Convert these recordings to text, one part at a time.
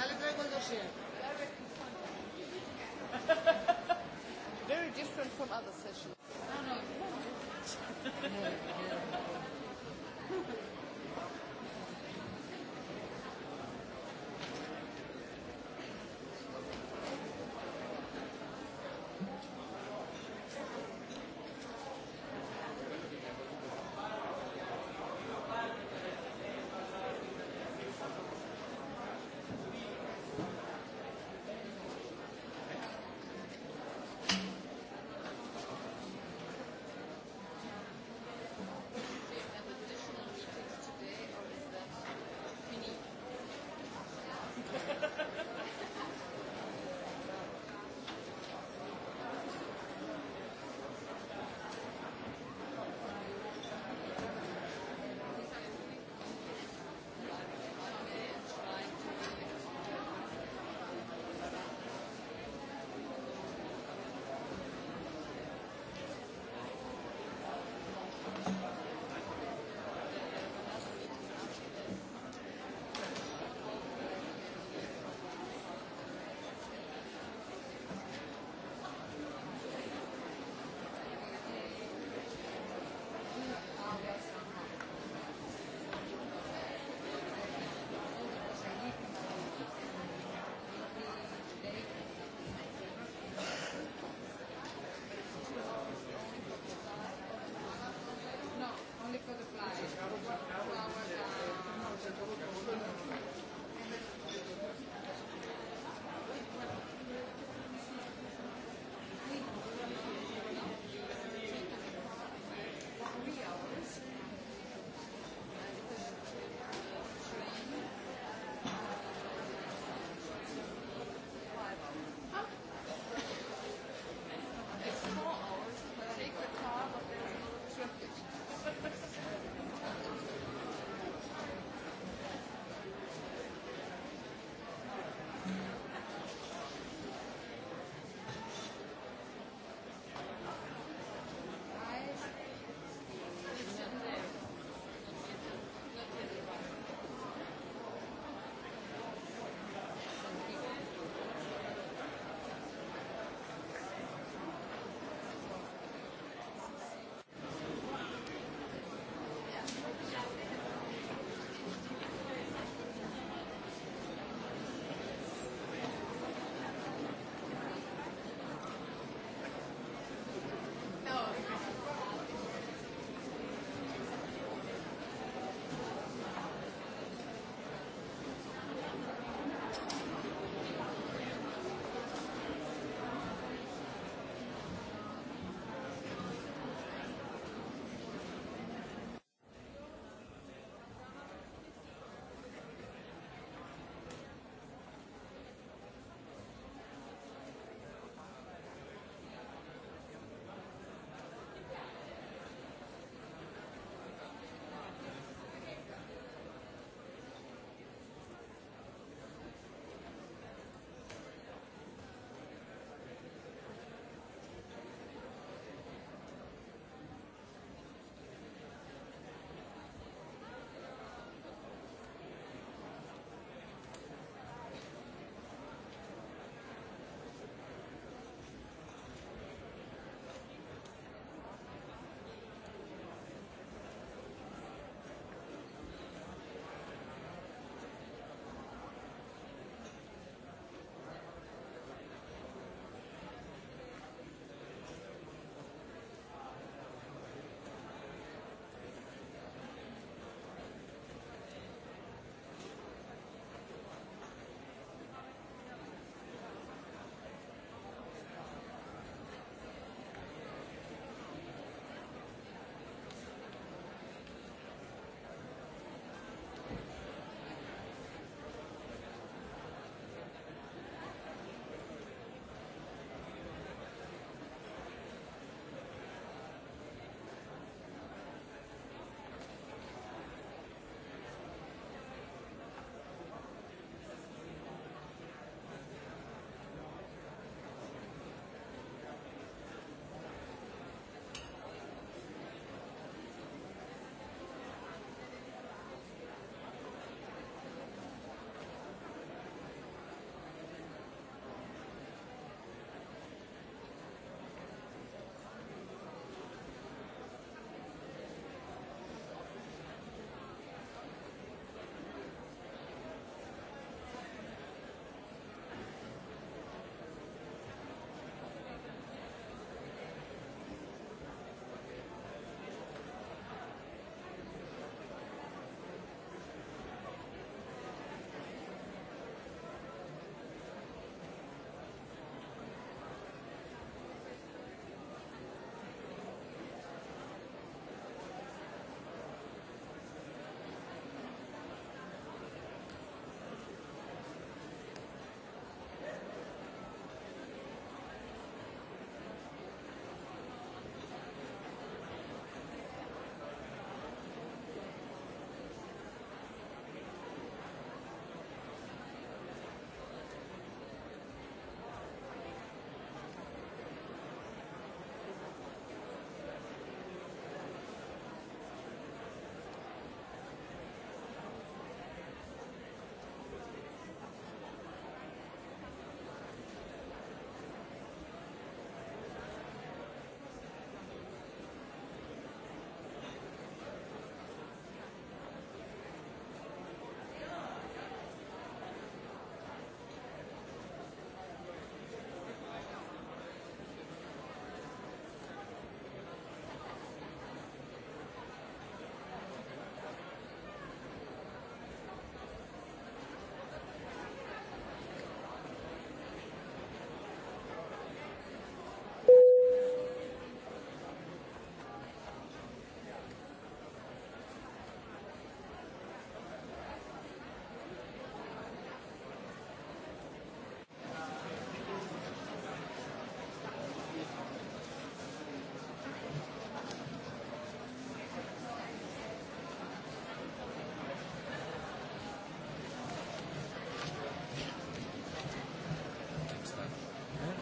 Very different from other sessions.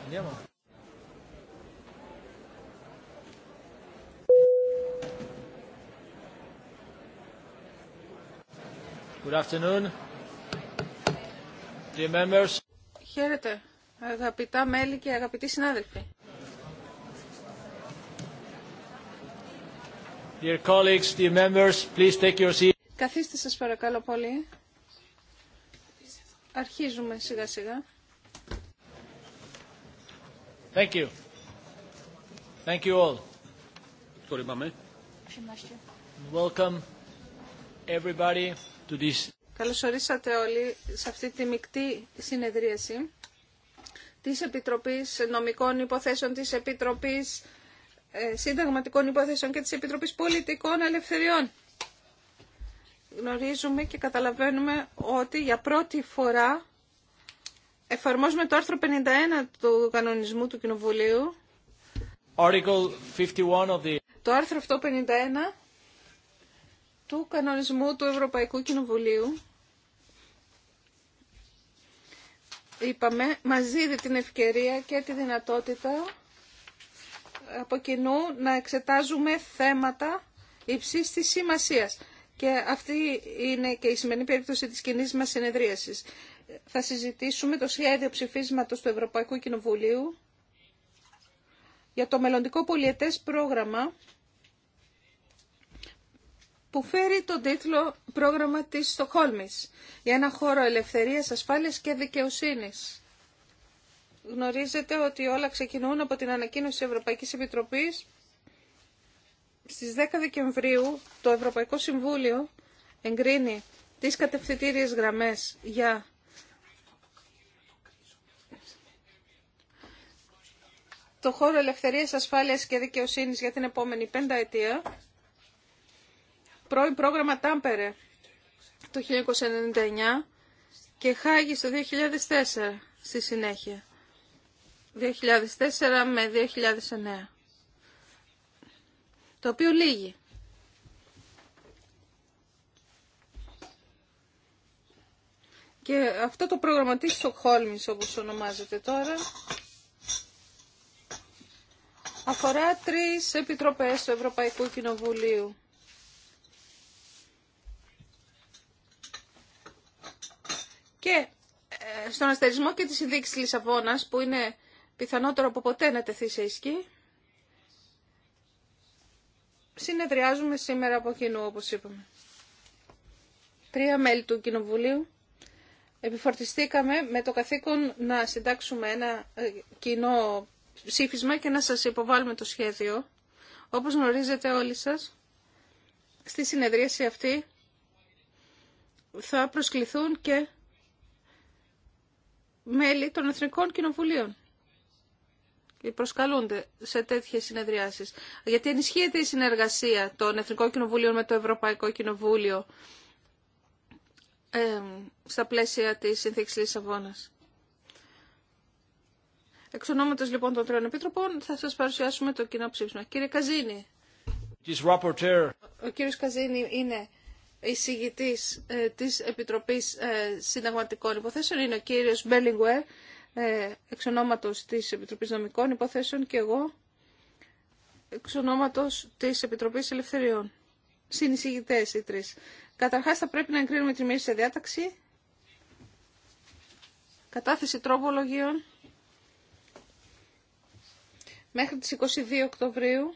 Andiamo. Good afternoon. Dear members. Χαίρετε, αγαπητά μέλη και αγαπητοί συνάδελφοι. Dear colleagues, dear members, please take your seat. Καθίστε σας παρακαλώ πολύ. Αρχίζουμε σιγά σιγά. Thank you. Thank Καλώς ορίσατε όλοι σε αυτή τη μεικτή συνεδρίαση της Επιτροπής Νομικών Υποθέσεων, της Επιτροπής ε, Συνταγματικών Υποθέσεων και της Επιτροπής Πολιτικών Ελευθεριών. Γνωρίζουμε και καταλαβαίνουμε ότι για πρώτη φορά εφαρμόζουμε το άρθρο 51 του κανονισμού του Κοινοβουλίου. Το άρθρο 51 του κανονισμού του Ευρωπαϊκού Κοινοβουλίου. Είπαμε, μας δίδει την ευκαιρία και τη δυνατότητα από κοινού να εξετάζουμε θέματα υψής της σημασίας. Και αυτή είναι και η σημερινή περίπτωση της κοινή μας συνεδρίασης θα συζητήσουμε το σχέδιο ψηφίσματος του Ευρωπαϊκού Κοινοβουλίου για το μελλοντικό πολιετές πρόγραμμα που φέρει τον τίτλο «Πρόγραμμα της Στοχόλμης» για ένα χώρο ελευθερίας, ασφάλειας και δικαιοσύνης. Γνωρίζετε ότι όλα ξεκινούν από την ανακοίνωση της Ευρωπαϊκής Επιτροπής. Στις 10 Δεκεμβρίου το Ευρωπαϊκό Συμβούλιο εγκρίνει τις κατευθυντήριες γραμμές για το χώρο ελευθερίας, ασφάλειας και δικαιοσύνης για την επόμενη πενταετία, πρώην πρόγραμμα Τάμπερε το 1999 και Χάγη το 2004 στη συνέχεια. 2004 με 2009. Το οποίο λύγει. Και αυτό το πρόγραμμα της Στοκχόλμης όπως ονομάζεται τώρα αφορά τρεις επιτροπές του Ευρωπαϊκού Κοινοβουλίου. Και ε, στον αστερισμό και τη συνδίκη Λισαβόνας που είναι πιθανότερο από ποτέ να τεθεί σε ισχύ, συνεδριάζουμε σήμερα από κοινού, όπως είπαμε. Τρία μέλη του Κοινοβουλίου επιφορτιστήκαμε με το καθήκον να συντάξουμε ένα ε, κοινό ψήφισμα και να σας υποβάλουμε το σχέδιο. Όπως γνωρίζετε όλοι σας, στη συνεδρίαση αυτή θα προσκληθούν και μέλη των Εθνικών Κοινοβουλίων. Και προσκαλούνται σε τέτοιες συνεδριάσεις. Γιατί ενισχύεται η συνεργασία των Εθνικών Κοινοβουλίων με το Ευρωπαϊκό Κοινοβούλιο ε, στα πλαίσια της Συνθήκης Λισαβόνας. Εξ ονόματος λοιπόν των τριών επίτροπων θα σας παρουσιάσουμε το κοινό ψήφισμα. Κύριε Καζίνη. Ο κύριος Καζίνη είναι εισηγητής ε, της Επιτροπής ε, Συνταγματικών Υποθέσεων. Είναι ο κύριος Μπέλιγκουερ, ε, εξ ονόματος της Επιτροπής Νομικών Υποθέσεων και εγώ εξ ονόματος της Επιτροπής Ελευθεριών. Συνεισηγητές οι τρεις. Καταρχάς θα πρέπει να εγκρίνουμε τη μίληση σε διάταξη. Κατάθεση τρόπολογίων μέχρι τις 22 Οκτωβρίου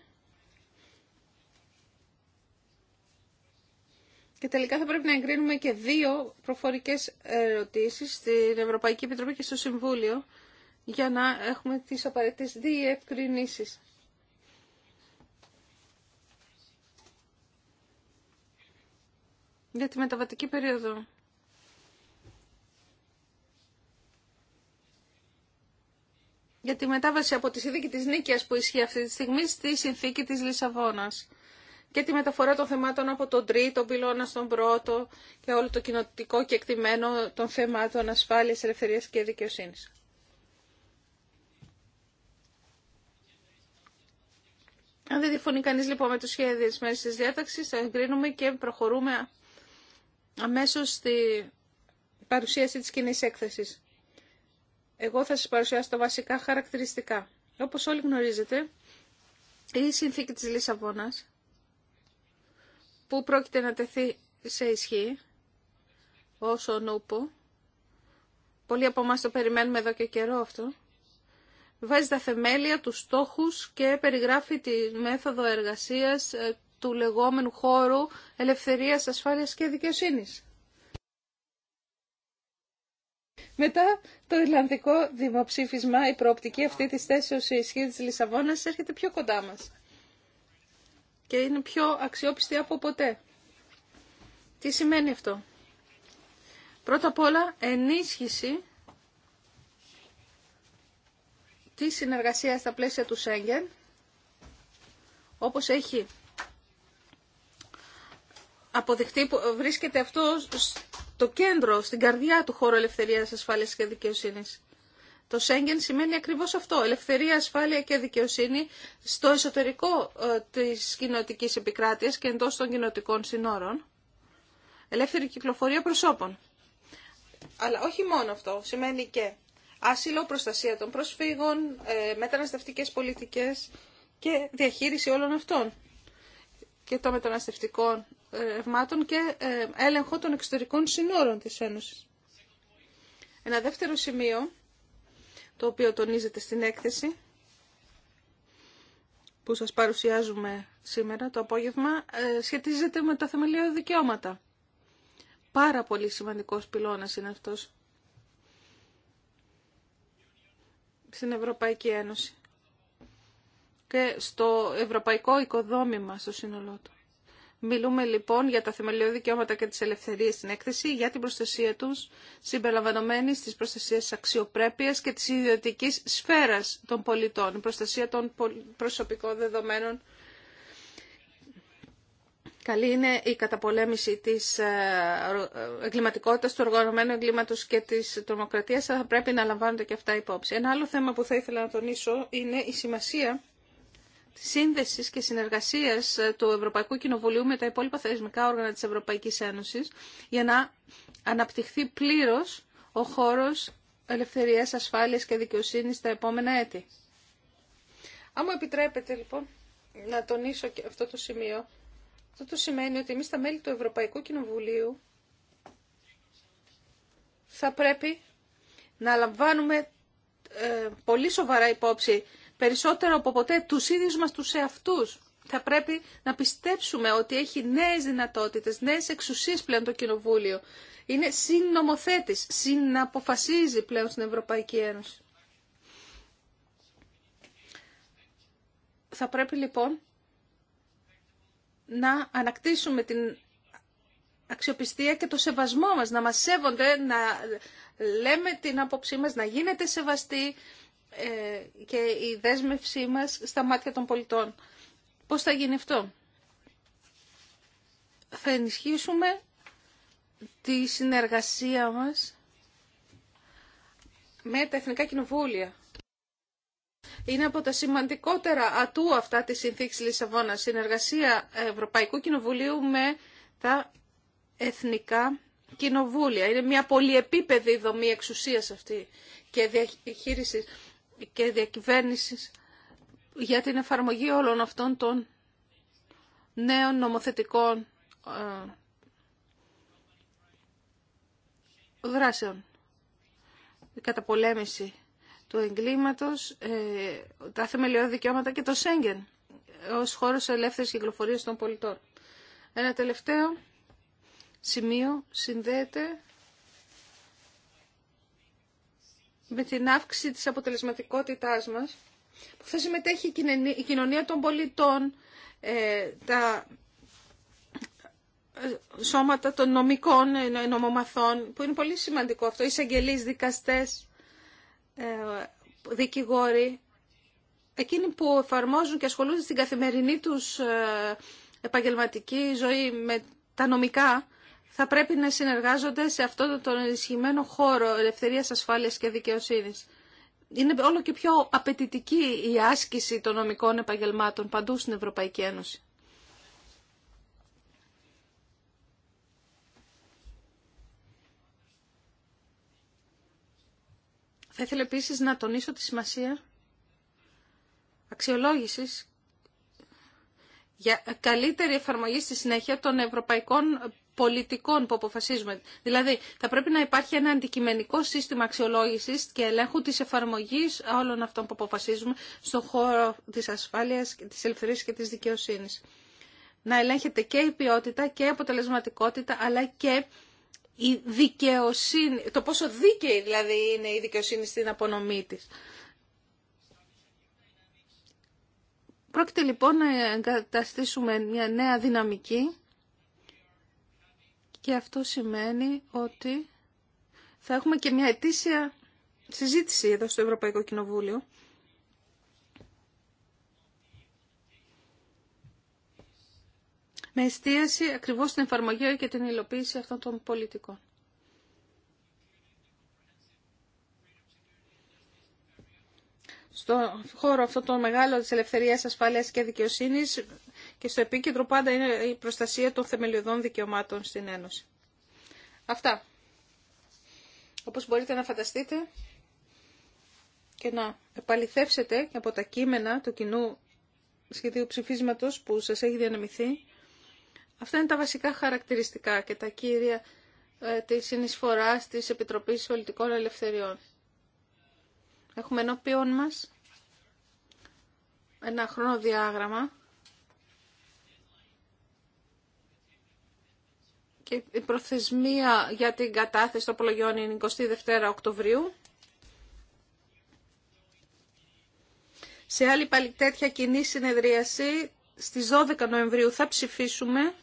Και τελικά θα πρέπει να εγκρίνουμε και δύο προφορικές ερωτήσεις στην Ευρωπαϊκή Επιτροπή και στο Συμβούλιο για να έχουμε τις απαραίτητες διευκρινήσεις. Για τη μεταβατική περίοδο. για τη μετάβαση από τη συνθήκη της Νίκαιας που ισχύει αυτή τη στιγμή στη συνθήκη της Λισαβόνας και τη μεταφορά των θεμάτων από τον τρίτο πυλώνα στον πρώτο και όλο το κοινοτικό και εκτιμένο των θεμάτων ασφάλειας, ελευθερίας και δικαιοσύνης. Αν δεν διαφωνεί κανείς λοιπόν με το σχέδιο της τη της διάταξης, θα εγκρίνουμε και προχωρούμε αμέσως στη παρουσίαση της κοινή έκθεσης. Εγώ θα σας παρουσιάσω τα βασικά χαρακτηριστικά. Όπως όλοι γνωρίζετε, η συνθήκη της Λισαβόνας, που πρόκειται να τεθεί σε ισχύ, όσο νούπο, πολλοί από εμά το περιμένουμε εδώ και καιρό αυτό, βάζει τα θεμέλια, τους στόχους και περιγράφει τη μέθοδο εργασίας ε, του λεγόμενου χώρου ελευθερίας, ασφάλειας και δικαιοσύνης. Μετά το Ιρλανδικό δημοψήφισμα, η προοπτική αυτή της θέσεως ισχύ της Λισαβόνας έρχεται πιο κοντά μας. Και είναι πιο αξιόπιστη από ποτέ. Τι σημαίνει αυτό. Πρώτα απ' όλα ενίσχυση τη συνεργασία στα πλαίσια του Σέγγεν, όπως έχει αποδειχτεί, βρίσκεται αυτό το κέντρο, στην καρδιά του χώρου ελευθερίας, ασφάλειας και δικαιοσύνης. Το Σέγγεν σημαίνει ακριβώς αυτό, ελευθερία, ασφάλεια και δικαιοσύνη στο εσωτερικό ε, της κοινοτικής επικράτειας και εντός των κοινοτικών συνόρων. Ελεύθερη κυκλοφορία προσώπων. Αλλά όχι μόνο αυτό, σημαίνει και άσυλο, προστασία των προσφύγων, ε, μεταναστευτικές πολιτικές και διαχείριση όλων αυτών και των μεταναστευτικών ρευμάτων και ε, έλεγχο των εξωτερικών συνόρων της Ένωσης. Ένα δεύτερο σημείο, το οποίο τονίζεται στην έκθεση, που σας παρουσιάζουμε σήμερα το απόγευμα, ε, σχετίζεται με τα θεμελιώδη δικαιώματα. Πάρα πολύ σημαντικός πυλώνας είναι αυτός στην Ευρωπαϊκή Ένωση και στο ευρωπαϊκό οικοδόμημα στο σύνολό του. Μιλούμε λοιπόν για τα θεμελιώδη δικαιώματα και τι ελευθερίε στην έκθεση, για την προστασία τους τη προστασία τη αξιοπρέπειας και της ιδιωτική σφαίρα των πολιτών, η προστασία των προσωπικών δεδομένων. Καλή είναι η καταπολέμηση της ε, ε, εγκληματικότητας, του οργανωμένου εγκλήματος και της αλλά θα πρέπει να λαμβάνονται και αυτά υπόψη. Ένα άλλο θέμα που θα ήθελα να τονίσω είναι η σημασία Σύνδεση σύνδεσης και συνεργασίας ε, του Ευρωπαϊκού Κοινοβουλίου με τα υπόλοιπα θεσμικά όργανα της Ευρωπαϊκής Ένωσης για να αναπτυχθεί πλήρως ο χώρος ελευθερίας, ασφάλειας και δικαιοσύνης τα επόμενα έτη. Αν μου επιτρέπετε λοιπόν να τονίσω και αυτό το σημείο, αυτό το σημαίνει ότι εμείς τα μέλη του Ευρωπαϊκού Κοινοβουλίου θα πρέπει να λαμβάνουμε ε, πολύ σοβαρά υπόψη περισσότερο από ποτέ τους ίδιους μας τους εαυτούς. Θα πρέπει να πιστέψουμε ότι έχει νέες δυνατότητες, νέες εξουσίες πλέον το Κοινοβούλιο. Είναι συνομοθέτης, συναποφασίζει πλέον στην Ευρωπαϊκή Ένωση. Θα πρέπει λοιπόν να ανακτήσουμε την αξιοπιστία και το σεβασμό μας, να μας σέβονται, να λέμε την άποψή μας, να γίνεται σεβαστή, ε, και η δέσμευσή μας στα μάτια των πολιτών. Πώς θα γίνει αυτό. Θα ενισχύσουμε τη συνεργασία μας με τα Εθνικά Κοινοβούλια. Είναι από τα σημαντικότερα ατού αυτά της συνθήκης Λισαβόνας. Συνεργασία Ευρωπαϊκού Κοινοβουλίου με τα Εθνικά Κοινοβούλια. Είναι μια πολυεπίπεδη δομή εξουσίας αυτή και διαχείρισης και διακυβέρνησης για την εφαρμογή όλων αυτών των νέων νομοθετικών ε, δράσεων. Η καταπολέμηση του εγκλήματος, ε, τα θεμελιώδη δικαιώματα και το Σέγγεν ως χώρος ελεύθερης κυκλοφορίας των πολιτών. Ένα τελευταίο σημείο συνδέεται με την αύξηση της αποτελεσματικότητάς μας, που θα συμμετέχει η κοινωνία των πολιτών, ε, τα ε, σώματα των νομικών ε, νομομαθών, που είναι πολύ σημαντικό αυτό, εισαγγελείς, δικαστές, δικηγόροι, εκείνοι που εφαρμόζουν και ασχολούνται στην καθημερινή τους επαγγελματική ζωή με τα νομικά, θα πρέπει να συνεργάζονται σε αυτό τον ενισχυμένο χώρο ελευθερίας, ασφάλειας και δικαιοσύνης. Είναι όλο και πιο απαιτητική η άσκηση των νομικών επαγγελμάτων παντού στην Ευρωπαϊκή Ένωση. Θα ήθελα επίσης να τονίσω τη σημασία αξιολόγησης για καλύτερη εφαρμογή στη συνέχεια των ευρωπαϊκών πολιτικών που αποφασίζουμε. Δηλαδή, θα πρέπει να υπάρχει ένα αντικειμενικό σύστημα αξιολόγησης και ελέγχου τη εφαρμογής όλων αυτών που αποφασίζουμε στον χώρο της ασφάλειας, της ελευθερίας και της δικαιοσύνης. Να ελέγχεται και η ποιότητα και η αποτελεσματικότητα, αλλά και η δικαιοσύνη, το πόσο δίκαιη δηλαδή είναι η δικαιοσύνη στην απονομή τη. Πρόκειται λοιπόν να εγκαταστήσουμε μια νέα δυναμική και αυτό σημαίνει ότι θα έχουμε και μια ετήσια συζήτηση εδώ στο Ευρωπαϊκό Κοινοβούλιο. με εστίαση ακριβώς στην εφαρμογή και την υλοποίηση αυτών των πολιτικών. Στον χώρο αυτό των μεγάλο της ελευθερίας, ασφαλείας και δικαιοσύνης και στο επίκεντρο πάντα είναι η προστασία των θεμελιωδών δικαιωμάτων στην Ένωση. Αυτά. Όπως μπορείτε να φανταστείτε και να επαληθεύσετε από τα κείμενα του κοινού σχεδίου ψηφίσματος που σας έχει διανεμηθεί, αυτά είναι τα βασικά χαρακτηριστικά και τα κύρια ε, της συνεισφοράς της Επιτροπής Πολιτικών Ελευθεριών. Έχουμε ενώπιον μας ένα χρονοδιάγραμμα η προθεσμία για την κατάθεση των απολογιών είναι 22 Οκτωβρίου. Σε άλλη πάλι τέτοια κοινή συνεδρίαση στις 12 Νοεμβρίου θα ψηφίσουμε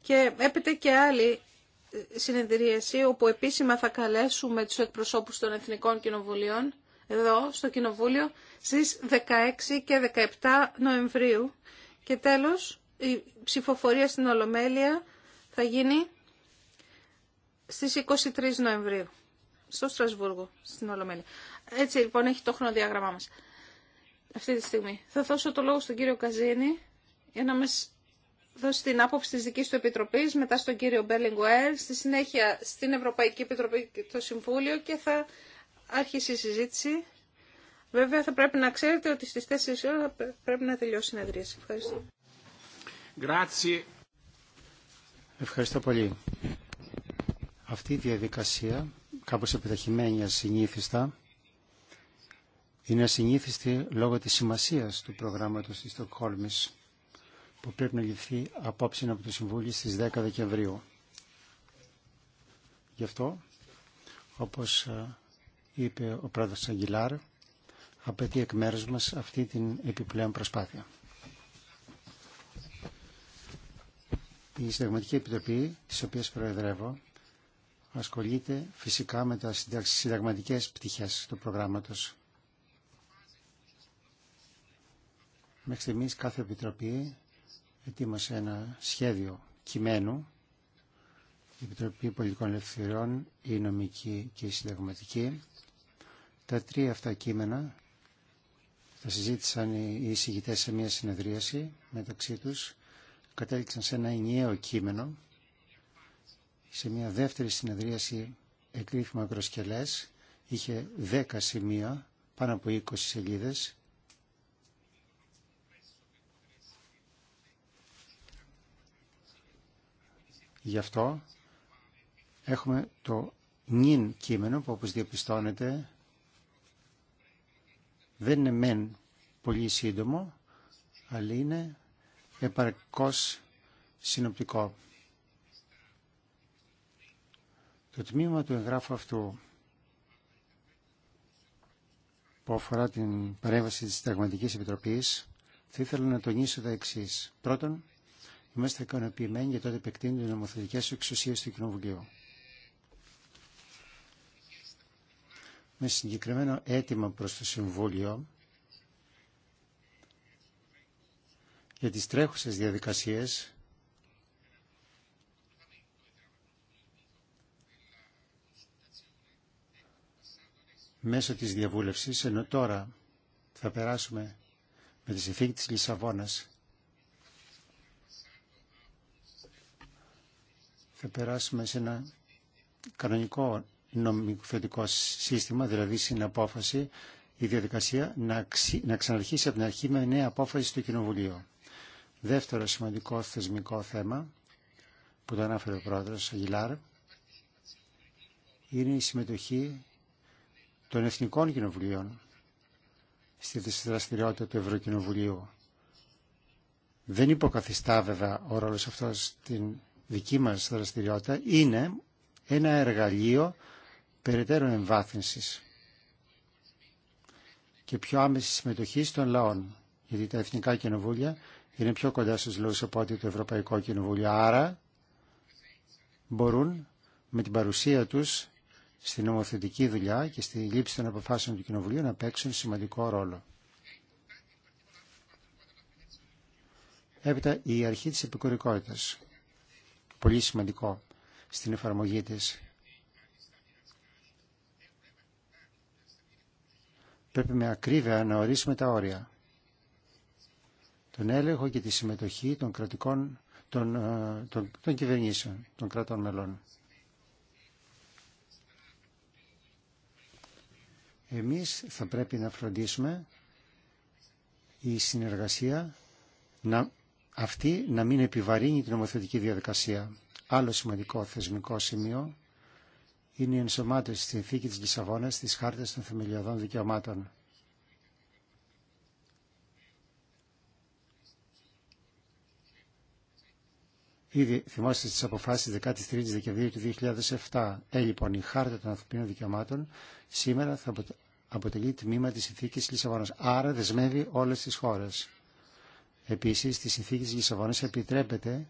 και έπειτα και άλλη συνεδρίαση όπου επίσημα θα καλέσουμε τους εκπροσώπους των Εθνικών Κοινοβουλίων εδώ στο Κοινοβούλιο στις 16 και 17 Νοεμβρίου. Και τέλος η ψηφοφορία στην Ολομέλεια θα γίνει στις 23 Νοεμβρίου στο Στρασβούργο, στην Ολομέλεια. Έτσι λοιπόν έχει το χρονοδιάγραμμά μας αυτή τη στιγμή. Θα δώσω το λόγο στον κύριο Καζίνη για να μας δώσει την άποψη της δικής του Επιτροπής, μετά στον κύριο Μπέλιγκουέρ, στη συνέχεια στην Ευρωπαϊκή Επιτροπή και το Συμβούλιο και θα αρχίσει η συζήτηση. Βέβαια θα πρέπει να ξέρετε ότι στις 4 ώρα πρέπει να τελειώσει η συνεδρίαση. Ευχαριστώ. Grazie. Ευχαριστώ πολύ. Αυτή η διαδικασία, κάπως επιταχυμένη ασυνήθιστα, είναι ασυνήθιστη λόγω της σημασίας του προγράμματος της Στοκχόλμης, που πρέπει να ληφθεί απόψε από το Συμβούλιο στις 10 Δεκεμβρίου. Γι' αυτό, όπως ε, είπε ο πρόεδρος Αγγιλάρ, απαιτεί εκ μέρους μας αυτή την επιπλέον προσπάθεια. Η Συνταγματική Επιτροπή, τη οποίες προεδρεύω, ασχολείται φυσικά με τα συνταγματικέ πτυχές του προγράμματος. Μέχρι στιγμή κάθε Επιτροπή ετοίμασε ένα σχέδιο κειμένου η Επιτροπή Πολιτικών Ελευθεριών, η Νομική και η Συνταγματική. Τα τρία αυτά κείμενα τα συζήτησαν οι εισηγητές σε μια συνεδρίαση μεταξύ τους κατέληξαν σε ένα ενιαίο κείμενο σε μια δεύτερη συνεδρίαση εκρήφη μακροσκελές είχε 10 σημεία πάνω από 20 σελίδες Γι' αυτό έχουμε το νυν κείμενο που όπως διαπιστώνετε δεν είναι μεν πολύ σύντομο αλλά είναι επαρκώς συνοπτικό. Το τμήμα του εγγράφου αυτού που αφορά την παρέμβαση της Συνταγματικής Επιτροπής θα ήθελα να τονίσω τα εξή. Πρώτον, είμαστε ικανοποιημένοι για το ότι επεκτείνουν οι νομοθετικές εξουσίες του Κοινοβουλίου. Με συγκεκριμένο αίτημα προς το Συμβούλιο για τις τρέχουσες διαδικασίες μέσω της διαβούλευσης, ενώ τώρα θα περάσουμε με τη συνθήκη της Λισαβόνας θα περάσουμε σε ένα κανονικό νομικοθετικό σύστημα, δηλαδή στην απόφαση η διαδικασία να, να ξαναρχίσει από την αρχή με νέα απόφαση στο Κοινοβουλίο. Δεύτερο σημαντικό θεσμικό θέμα που το ανάφερε ο πρόεδρος Αγγιλάρ είναι η συμμετοχή των Εθνικών Κοινοβουλίων στη δραστηριότητα του Ευρωκοινοβουλίου. Δεν υποκαθιστά βέβαια ο ρόλος αυτός στην δική μας δραστηριότητα. Είναι ένα εργαλείο περαιτέρω εμβάθυνσης και πιο άμεση συμμετοχή των λαών. Γιατί τα Εθνικά Κοινοβούλια είναι πιο κοντά στους λόγους από ότι το Ευρωπαϊκό Κοινοβούλιο. Άρα μπορούν με την παρουσία τους στην νομοθετική δουλειά και στη λήψη των αποφάσεων του Κοινοβουλίου να παίξουν σημαντικό ρόλο. Έπειτα η αρχή της επικουρικότητας. Πολύ σημαντικό στην εφαρμογή της. Πρέπει με ακρίβεια να ορίσουμε τα όρια τον έλεγχο και τη συμμετοχή των κρατικών ε, των, κυβερνήσεων, των κρατών μελών. Εμείς θα πρέπει να φροντίσουμε η συνεργασία να, αυτή να μην επιβαρύνει την ομοθετική διαδικασία. Άλλο σημαντικό θεσμικό σημείο είναι η ενσωμάτωση στη θήκη της Λισαβόνας στις χάρτες των θεμελιωδών δικαιωμάτων. Ήδη θυμόσαστε τι αποφασει 13 Δεκεμβρίου του 2007. Ε, λοιπόν, η Χάρτα των Ανθρωπίνων Δικαιωμάτων σήμερα θα αποτελεί τμήμα της συνθήκης Λισαβόνα. Άρα δεσμεύει όλε τι χώρε. Επίση, στη συνθήκη της Λισαβόνα επιτρέπεται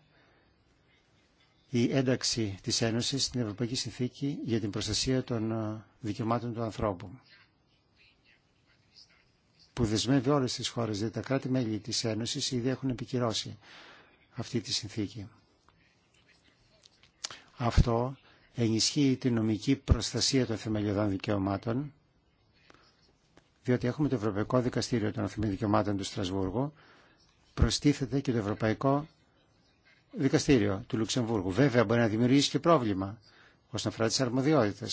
η ένταξη τη Ένωση, στην Ευρωπαϊκή Συνθήκη για την προστασία των ε, δικαιωμάτων του ανθρώπου που δεσμεύει όλες τις χώρες, δηλαδή τα κράτη-μέλη της Ένωσης ήδη έχουν επικυρώσει αυτή τη συνθήκη. Αυτό ενισχύει την νομική προστασία των θεμελιωδών δικαιωμάτων, διότι έχουμε το Ευρωπαϊκό Δικαστήριο των Θεμελιωδών Δικαιωμάτων του Στρασβούργου, προστίθεται και το Ευρωπαϊκό Δικαστήριο του Λουξεμβούργου. Βέβαια, μπορεί να δημιουργήσει και πρόβλημα όσον αφορά τι αρμοδιότητε.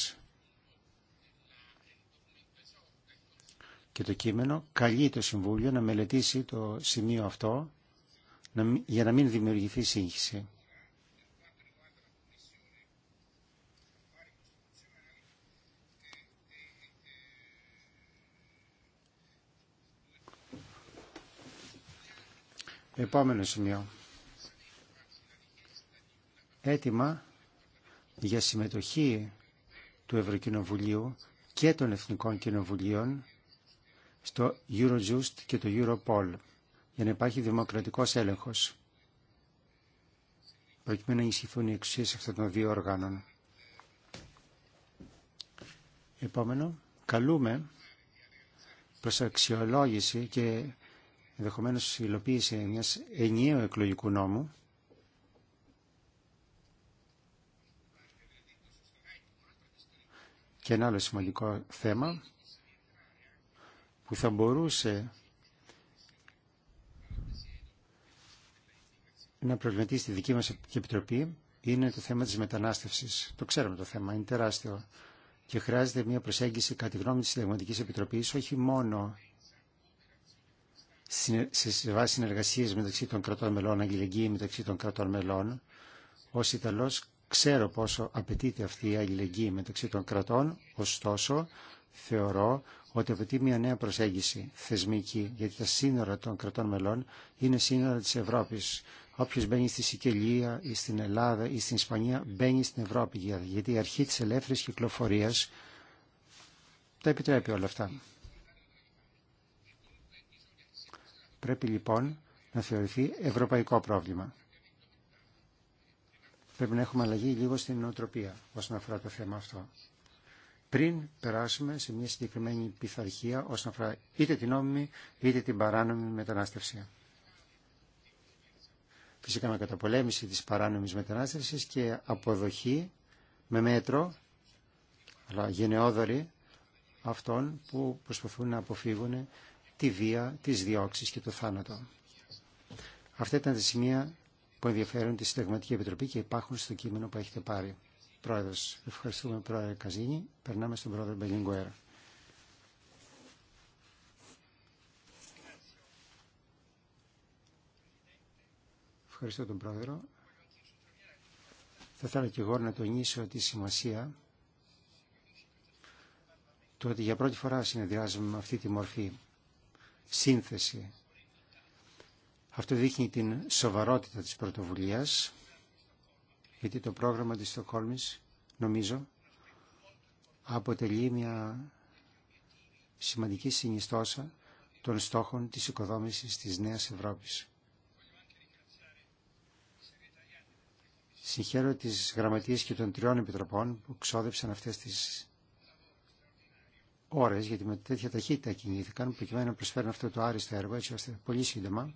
Και το κείμενο καλεί το Συμβούλιο να μελετήσει το σημείο αυτό για να μην δημιουργηθεί σύγχυση. Επόμενο σημείο. Έτοιμα για συμμετοχή του Ευρωκοινοβουλίου και των Εθνικών Κοινοβουλίων στο Eurojust και το Europol για να υπάρχει δημοκρατικός έλεγχος προκειμένου να ενισχυθούν οι εξουσίες αυτών των δύο οργάνων. Επόμενο, καλούμε προς αξιολόγηση και ενδεχομένω η υλοποίηση μια ενιαίου εκλογικού νόμου και ένα άλλο σημαντικό θέμα που θα μπορούσε να προβληματίσει τη δική μας Επιτροπή είναι το θέμα της μετανάστευσης. Το ξέρουμε το θέμα, είναι τεράστιο και χρειάζεται μια προσέγγιση κατά τη γνώμη της Συνταγματικής Επιτροπής όχι μόνο σε βάση συνεργασίες μεταξύ των κρατών μελών, αλληλεγγύη μεταξύ των κρατών μελών. Ω Ιταλό, ξέρω πόσο απαιτείται αυτή η αλληλεγγύη μεταξύ των κρατών, ωστόσο θεωρώ ότι απαιτεί μια νέα προσέγγιση θεσμική, γιατί τα σύνορα των κρατών μελών είναι σύνορα τη Ευρώπη. Όποιο μπαίνει στη Σικελία ή στην Ελλάδα ή στην Ισπανία μπαίνει στην Ευρώπη, γιατί η αρχή τη ελεύθερη κυκλοφορία τα επιτρέπει όλα αυτά. Πρέπει λοιπόν να θεωρηθεί ευρωπαϊκό πρόβλημα. Πρέπει να έχουμε αλλαγή λίγο στην νοοτροπία όσον αφορά το θέμα αυτό. Πριν περάσουμε σε μια συγκεκριμένη πειθαρχία όσον αφορά είτε την νόμιμη είτε την παράνομη μετανάστευση. Φυσικά με καταπολέμηση της παράνομης μετανάστευσης και αποδοχή με μέτρο, αλλά γενναιόδορη, αυτών που προσπαθούν να αποφύγουν τη βία, τις διώξεις και το θάνατο. Αυτά ήταν τα σημεία που ενδιαφέρουν τη Συνταγματική Επιτροπή και υπάρχουν στο κείμενο που έχετε πάρει. Πρόεδρος, ευχαριστούμε πρόεδρε Καζίνη. Περνάμε στον πρόεδρο Μπελιγκουέρα. Ευχαριστώ τον πρόεδρο. Θα ήθελα και εγώ να τονίσω τη σημασία του ότι για πρώτη φορά συνεδριάζουμε με αυτή τη μορφή σύνθεση. Αυτό δείχνει την σοβαρότητα της πρωτοβουλίας, γιατί το πρόγραμμα της Στοκόλμης, νομίζω, αποτελεί μια σημαντική συνιστόσα των στόχων της οικοδόμησης της Νέας Ευρώπης. Συγχαίρω τις γραμματείες και των τριών επιτροπών που ξόδεψαν αυτές τις ώρε γιατί με τέτοια ταχύτητα κινήθηκαν, προκειμένου να προσφέρουν αυτό το άριστο έργο, έτσι ώστε πολύ σύντομα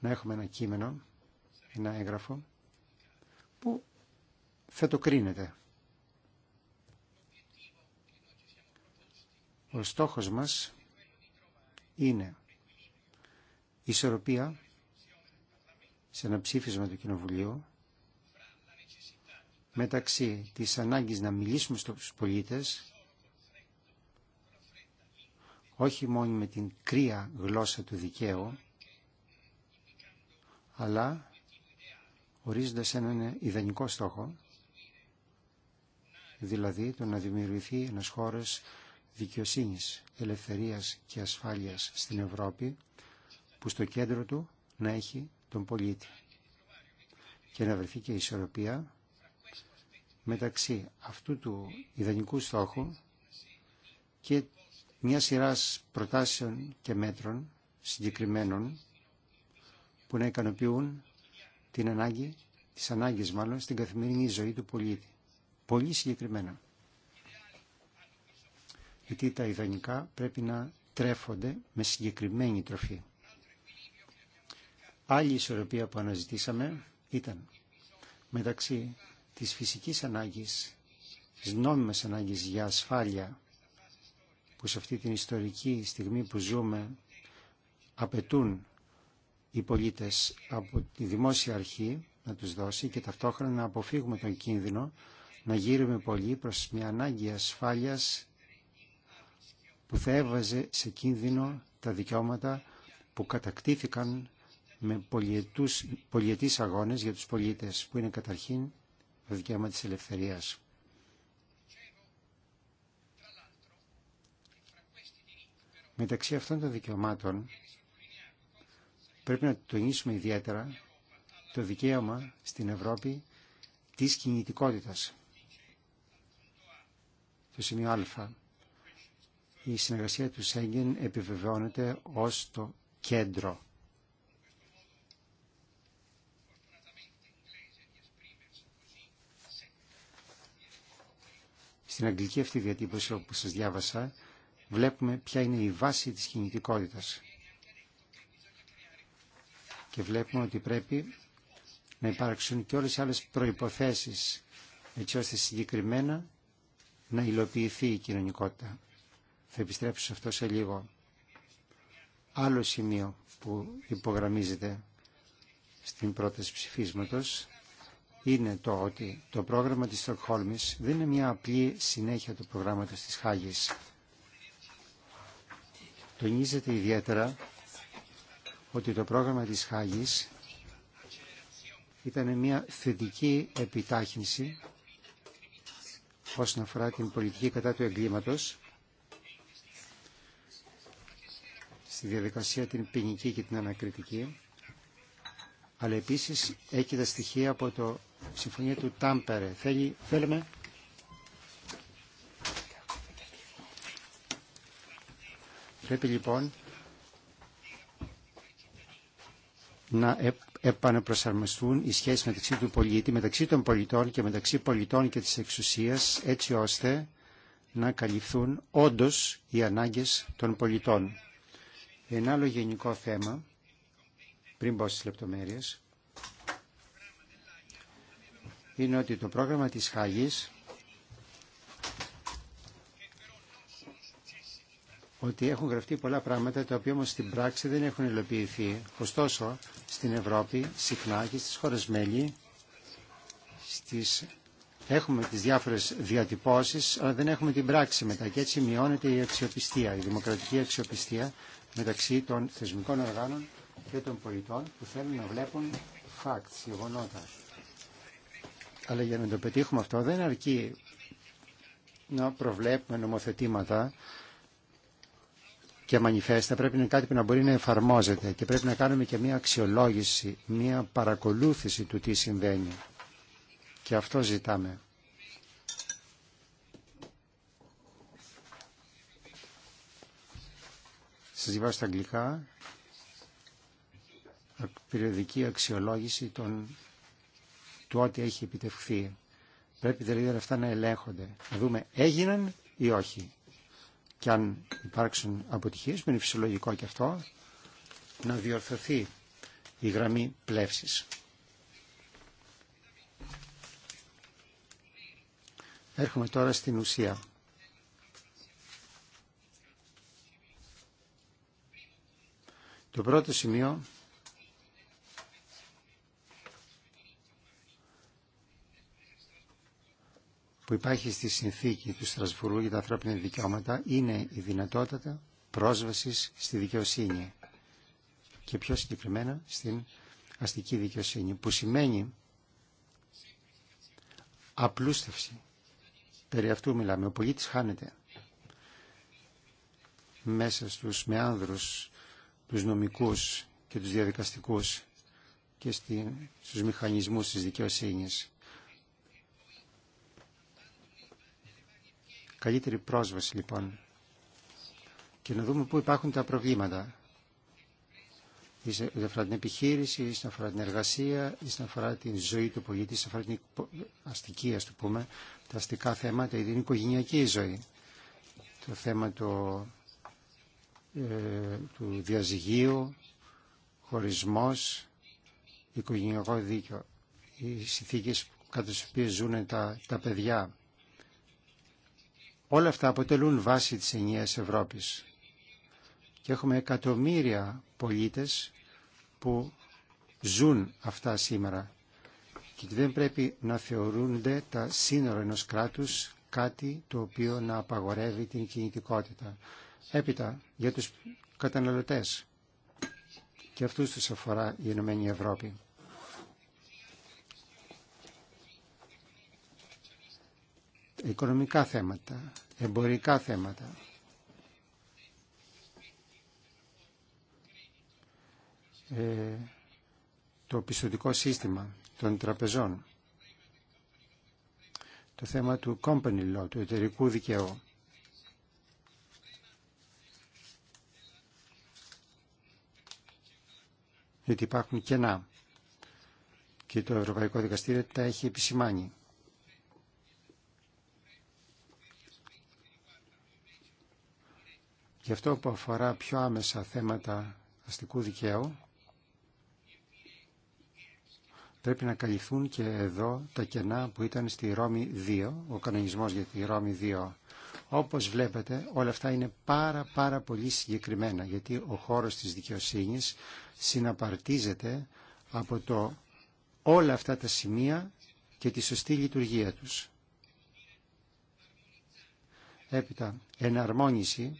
να έχουμε ένα κείμενο, ένα έγγραφο, που θα το κρίνεται. Ο στόχος μας είναι ισορροπία σε ένα ψήφισμα του Κοινοβουλίου μεταξύ της ανάγκης να μιλήσουμε στους πολίτες όχι μόνο με την κρύα γλώσσα του δικαίου, αλλά ορίζοντας έναν ιδανικό στόχο, δηλαδή το να δημιουργηθεί ένας χώρος δικαιοσύνης, ελευθερίας και ασφάλειας στην Ευρώπη, που στο κέντρο του να έχει τον πολίτη και να βρεθεί και η ισορροπία μεταξύ αυτού του ιδανικού στόχου και μια σειρά προτάσεων και μέτρων συγκεκριμένων που να ικανοποιούν την ανάγκη, τις ανάγκες μάλλον, στην καθημερινή ζωή του πολίτη. Πολύ συγκεκριμένα. Γιατί τα ιδανικά πρέπει να τρέφονται με συγκεκριμένη τροφή. Άλλη ισορροπία που αναζητήσαμε ήταν μεταξύ της φυσικής ανάγκης, της νόμιμης ανάγκης για ασφάλεια που σε αυτή την ιστορική στιγμή που ζούμε απαιτούν οι πολίτες από τη δημόσια αρχή να τους δώσει και ταυτόχρονα να αποφύγουμε τον κίνδυνο να γύρουμε πολύ προς μια ανάγκη ασφάλειας που θα έβαζε σε κίνδυνο τα δικαιώματα που κατακτήθηκαν με πολιετούς, πολιετής αγώνες για τους πολίτες, που είναι καταρχήν το δικαίωμα της ελευθερίας. Μεταξύ αυτών των δικαιωμάτων πρέπει να τονίσουμε ιδιαίτερα το δικαίωμα στην Ευρώπη της κινητικότητας. Το σημείο Α. Η συνεργασία του Σέγγεν επιβεβαιώνεται ως το κέντρο. Στην αγγλική αυτή διατύπωση όπου σας διάβασα βλέπουμε ποια είναι η βάση της κινητικότητας. Και βλέπουμε ότι πρέπει να υπάρξουν και όλες οι άλλες προϋποθέσεις έτσι ώστε συγκεκριμένα να υλοποιηθεί η κοινωνικότητα. Θα επιστρέψω σε αυτό σε λίγο. Άλλο σημείο που υπογραμμίζεται στην πρόταση ψηφίσματος είναι το ότι το πρόγραμμα της Στοκχόλμης δεν είναι μια απλή συνέχεια του προγράμματος της Χάγης τονίζεται ιδιαίτερα ότι το πρόγραμμα της Χάγης ήταν μια θετική επιτάχυνση όσον αφορά την πολιτική κατά του εγκλήματος στη διαδικασία την ποινική και την ανακριτική αλλά επίσης έχει τα στοιχεία από το Συμφωνία του Τάμπερε. Θέλει, θέλουμε Πρέπει λοιπόν να επαναπροσαρμοστούν οι σχέσεις μεταξύ του πολίτη, μεταξύ των πολιτών και μεταξύ πολιτών και της εξουσίας, έτσι ώστε να καλυφθούν όντως οι ανάγκες των πολιτών. Ένα άλλο γενικό θέμα, πριν πω στις λεπτομέρειες, είναι ότι το πρόγραμμα της Χάγης ότι έχουν γραφτεί πολλά πράγματα τα οποία όμω στην πράξη δεν έχουν υλοποιηθεί. Ωστόσο, στην Ευρώπη, συχνά και στις χώρες μέλη, στις... έχουμε τις διάφορες διατυπώσεις, αλλά δεν έχουμε την πράξη μετά. Και έτσι μειώνεται η αξιοπιστία, η δημοκρατική αξιοπιστία μεταξύ των θεσμικών οργάνων και των πολιτών που θέλουν να βλέπουν facts, γεγονότα. Αλλά για να το πετύχουμε αυτό δεν αρκεί να προβλέπουμε νομοθετήματα και μανιφέστα πρέπει να είναι κάτι που να μπορεί να εφαρμόζεται και πρέπει να κάνουμε και μία αξιολόγηση, μία παρακολούθηση του τι συμβαίνει. Και αυτό ζητάμε. Σας διαβάζω στα αγγλικά περιοδική αξιολόγηση των, του ό,τι έχει επιτευχθεί. Πρέπει δηλαδή αυτά να ελέγχονται. Να δούμε έγιναν ή όχι και αν υπάρξουν αποτυχίες, με είναι φυσιολογικό και αυτό, να διορθωθεί η γραμμή πλεύσης. Έρχομαι τώρα στην ουσία. Το πρώτο σημείο που υπάρχει στη συνθήκη του Στρασβουργού για τα ανθρώπινα δικαιώματα είναι η δυνατότητα πρόσβασης στη δικαιοσύνη και πιο συγκεκριμένα στην αστική δικαιοσύνη που σημαίνει απλούστευση. Περί αυτού μιλάμε. Ο πολίτης χάνεται μέσα στους μεάνδρους, τους νομικούς και τους διαδικαστικούς και στους μηχανισμούς της δικαιοσύνης. Καλύτερη πρόσβαση λοιπόν και να δούμε πού υπάρχουν τα προβλήματα. Είσαι αφορά την επιχείρηση, είσαι αφορά την εργασία, είσαι αφορά την ζωή του πολίτη, είσαι αφορά την αστική, ας το πούμε, τα αστικά θέματα, ή την οικογενειακή ζωή. Το θέμα ε, του διαζυγίου, χωρισμός, οικογενειακό δίκαιο, οι συνθήκε κατά τις οποίες ζουν τα παιδιά, Όλα αυτά αποτελούν βάση της ενιαίας Ευρώπης. Και έχουμε εκατομμύρια πολίτες που ζουν αυτά σήμερα και δεν πρέπει να θεωρούνται τα σύνορα ενός κράτους κάτι το οποίο να απαγορεύει την κινητικότητα. Έπειτα, για τους καταναλωτές. Και αυτούς τους αφορά η Ενωμένη ΕΕ. Ευρώπη. οικονομικά θέματα, εμπορικά θέματα. Ε, το πιστοτικό σύστημα των τραπεζών, το θέμα του company law, του εταιρικού δικαίου, γιατί υπάρχουν κενά και το Ευρωπαϊκό Δικαστήριο τα έχει επισημάνει. Γι' αυτό που αφορά πιο άμεσα θέματα αστικού δικαίου, πρέπει να καλυφθούν και εδώ τα κενά που ήταν στη Ρώμη 2, ο κανονισμός για τη Ρώμη 2. Όπως βλέπετε όλα αυτά είναι πάρα πάρα πολύ συγκεκριμένα γιατί ο χώρος της δικαιοσύνης συναπαρτίζεται από το όλα αυτά τα σημεία και τη σωστή λειτουργία τους. Έπειτα, εναρμόνιση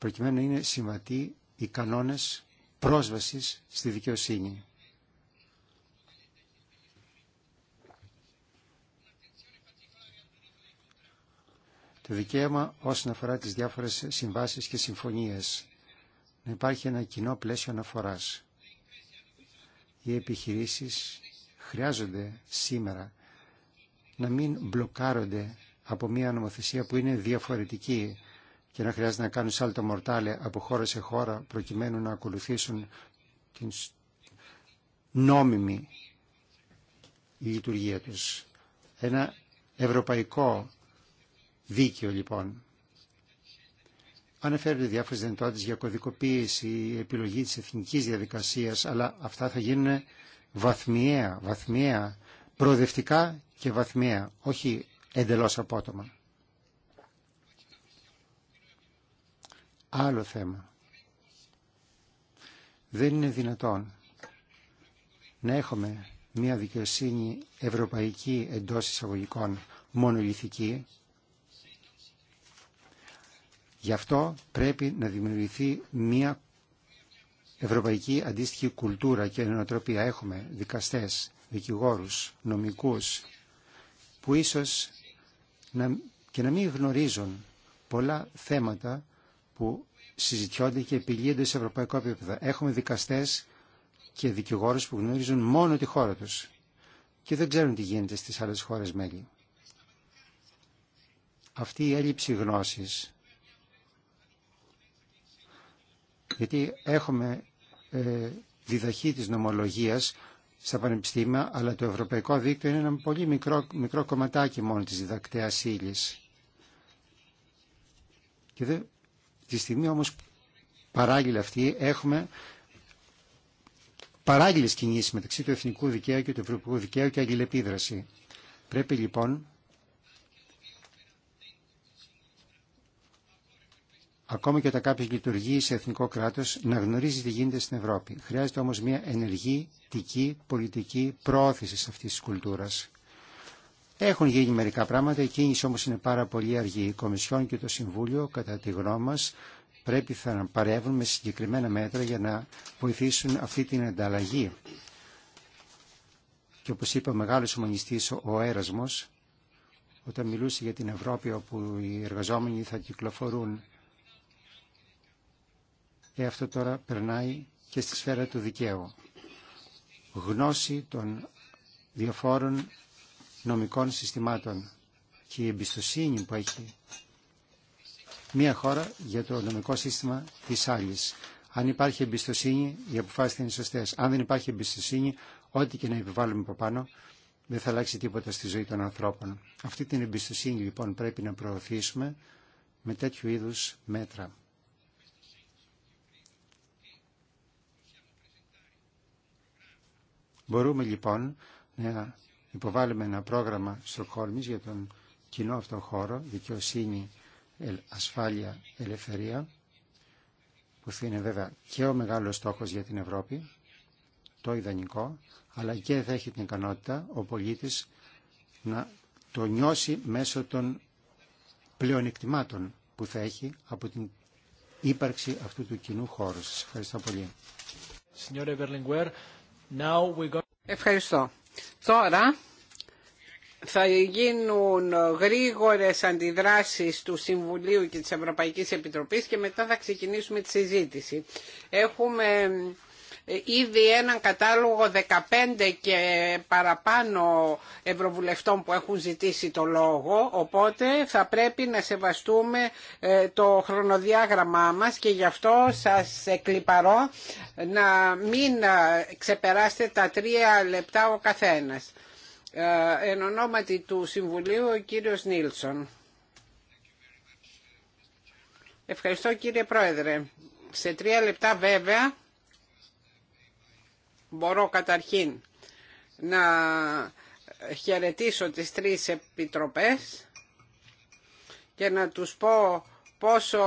προκειμένου να είναι συμβατοί οι κανόνες πρόσβασης στη δικαιοσύνη. Το δικαίωμα όσον αφορά τις διάφορες συμβάσεις και συμφωνίες. Να υπάρχει ένα κοινό πλαίσιο αναφοράς. Οι επιχειρήσεις χρειάζονται σήμερα να μην μπλοκάρονται από μια νομοθεσία που είναι διαφορετική και να χρειάζεται να κάνουν σάλτο μορτάλε από χώρα σε χώρα προκειμένου να ακολουθήσουν την νόμιμη λειτουργία τους. Ένα ευρωπαϊκό δίκαιο λοιπόν. Αναφέρονται διάφορες δυνατότητε για κωδικοποίηση, η επιλογή τη εθνικής διαδικασίας, αλλά αυτά θα γίνουν βαθμιαία, βαθμιαία, προοδευτικά και βαθμιαία, όχι εντελώ απότομα. Άλλο θέμα. Δεν είναι δυνατόν να έχουμε μια δικαιοσύνη ευρωπαϊκή εντός εισαγωγικών μονολυθική. Γι' αυτό πρέπει να δημιουργηθεί μια ευρωπαϊκή αντίστοιχη κουλτούρα και ενωτροπία Έχουμε δικαστές, δικηγόρους, νομικούς που ίσως και να μην γνωρίζουν πολλά θέματα που συζητιώνται και επιλύονται σε ευρωπαϊκό επίπεδο. Έχουμε δικαστές και δικηγόρους που γνωρίζουν μόνο τη χώρα τους και δεν ξέρουν τι γίνεται στις άλλες χώρες μέλη. Αυτή η έλλειψη γνώσης, γιατί έχουμε ε, διδαχή της νομολογίας στα πανεπιστήμια, αλλά το Ευρωπαϊκό Δίκτυο είναι ένα πολύ μικρό, κομματάκι μόνο της διδακτέας ύλη. Και δεν Τη στιγμή όμως παράλληλα αυτή έχουμε παράγγελες κινήσεις μεταξύ του εθνικού δικαίου και του ευρωπαϊκού δικαίου και αγγελεπίδραση. Πρέπει λοιπόν ακόμα και όταν κάποιο λειτουργεί σε εθνικό κράτος, να γνωρίζει τι γίνεται στην Ευρώπη. Χρειάζεται όμως μια ενεργητική πολιτική σε αυτή της κουλτούρας. Έχουν γίνει μερικά πράγματα, η κίνηση όμως είναι πάρα πολύ αργή. Η Κομισιόν και το Συμβούλιο, κατά τη γνώμη μας, πρέπει να παρεύουν με συγκεκριμένα μέτρα για να βοηθήσουν αυτή την ανταλλαγή. Και όπως είπε ο μεγάλος ομονιστής ο Έρασμος, όταν μιλούσε για την Ευρώπη όπου οι εργαζόμενοι θα κυκλοφορούν, ε, αυτό τώρα περνάει και στη σφαίρα του δικαίου. Γνώση των διαφόρων νομικών συστημάτων και η εμπιστοσύνη που έχει μία χώρα για το νομικό σύστημα της άλλης. Αν υπάρχει εμπιστοσύνη, οι αποφάσεις θα είναι σωστές. Αν δεν υπάρχει εμπιστοσύνη, ό,τι και να επιβάλλουμε από πάνω, δεν θα αλλάξει τίποτα στη ζωή των ανθρώπων. Αυτή την εμπιστοσύνη λοιπόν πρέπει να προωθήσουμε με τέτοιου είδους μέτρα. Μπορούμε λοιπόν να υποβάλλουμε ένα πρόγραμμα Στοκχόλμης για τον κοινό αυτό χώρο, δικαιοσύνη, ασφάλεια, ελευθερία, που θα είναι βέβαια και ο μεγάλος στόχος για την Ευρώπη, το ιδανικό, αλλά και θα έχει την ικανότητα ο πολίτης να το νιώσει μέσω των πλεονεκτημάτων που θα έχει από την ύπαρξη αυτού του κοινού χώρου. Σας ευχαριστώ πολύ. Ευχαριστώ. Τώρα θα γίνουν γρήγορες αντιδράσεις του Συμβουλίου και της Ευρωπαϊκής Επιτροπής και μετά θα ξεκινήσουμε τη συζήτηση. Έχουμε ε, ήδη έναν κατάλογο 15 και παραπάνω ευρωβουλευτών που έχουν ζητήσει το λόγο οπότε θα πρέπει να σεβαστούμε ε, το χρονοδιάγραμμά μας και γι' αυτό σας εκλυπαρώ να μην ε, ξεπεράσετε τα τρία λεπτά ο καθένας. Εν ονόματι του Συμβουλίου ο κύριος Νίλσον. Ευχαριστώ κύριε Πρόεδρε. Σε τρία λεπτά βέβαια Μπορώ καταρχήν να χαιρετήσω τις τρεις επιτροπές και να τους πω πόσο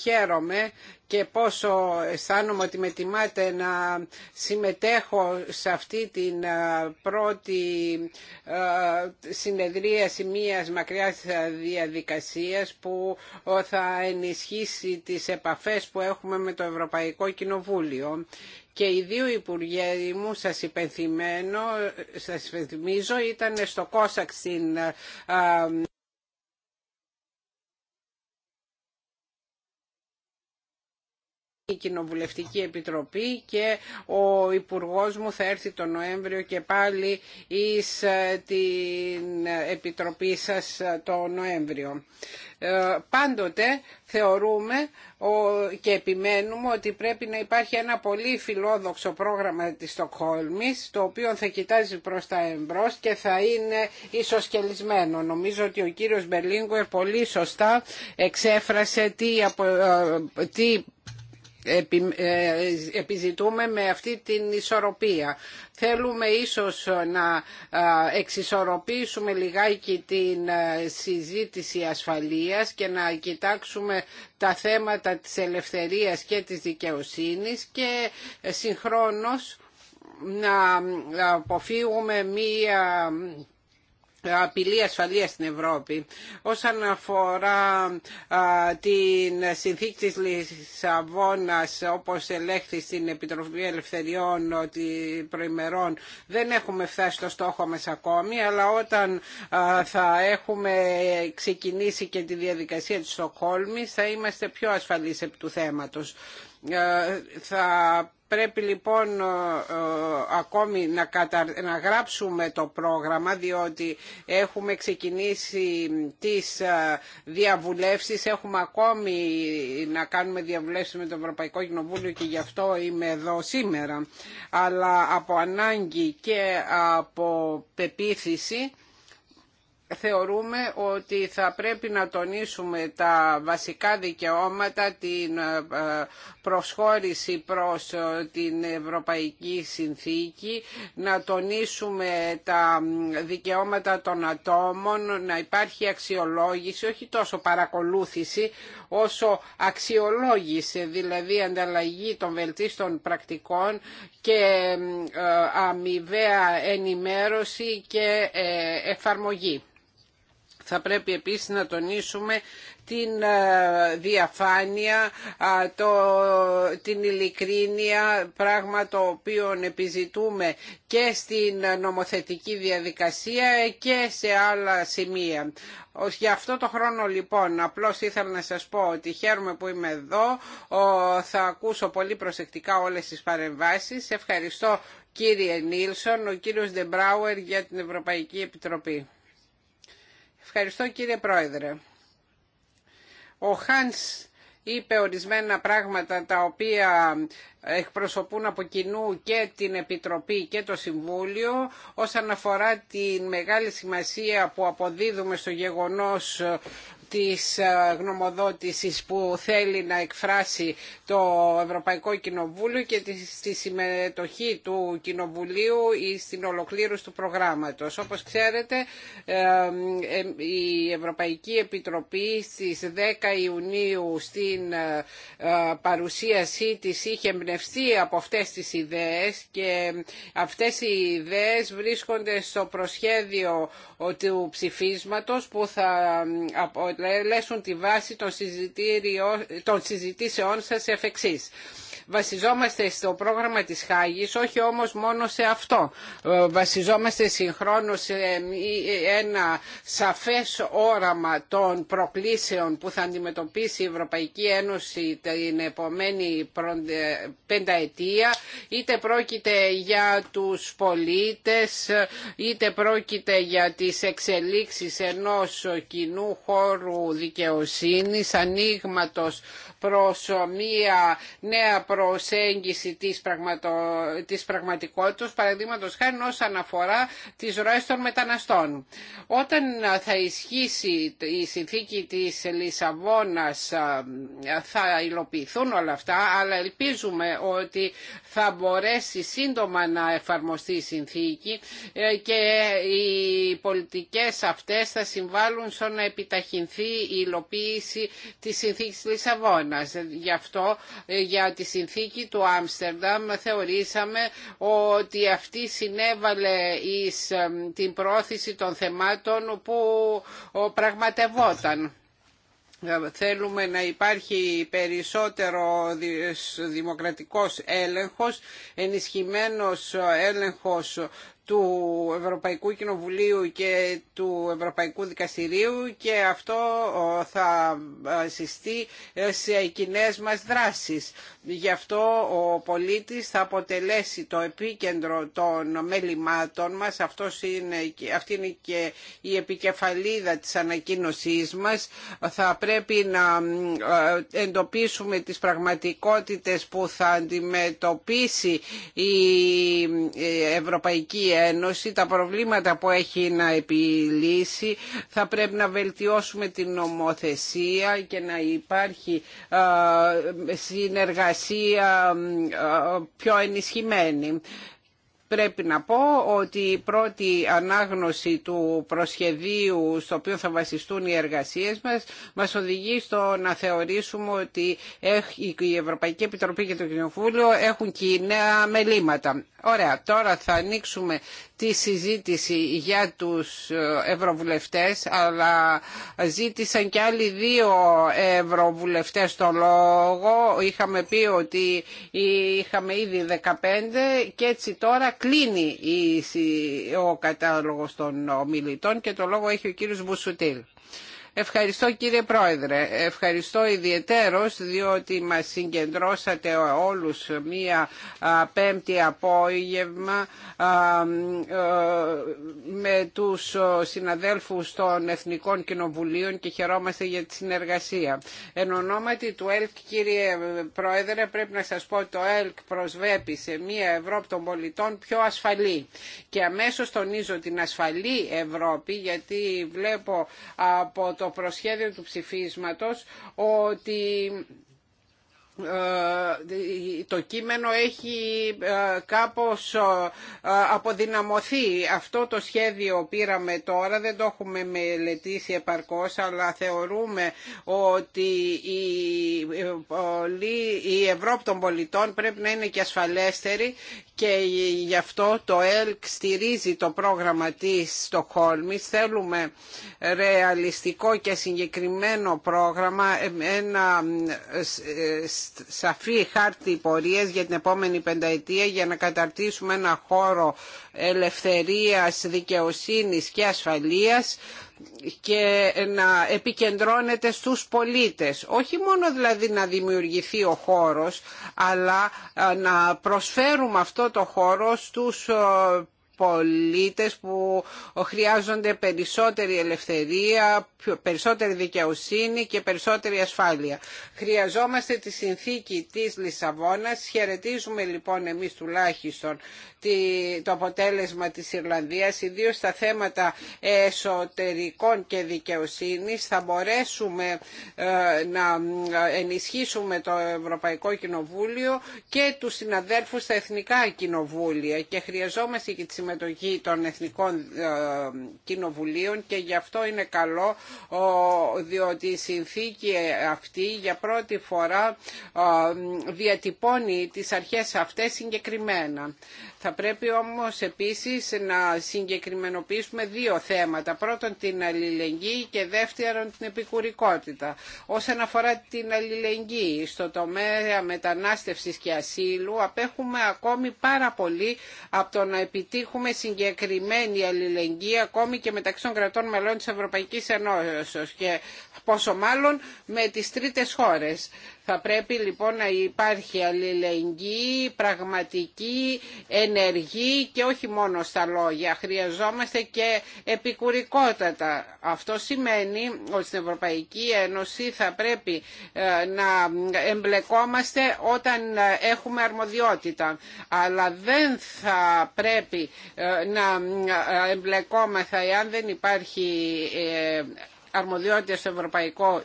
χαίρομαι και πόσο αισθάνομαι ότι με τιμάτε να συμμετέχω σε αυτή την ε, πρώτη ε, συνεδρίαση μίας μακριάς διαδικασίας που ε, θα ενισχύσει τις επαφές που έχουμε με το Ευρωπαϊκό Κοινοβούλιο και οι δύο υπουργοί μου σας, υπενθυμίζω ήταν στο Κόσαξ η Κοινοβουλευτική Επιτροπή και ο Υπουργός μου θα έρθει τον Νοέμβριο και πάλι εις ε, την Επιτροπή σας ε, το Νοέμβριο. Ε, πάντοτε θεωρούμε και επιμένουμε ότι πρέπει να υπάρχει ένα πολύ φιλόδοξο πρόγραμμα της Στοκχόλμης το οποίο θα κοιτάζει προς τα εμπρός και θα είναι ισοσκελισμένο. Νομίζω ότι ο κύριος Μπερλίνγκουερ πολύ σωστά εξέφρασε τι ε, επιζητούμε με αυτή την ισορροπία. Θέλουμε ίσως να ε, εξισορροπήσουμε λιγάκι την ε, συζήτηση ασφαλείας και να κοιτάξουμε τα θέματα της ελευθερίας και της δικαιοσύνης και συγχρόνως να αποφύγουμε μία απειλή ασφαλείας στην Ευρώπη. Όσον αφορά την συνθήκη της Λισαβόνας όπως ελέγχθη στην Επιτροπή Ελευθεριών ότι προημερών δεν έχουμε φτάσει στο στόχο μας ακόμη αλλά όταν θα έχουμε ξεκινήσει και τη διαδικασία της Στοκχόλμης θα είμαστε πιο ασφαλείς του θέματος. Ε, θα Πρέπει λοιπόν ε, ε, ακόμη να, γράψουμε το πρόγραμμα διότι έχουμε ξεκινήσει τις ε, διαβουλεύσεις. Έχουμε ακόμη να κάνουμε διαβουλεύσεις με το Ευρωπαϊκό Κοινοβούλιο και γι' αυτό είμαι εδώ σήμερα. Αλλά από ανάγκη και από πεποίθηση θεωρούμε ότι θα πρέπει να τονίσουμε τα βασικά δικαιώματα, την ε, προσχώρηση προς ε, την Ευρωπαϊκή Συνθήκη, να τονίσουμε τα δικαιώματα των ατόμων, να υπάρχει αξιολόγηση, όχι τόσο παρακολούθηση, όσο αξιολόγηση, δηλαδή ανταλλαγή των βελτίστων πρακτικών και ε, αμοιβαία ενημέρωση και εφαρμογή. Θα πρέπει επίσης να τονίσουμε την ε, διαφάνεια, το, την ειλικρίνεια, πράγμα το οποίο επιζητούμε και στην νομοθετική διαδικασία και σε άλλα σημεία. Για αυτό το χρόνο λοιπόν απλώς ήθελα να σας πω ότι χαίρομαι που είμαι εδώ, θα ακούσω πολύ προσεκτικά όλες τις παρεμβάσεις. Ευχαριστώ κύριε Νίλσον, ο κύριος Ντεμπράουερ για την Ευρωπαϊκή Επιτροπή. Ευχαριστώ κύριε Πρόεδρε. Ο Χάνς είπε ορισμένα πράγματα τα οποία εκπροσωπούν από κοινού και την Επιτροπή και το Συμβούλιο όσον αφορά τη μεγάλη σημασία που αποδίδουμε στο γεγονός της ε, γνωμοδότησης που θέλει να εκφράσει το Ευρωπαϊκό Κοινοβούλιο και στη συμμετοχή του Κοινοβουλίου ή στην ολοκλήρωση του προγράμματος. Όπως ξέρετε, ε, ε, η Ευρωπαϊκή Επιτροπή στις 10 Ιουνίου στην παρουσίασή της είχε εμπνευστεί από αυτές τις ιδέες και αυτές οι ιδέες βρίσκονται στο προσχέδιο του ψηφίσματος που θα αποτελέσουν τη βάση των, συζητήσεών σας εφ' εξής βασιζόμαστε στο πρόγραμμα της Χάγης, όχι όμως μόνο σε αυτό. Ε, βασιζόμαστε συγχρόνως σε ένα σαφές όραμα των προκλήσεων που θα αντιμετωπίσει η Ευρωπαϊκή Ένωση την επομένη πενταετία, είτε πρόκειται για τους πολίτες, είτε πρόκειται για τις εξελίξεις ενός κοινού χώρου δικαιοσύνης, ανοίγματος προς μία νέα προσέγγιση της, πραγματο... της πραγματικότητας, παραδείγματος χάρη όσον αφορά τις ροές των μεταναστών. Όταν θα ισχύσει η συνθήκη της Λισαβόνας θα υλοποιηθούν όλα αυτά, αλλά ελπίζουμε ότι θα μπορέσει σύντομα να εφαρμοστεί η συνθήκη ε, και οι πολιτικές αυτές θα συμβάλλουν στο να επιταχυνθεί η υλοποίηση της συνθήκης Λισαβόνας. Γι' αυτό ε, για τις συνθήκη του Άμστερνταμ θεωρήσαμε ότι αυτή συνέβαλε εις την πρόθεση των θεμάτων που πραγματευόταν ε, θέλουμε να υπάρχει περισσότερο δημοκρατικός έλεγχος, ενισχυμένος έλεγχος του Ευρωπαϊκού Κοινοβουλίου και του Ευρωπαϊκού Δικαστηρίου και αυτό θα ε, συστεί ε, σε κοινέ μας δράσεις. Γι' αυτό ο πολίτης θα αποτελέσει το επίκεντρο των μέλημάτων μας. Αυτός είναι, αυτή είναι και η επικεφαλίδα της ανακοίνωσής μας. Θα πρέπει να ε, εντοπίσουμε τις πραγματικότητες που θα αντιμετωπίσει η Ευρωπαϊκή Ένωση, τα προβλήματα που έχει να επιλύσει, θα πρέπει να βελτιώσουμε την νομοθεσία και να υπάρχει συνεργασία πιο ενισχυμένη. Πρέπει να πω ότι η πρώτη ανάγνωση του προσχεδίου στο οποίο θα βασιστούν οι εργασίες μας μας οδηγεί στο να θεωρήσουμε ότι η Ευρωπαϊκή Επιτροπή και το Κοινοβούλιο έχουν κοινά μελήματα. Ωραία, τώρα θα ανοίξουμε τη συζήτηση για τους ε, ευρωβουλευτές αλλά ζήτησαν και άλλοι δύο ευρωβουλευτές το λόγο. Είχαμε πει ότι είχαμε ήδη 15 και έτσι τώρα κλείνει ο κατάλογος των ομιλητών και το λόγο έχει ο κύριος Μπουσουτήλ. Ευχαριστώ κύριε Πρόεδρε. Ευχαριστώ ιδιαιτέρως διότι μας συγκεντρώσατε όλους μία πέμπτη απόγευμα με τους συναδέλφους των Εθνικών Κοινοβουλίων και χαιρόμαστε για τη συνεργασία. Εν ονόματι του ΕΛΚ κύριε ε, Πρόεδρε πρέπει να σας πω ότι το ΕΛΚ προσβέπει σε μία Ευρώπη των πολιτών πιο ασφαλή και αμέσως τονίζω την ασφαλή Ευρώπη γιατί βλέπω από το προσχέδιο του ψηφίσματος ότι ε, το κείμενο έχει ε, κάπως ε, αποδυναμωθεί. Αυτό το σχέδιο πήραμε τώρα, δεν το έχουμε μελετήσει επαρκώς, αλλά θεωρούμε ότι η Ευρώπη των πολιτών πρέπει να είναι και ασφαλέστερη και γι' αυτό το ΕΛΚ στηρίζει το πρόγραμμα της Στοχόλμης. Θέλουμε ρεαλιστικό και συγκεκριμένο πρόγραμμα, ένα σαφή χάρτη πορείας για την επόμενη πενταετία για να καταρτήσουμε ένα χώρο ελευθερίας, δικαιοσύνης και ασφαλείας και να επικεντρώνεται στους πολίτες. Όχι μόνο δηλαδή να δημιουργηθεί ο χώρος, αλλά ε, να προσφέρουμε αυτό το χώρο στους ε, πολίτες που χρειάζονται περισσότερη ελευθερία, περισσότερη δικαιοσύνη και περισσότερη ασφάλεια. Χρειαζόμαστε τη συνθήκη της Λισαβόνας. Χαιρετίζουμε λοιπόν εμείς τουλάχιστον το αποτέλεσμα της Ιρλανδίας, ιδίως στα θέματα εσωτερικών και δικαιοσύνης, θα μπορέσουμε ε, να ενισχύσουμε το Ευρωπαϊκό Κοινοβούλιο και τους συναδέλφους στα Εθνικά Κοινοβούλια και χρειαζόμαστε και τη συμμετοχή των Εθνικών ε, Κοινοβουλίων και γι' αυτό είναι καλό διότι η συνθήκη αυτή για πρώτη φορά ε, διατυπώνει τις αρχές αυτές συγκεκριμένα. Θα πρέπει όμως επίσης να συγκεκριμενοποιήσουμε δύο θέματα. Πρώτον την αλληλεγγύη και δεύτερον την επικουρικότητα. Όσον αφορά την αλληλεγγύη στο τομέα μετανάστευσης και ασύλου απέχουμε ακόμη πάρα πολύ από το να επιτύχουμε συγκεκριμένη αλληλεγγύη ακόμη και μεταξύ των κρατών μελών της Ευρωπαϊκής Ενώσεως και πόσο μάλλον με τις τρίτες χώρες. Θα πρέπει λοιπόν να υπάρχει αλληλεγγύη, πραγματική, ενεργή και όχι μόνο στα λόγια. Χρειαζόμαστε και επικουρικότατα. Αυτό σημαίνει ότι στην Ευρωπαϊκή Ένωση θα πρέπει ε, να εμπλεκόμαστε όταν ε, έχουμε αρμοδιότητα. Αλλά δεν θα πρέπει ε, να εμπλεκόμαστε εάν δεν υπάρχει αρμοδιότητα στο ευρωπαϊκό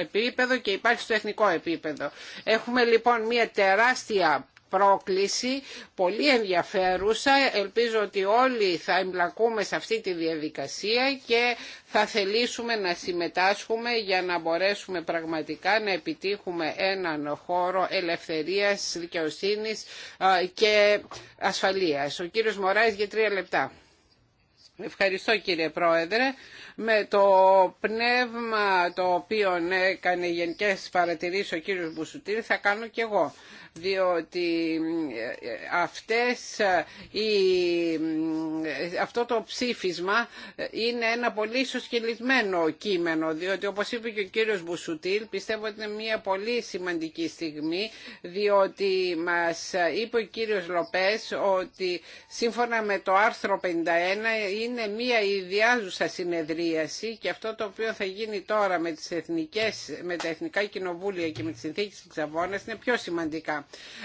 επίπεδο και υπάρχει στο εθνικό επίπεδο. Έχουμε λοιπόν μια τεράστια πρόκληση, πολύ ενδιαφέρουσα. Ελπίζω ότι όλοι θα εμπλακούμε σε αυτή τη διαδικασία και θα θελήσουμε να συμμετάσχουμε για να μπορέσουμε πραγματικά να επιτύχουμε έναν χώρο ελευθερίας, δικαιοσύνης ε, και ασφαλείας. Ο κύριος Μωράης για τρία λεπτά. Ευχαριστώ κύριε Πρόεδρε. Με το πνεύμα το οποίο έκανε γενικές παρατηρήσεις ο κύριος Μπουσουτήρη θα κάνω και εγώ διότι ε, αυτές ε, οι, ε, αυτό το ψήφισμα είναι ένα πολύ ισοσκελισμένο κείμενο, διότι όπως είπε και ο κύριος Μπουσουτήλ, πιστεύω ότι είναι μια πολύ σημαντική στιγμή, διότι μας είπε ο κύριος Λοπές ότι σύμφωνα με το άρθρο 51 είναι μια ιδιάζουσα συνεδρίαση και αυτό το οποίο θα γίνει τώρα με, τις εθνικές, με τα Εθνικά Κοινοβούλια και με τις συνθήκες της Ξαβώνας είναι πιο σημαντικά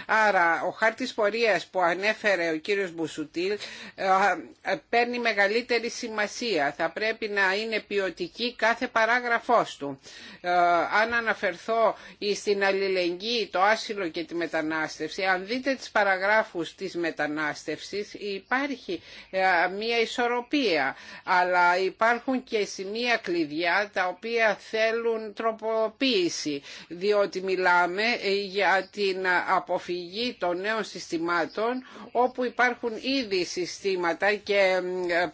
Άρα ο χάρτης πορείας που ανέφερε ο κύριος Μπουσουτήλ παίρνει μεγαλύτερη σημασία. Θα πρέπει να είναι ποιοτική κάθε παράγραφός του. Αν αναφερθώ στην αλληλεγγύη, το άσυλο και τη μετανάστευση, αν δείτε τις παραγράφους της μετανάστευσης υπάρχει μία ισορροπία, αλλά υπάρχουν και σημεία κλειδιά τα οποία θέλουν τροποποίηση, διότι μιλάμε για την αποφυγή των νέων συστημάτων όπου υπάρχουν ήδη συστήματα και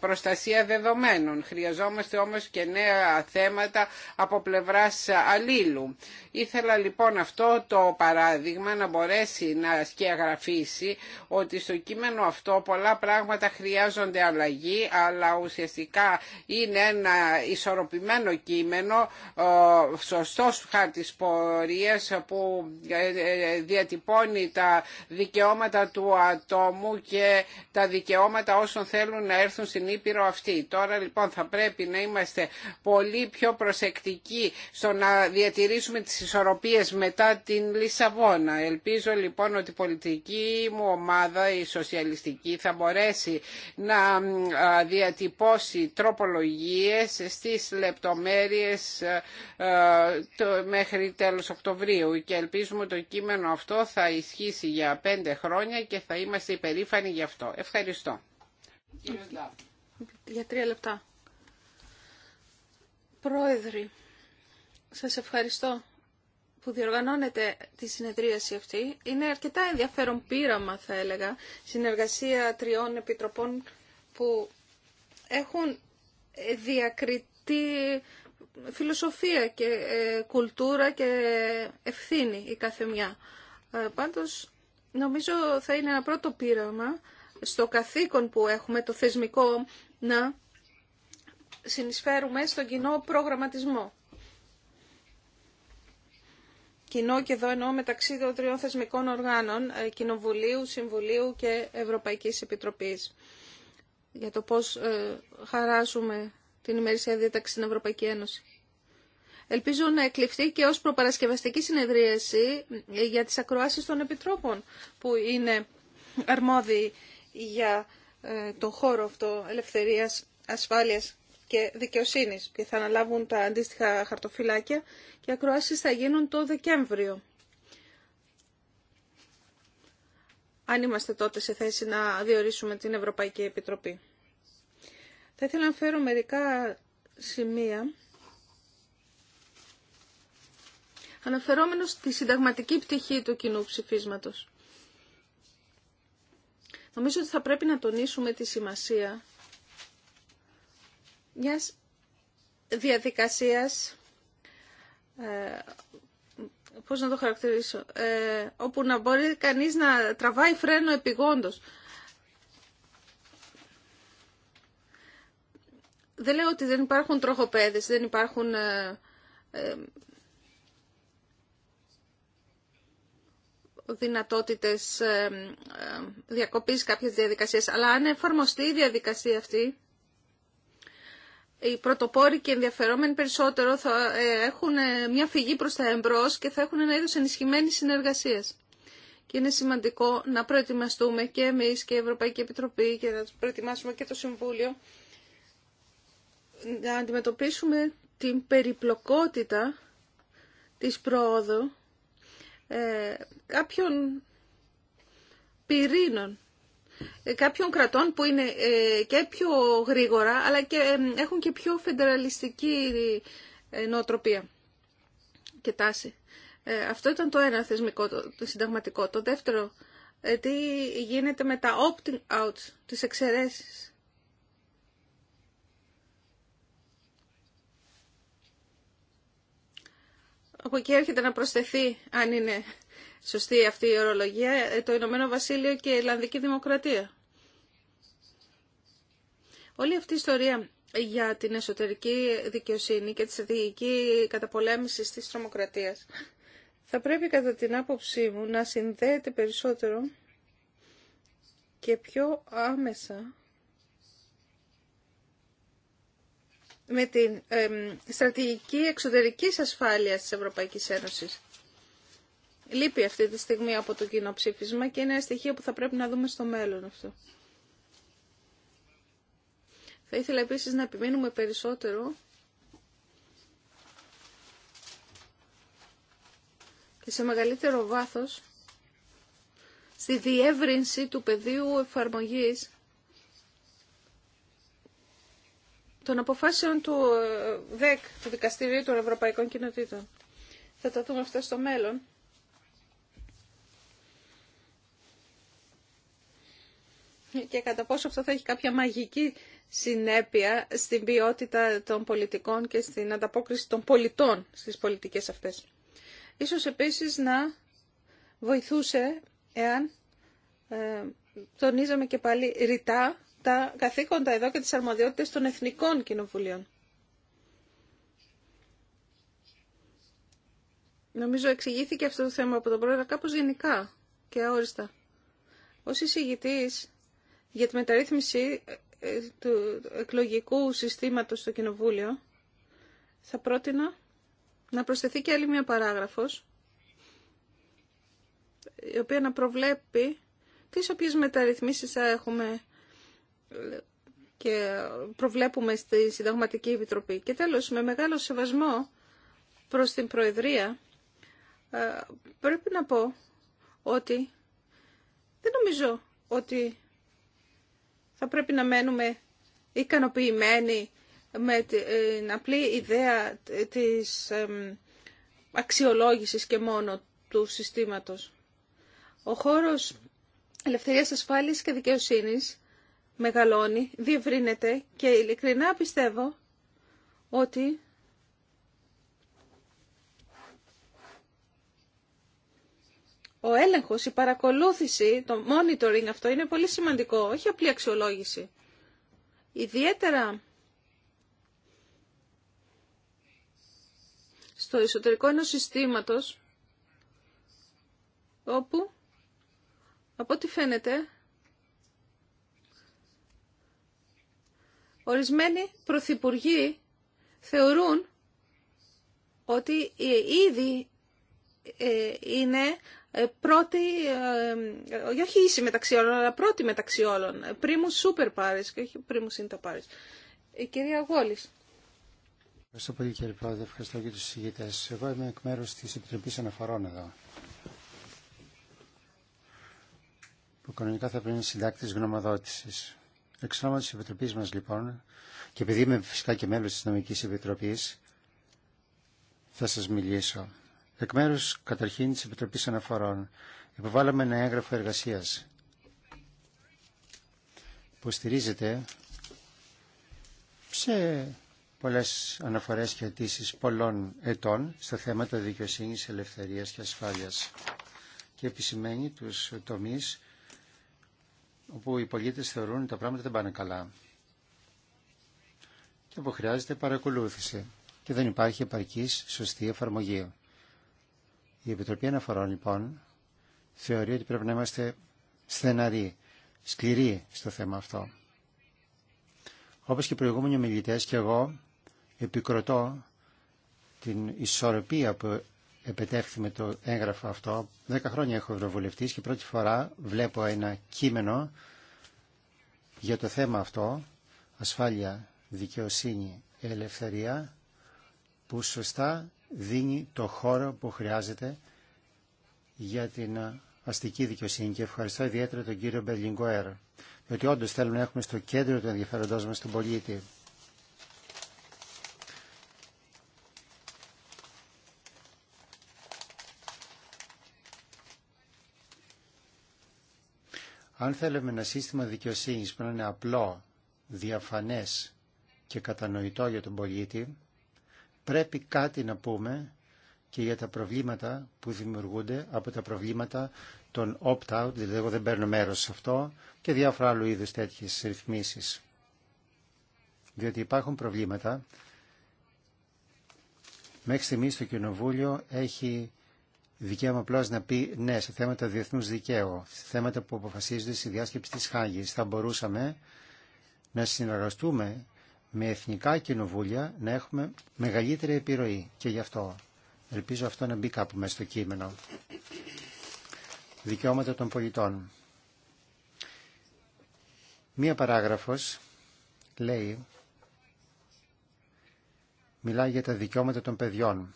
προστασία δεδομένων. Χρειαζόμαστε όμως και νέα θέματα από πλευράς αλλήλου. Ήθελα λοιπόν αυτό το παράδειγμα να μπορέσει να σκιαγραφίσει ότι στο κείμενο αυτό πολλά πράγματα χρειάζονται αλλαγή αλλά ουσιαστικά είναι ένα ισορροπημένο κείμενο σωστός χάρτης πορείας που ε, ε, ε, διατυπώνει Λοιπόν, τα δικαιώματα του ατόμου και τα δικαιώματα όσων θέλουν να έρθουν στην Ήπειρο αυτή. Τώρα λοιπόν θα πρέπει να είμαστε πολύ πιο προσεκτικοί στο να διατηρήσουμε τις ισορροπίες μετά την Λισαβόνα. Ελπίζω λοιπόν ότι η πολιτική μου ομάδα, η σοσιαλιστική, θα μπορέσει να διατυπώσει τροπολογίες στις λεπτομέρειες ε, ε, μέχρι τέλος Οκτωβρίου και ελπίζουμε το κείμενο αυτό θα ισχύσει για πέντε χρόνια και θα είμαστε υπερήφανοι γι' αυτό. Ευχαριστώ. Για τρία λεπτά. Πρόεδροι, σας ευχαριστώ που διοργανώνετε τη συνεδρίαση αυτή. Είναι αρκετά ενδιαφέρον πείραμα, θα έλεγα, συνεργασία τριών επιτροπών που έχουν διακριτή φιλοσοφία και ε, κουλτούρα και ευθύνη η καθεμιά. Ε, πάντως, νομίζω θα είναι ένα πρώτο πείραμα στο καθήκον που έχουμε, το θεσμικό, να συνεισφέρουμε στον κοινό προγραμματισμό. Κοινό και εδώ εννοώ μεταξύ των τριών θεσμικών οργάνων, ε, Κοινοβουλίου, Συμβουλίου και Ευρωπαϊκής Επιτροπής, για το πώς ε, χαράζουμε την ημερησία διάταξη στην Ευρωπαϊκή Ένωση. Ελπίζω να εκλειφθεί και ως προπαρασκευαστική συνεδρίαση για τις ακροάσεις των επιτρόπων που είναι αρμόδιοι για ε, τον χώρο αυτό ελευθερίας, ασφάλειας και δικαιοσύνης και θα αναλάβουν τα αντίστοιχα χαρτοφυλάκια και οι ακροάσεις θα γίνουν το Δεκέμβριο. Αν είμαστε τότε σε θέση να διορίσουμε την Ευρωπαϊκή Επιτροπή. Θα ήθελα να φέρω μερικά σημεία αναφερόμενος στη συνταγματική πτυχή του κοινού ψηφίσματος. Νομίζω ότι θα πρέπει να τονίσουμε τη σημασία μιας διαδικασίας ε, πώς να το χαρακτηρίσω ε, όπου να μπορεί κανείς να τραβάει φρένο επιγόντως δεν λέω ότι δεν υπάρχουν τροχοπέδες δεν υπάρχουν ε, ε, δυνατότητες διακοπής κάποιες διαδικασίες. Αλλά αν εφαρμοστεί η διαδικασία αυτή, οι πρωτοπόροι και ενδιαφερόμενοι περισσότερο θα ε, έχουν ε, μια φυγή προς τα εμπρός και θα έχουν ένα είδος ενισχυμένης συνεργασία. Και είναι σημαντικό να προετοιμαστούμε και εμείς και η Ευρωπαϊκή Επιτροπή και να προετοιμάσουμε και το Συμβούλιο να αντιμετωπίσουμε την περιπλοκότητα της πρόοδου ε, κάποιων πυρήνων ε, κάποιων κρατών που είναι ε, και πιο γρήγορα αλλά και ε, έχουν και πιο φεντεραλιστική νοοτροπία και τάση. Αυτό ήταν το ένα θεσμικό, το συνταγματικό. Το δεύτερο, τι γίνεται με τα opting out τις εξαιρέσεις. Από εκεί έρχεται να προσθεθεί αν είναι σωστή αυτή η ορολογία, ε, το Ηνωμένο Βασίλειο και η Ιρλανδική Δημοκρατία. Όλη αυτή η ιστορία για την εσωτερική δικαιοσύνη και τη στρατηγική καταπολέμηση της τρομοκρατίας θα πρέπει κατά την άποψή μου να συνδέεται περισσότερο και πιο άμεσα με την στρατηγική εξωτερικής ασφάλειας της Ευρωπαϊκής Ένωσης λείπει αυτή τη στιγμή από το κοινό ψήφισμα και είναι ένα στοιχείο που θα πρέπει να δούμε στο μέλλον αυτό. Θα ήθελα επίσης να επιμείνουμε περισσότερο και σε μεγαλύτερο βάθος στη διεύρυνση του πεδίου εφαρμογής των αποφάσεων του ε, ΔΕΚ, του Δικαστηρίου των Ευρωπαϊκών Κοινοτήτων. Θα τα δούμε αυτά στο μέλλον. και κατά πόσο αυτό θα έχει κάποια μαγική συνέπεια στην ποιότητα των πολιτικών και στην ανταπόκριση των πολιτών στις πολιτικές αυτές. Ίσως επίσης να βοηθούσε εάν ε, τονίζαμε και πάλι ρητά τα καθήκοντα εδώ και τις αρμοδιότητες των εθνικών κοινοβουλίων. Νομίζω εξηγήθηκε αυτό το θέμα από τον πρόεδρο κάπως γενικά και αόριστα. Ως εισηγητής για τη μεταρρύθμιση ε, ε, του εκλογικού συστήματος στο Κοινοβούλιο, θα πρότεινα να προσθεθεί και άλλη μια παράγραφος, η οποία να προβλέπει τις οποίες μεταρρυθμίσεις θα έχουμε ε, και προβλέπουμε στη Συνταγματική Επιτροπή. Και τέλος, με μεγάλο σεβασμό προς την Προεδρία, πρέπει να πω ότι δεν νομίζω ότι θα πρέπει να μένουμε ικανοποιημένοι με την απλή ιδέα της αξιολόγησης και μόνο του συστήματος. Ο χώρος ελευθερίας ασφάλειας και δικαιοσύνης μεγαλώνει, διευρύνεται και ειλικρινά πιστεύω ότι ο έλεγχος, η παρακολούθηση, το monitoring αυτό είναι πολύ σημαντικό, όχι απλή αξιολόγηση. Ιδιαίτερα στο εσωτερικό ενός συστήματος, όπου, από ό,τι φαίνεται, ορισμένοι πρωθυπουργοί θεωρούν ότι ήδη ε, είναι ε, πρώτη, ε, όχι ίση μεταξύ όλων, αλλά πρώτη μεταξύ όλων. Πρίμου σούπερ πάρεις και όχι πρίμου σύντα πάρεις. Η κυρία Γόλης. Ευχαριστώ πολύ κύριε Πρόεδρε, ευχαριστώ και τους συγγητές Εγώ είμαι εκ μέρους της Επιτροπής Αναφορών εδώ. Που κανονικά θα πρέπει να είναι συντάκτη γνωμοδότηση. Εξ τη Επιτροπή μα, λοιπόν, και επειδή είμαι φυσικά και μέλο τη Νομική Επιτροπή, θα σα μιλήσω. Εκ μέρου καταρχήν τη Επιτροπή Αναφορών, υποβάλαμε ένα έγγραφο εργασία που στηρίζεται σε πολλές αναφορές και αιτήσει πολλών ετών θέμα θέματα δικαιοσύνης, ελευθερίας και ασφάλειας και επισημαίνει τους τομείς όπου οι πολίτες θεωρούν ότι τα πράγματα δεν πάνε καλά και που χρειάζεται παρακολούθηση και δεν υπάρχει επαρκής σωστή εφαρμογή. Η Επιτροπή Αναφορών λοιπόν θεωρεί ότι πρέπει να είμαστε στεναροί, σκληροί στο θέμα αυτό. Όπως και οι προηγούμενοι ομιλητές και εγώ επικροτώ την ισορροπία που επετεύχθη με το έγγραφο αυτό. Δέκα χρόνια έχω ευρωβουλευτή και πρώτη φορά βλέπω ένα κείμενο για το θέμα αυτό, ασφάλεια, δικαιοσύνη, ελευθερία, που σωστά δίνει το χώρο που χρειάζεται για την ε, αστική δικαιοσύνη και ευχαριστώ ιδιαίτερα τον κύριο Μπελιγκοέρ, διότι όντω θέλουμε να έχουμε στο κέντρο του ενδιαφέροντό μα τον πολίτη. Αν θέλουμε ένα σύστημα δικαιοσύνης που να είναι απλό, διαφανές και κατανοητό για τον πολίτη, πρέπει κάτι να πούμε και για τα προβλήματα που δημιουργούνται από τα προβλήματα των opt-out, δηλαδή εγώ δεν παίρνω μέρος σε αυτό και διάφορα άλλου είδους τέτοιες ρυθμίσεις. Διότι υπάρχουν προβλήματα. Μέχρι στιγμή το Κοινοβούλιο έχει δικαίωμα απλώ να πει ναι σε θέματα διεθνούς δικαίου, σε θέματα που αποφασίζονται στη διάσκεψη της Χάγης. Θα μπορούσαμε να συνεργαστούμε με εθνικά κοινοβούλια να έχουμε μεγαλύτερη επιρροή και γι' αυτό ελπίζω αυτό να μπει κάπου μέσα στο κείμενο. Δικαιώματα των πολιτών. Μία παράγραφος λέει μιλάει για τα δικαιώματα των παιδιών.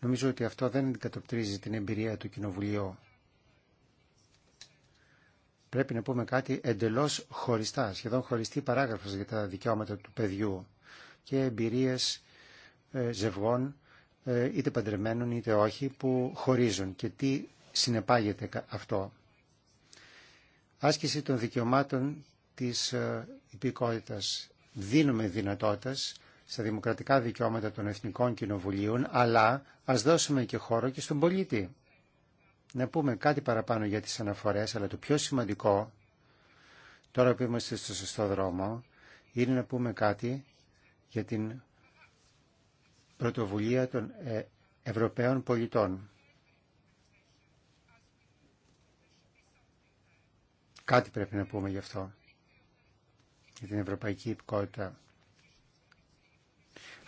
Νομίζω ότι αυτό δεν αντικατοπτρίζει την εμπειρία του Κοινοβουλίου πρέπει να πούμε κάτι εντελώς χωριστά, σχεδόν χωριστή παράγραφος για τα δικαιώματα του παιδιού και εμπειρίες ε, ζευγών, ε, είτε παντρεμένων είτε όχι, που χωρίζουν και τι συνεπάγεται αυτό. Άσκηση των δικαιωμάτων της ε, υπηκότητας. Δίνουμε δυνατότητα στα δημοκρατικά δικαιώματα των Εθνικών Κοινοβουλίων, αλλά ας δώσουμε και χώρο και στον πολίτη να πούμε κάτι παραπάνω για τις αναφορές, αλλά το πιο σημαντικό, τώρα που είμαστε στο σωστό δρόμο, είναι να πούμε κάτι για την πρωτοβουλία των ε, Ευρωπαίων πολιτών. Κάτι πρέπει να πούμε γι' αυτό, για την ευρωπαϊκή υπηκότητα.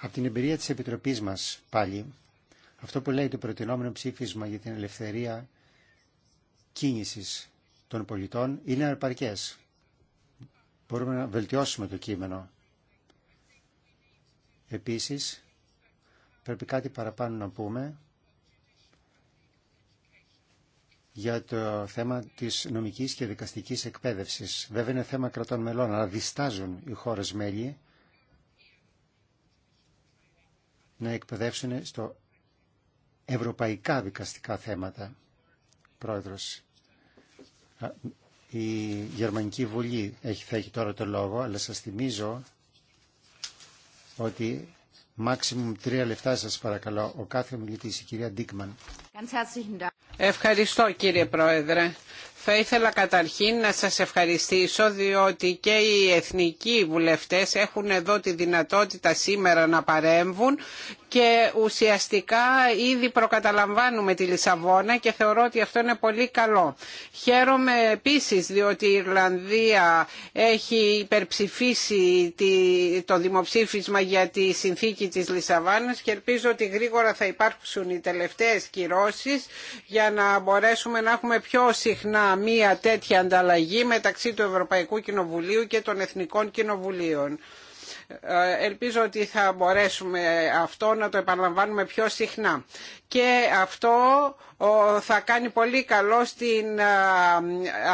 Από την εμπειρία της Επιτροπής μας πάλι, αυτό που λέει το προτινόμενο ψήφισμα για την ελευθερία κίνησης των πολιτών είναι αρπαρκές. Μπορούμε να βελτιώσουμε το κείμενο. Επίσης, πρέπει κάτι παραπάνω να πούμε για το θέμα της νομικής και δικαστικής εκπαίδευσης. Βέβαια είναι θέμα κρατών μελών, αλλά διστάζουν οι χώρες μέλη να εκπαιδεύσουν στο ευρωπαϊκά δικαστικά θέματα. Πρόεδρος, η Γερμανική Βουλή έχει, θα έχει τώρα το λόγο, αλλά σας θυμίζω ότι μάξιμουμ τρία λεφτά σας παρακαλώ. Ο κάθε μιλητής, η κυρία Ντίκμαν. Ευχαριστώ κύριε Πρόεδρε. Θα ήθελα καταρχήν να σας ευχαριστήσω διότι και οι εθνικοί βουλευτές έχουν εδώ τη δυνατότητα σήμερα να παρέμβουν και ουσιαστικά ήδη προκαταλαμβάνουμε τη Λισαβόνα και θεωρώ ότι αυτό είναι πολύ καλό. Χαίρομαι επίσης διότι η Ιρλανδία έχει υπερψηφίσει το δημοψήφισμα για τη συνθήκη της Λισαβάνας και ελπίζω ότι γρήγορα θα υπάρξουν οι τελευταίες κυρώσεις για να μπορέσουμε να έχουμε πιο συχνά να μία τέτοια ανταλλαγή μεταξύ του Ευρωπαϊκού Κοινοβουλίου και των Εθνικών Κοινοβουλίων. Ε, ελπίζω ότι θα μπορέσουμε αυτό να το επαναλαμβάνουμε πιο συχνά. Και αυτό θα κάνει πολύ καλό στην ε,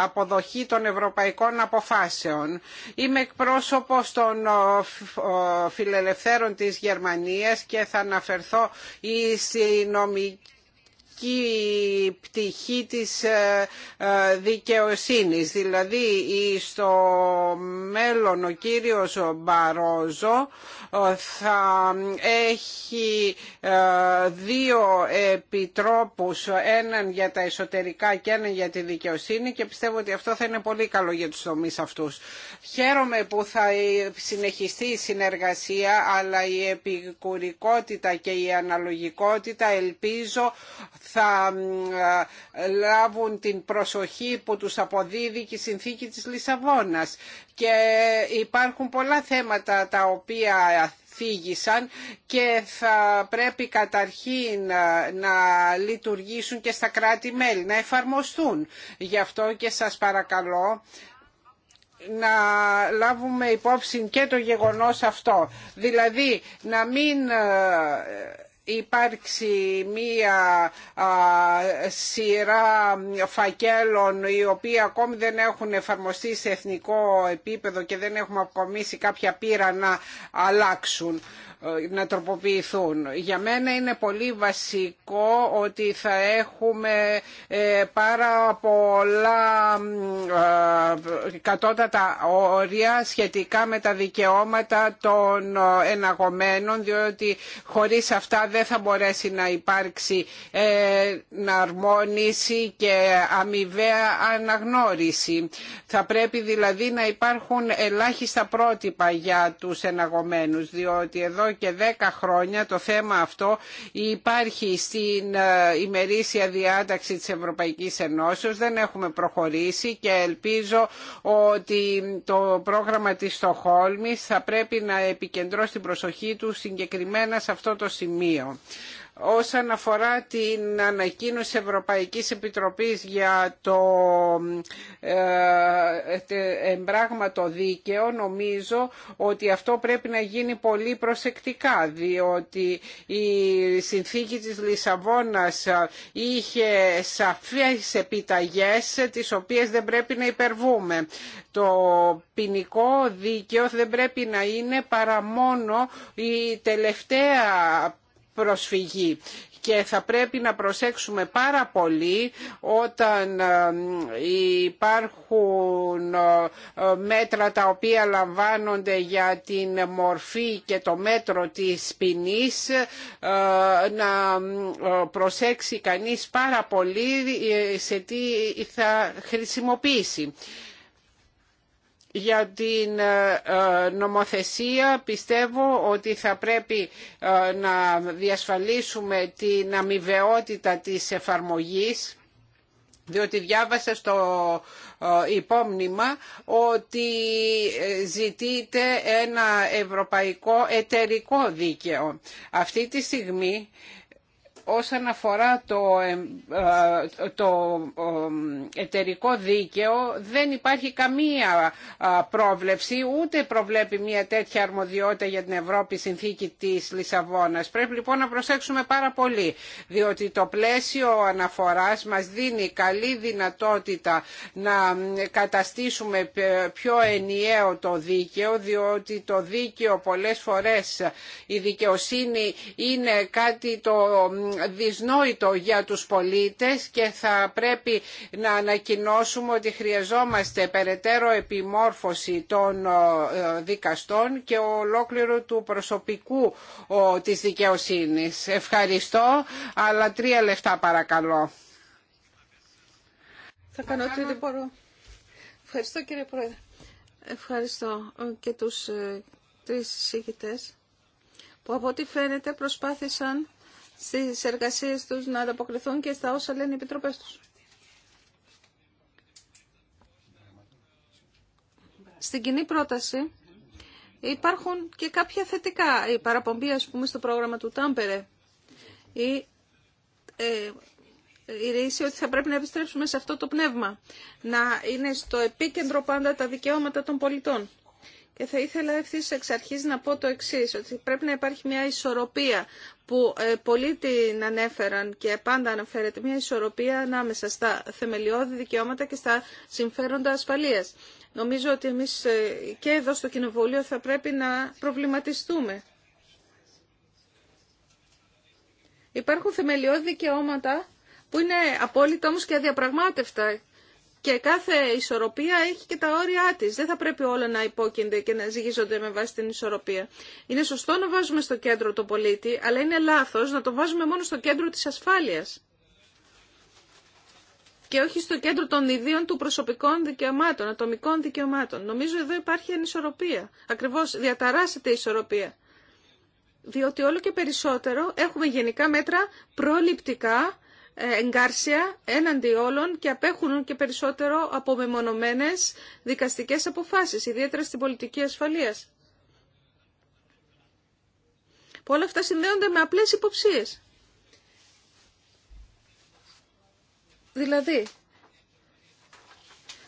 αποδοχή των ευρωπαϊκών αποφάσεων. Είμαι εκπρόσωπος των ε, φιλελευθέρων της Γερμανίας και θα αναφερθώ η νομική η πτυχή της ε, ε, δικαιοσύνης. Δηλαδή στο μέλλον ο κύριος Μπαρόζο ε, θα έχει δύο επιτρόπους, έναν για τα εσωτερικά και έναν για τη δικαιοσύνη και πιστεύω ότι αυτό θα είναι πολύ καλό για τους τομείς αυτούς. Χαίρομαι που θα συνεχιστεί η συνεργασία αλλά η επικουρικότητα και η αναλογικότητα ελπίζω θα λάβουν την προσοχή που τους αποδίδει και η συνθήκη της Λισαβόνας. Και υπάρχουν πολλά θέματα τα οποία θίγησαν και θα πρέπει καταρχήν να, λειτουργήσουν και στα κράτη-μέλη, να εφαρμοστούν. Γι' αυτό και σας παρακαλώ να λάβουμε υπόψη και το γεγονός αυτό. Δηλαδή να μην ε, υπάρξει μία σειρά φακέλων οι οποίοι ακόμη δεν έχουν εφαρμοστεί σε εθνικό επίπεδο και δεν έχουμε αποκομίσει κάποια πείρα να αλλάξουν. Ε, να τροποποιηθούν. Για μένα είναι πολύ βασικό ότι θα έχουμε ε, πάρα πολλά ε, κατώτατα όρια σχετικά με τα δικαιώματα των εναγωμένων διότι χωρίς αυτά δεν θα μπορέσει να υπάρξει αρμόνιση και αμοιβαία αναγνώριση. Θα πρέπει δηλαδή να υπάρχουν ελάχιστα πρότυπα για τους εναγωμένους διότι εδώ και 10 χρόνια το θέμα αυτό υπάρχει στην ε, ημερήσια διάταξη της Ευρωπαϊκής Ενώσεως. Δεν έχουμε προχωρήσει και ελπίζω ότι το πρόγραμμα της Στοχόλμης θα πρέπει να επικεντρώσει την προσοχή του συγκεκριμένα σε αυτό το σημείο όσον αφορά την ανακοίνωση Ευρωπαϊκής Επιτροπής για το ε, εμπράγματο δίκαιο νομίζω ότι αυτό πρέπει να γίνει πολύ προσεκτικά διότι η συνθήκη της Λισαβόνας είχε σαφές επιταγές τις οποίες δεν πρέπει να υπερβούμε. Το ποινικό δίκαιο δεν πρέπει να είναι παρά μόνο η τελευταία προσφυγή και θα πρέπει να προσέξουμε πάρα πολύ όταν ε, υπάρχουν ε, μέτρα τα οποία λαμβάνονται για την μορφή και το μέτρο της ποινή ε, να προσέξει κανείς πάρα πολύ σε τι θα χρησιμοποιήσει για την ε, ε, νομοθεσία πιστεύω ότι θα πρέπει ε, να διασφαλίσουμε την αμοιβαιότητα της εφαρμογής διότι διάβασα στο υπόμνημα ότι ζητείται ένα ευρωπαϊκό εταιρικό δίκαιο. Αυτή τη στιγμή όσον αφορά το, ε, ε, το ε, εταιρικό δίκαιο δεν υπάρχει καμία πρόβλεψη ούτε προβλέπει μια τέτοια αρμοδιότητα για την Ευρώπη συνθήκη της Λισαβόνας. Πρέπει λοιπόν να προσέξουμε πάρα πολύ διότι το πλαίσιο αναφοράς μας δίνει καλή δυνατότητα να καταστήσουμε πιο ενιαίο το δίκαιο διότι το δίκαιο πολλές φορές η δικαιοσύνη είναι κάτι το δυσνόητο για τους πολίτες και θα πρέπει να ανακοινώσουμε ότι χρειαζόμαστε περαιτέρω επιμόρφωση των ε, δικαστών και ολόκληρου του προσωπικού της δικαιοσύνης. Ευχαριστώ, αλλά τρία λεφτά παρακαλώ. Θα κάνω ό,τι μπορώ. Ευχαριστώ κύριε Πρόεδρε. Ευχαριστώ ε, και τους ε, τρεις συζήτητες που από ό,τι φαίνεται προσπάθησαν στις εργασίες τους να ανταποκριθούν και στα όσα λένε οι επιτροπές τους. Στην κοινή πρόταση υπάρχουν και κάποια θετικά. Η παραπομπή, ας πούμε, στο πρόγραμμα του Τάμπερε. Η, ε, η ρίση ότι θα πρέπει να επιστρέψουμε σε αυτό το πνεύμα. Να είναι στο επίκεντρο πάντα τα δικαιώματα των πολιτών. Και θα ήθελα ευθύ εξ αρχή να πω το εξή, ότι πρέπει να υπάρχει μια ισορροπία που ε, πολλοί την ανέφεραν και πάντα αναφέρεται, μια ισορροπία ανάμεσα στα θεμελιώδη δικαιώματα και στα συμφέροντα ασφαλείας. Νομίζω ότι εμείς ε, και εδώ στο Κοινοβούλιο θα πρέπει να προβληματιστούμε. Υπάρχουν θεμελιώδη δικαιώματα που είναι απόλυτα όμως και αδιαπραγμάτευτα και κάθε ισορροπία έχει και τα όρια τη. Δεν θα πρέπει όλα να υπόκεινται και να ζυγίζονται με βάση την ισορροπία. Είναι σωστό να βάζουμε στο κέντρο το πολίτη, αλλά είναι λάθο να το βάζουμε μόνο στο κέντρο τη ασφάλεια. Και όχι στο κέντρο των ιδίων του προσωπικών δικαιωμάτων, ατομικών δικαιωμάτων. Νομίζω εδώ υπάρχει ανισορροπία. Ακριβώ διαταράσσεται η ισορροπία. Διότι όλο και περισσότερο έχουμε γενικά μέτρα προληπτικά εγκάρσια έναντι όλων και απέχουν και περισσότερο από μεμονωμένες δικαστικές αποφάσεις, ιδιαίτερα στην πολιτική ασφαλείας. Όλα αυτά συνδέονται με απλές υποψίες. Δηλαδή,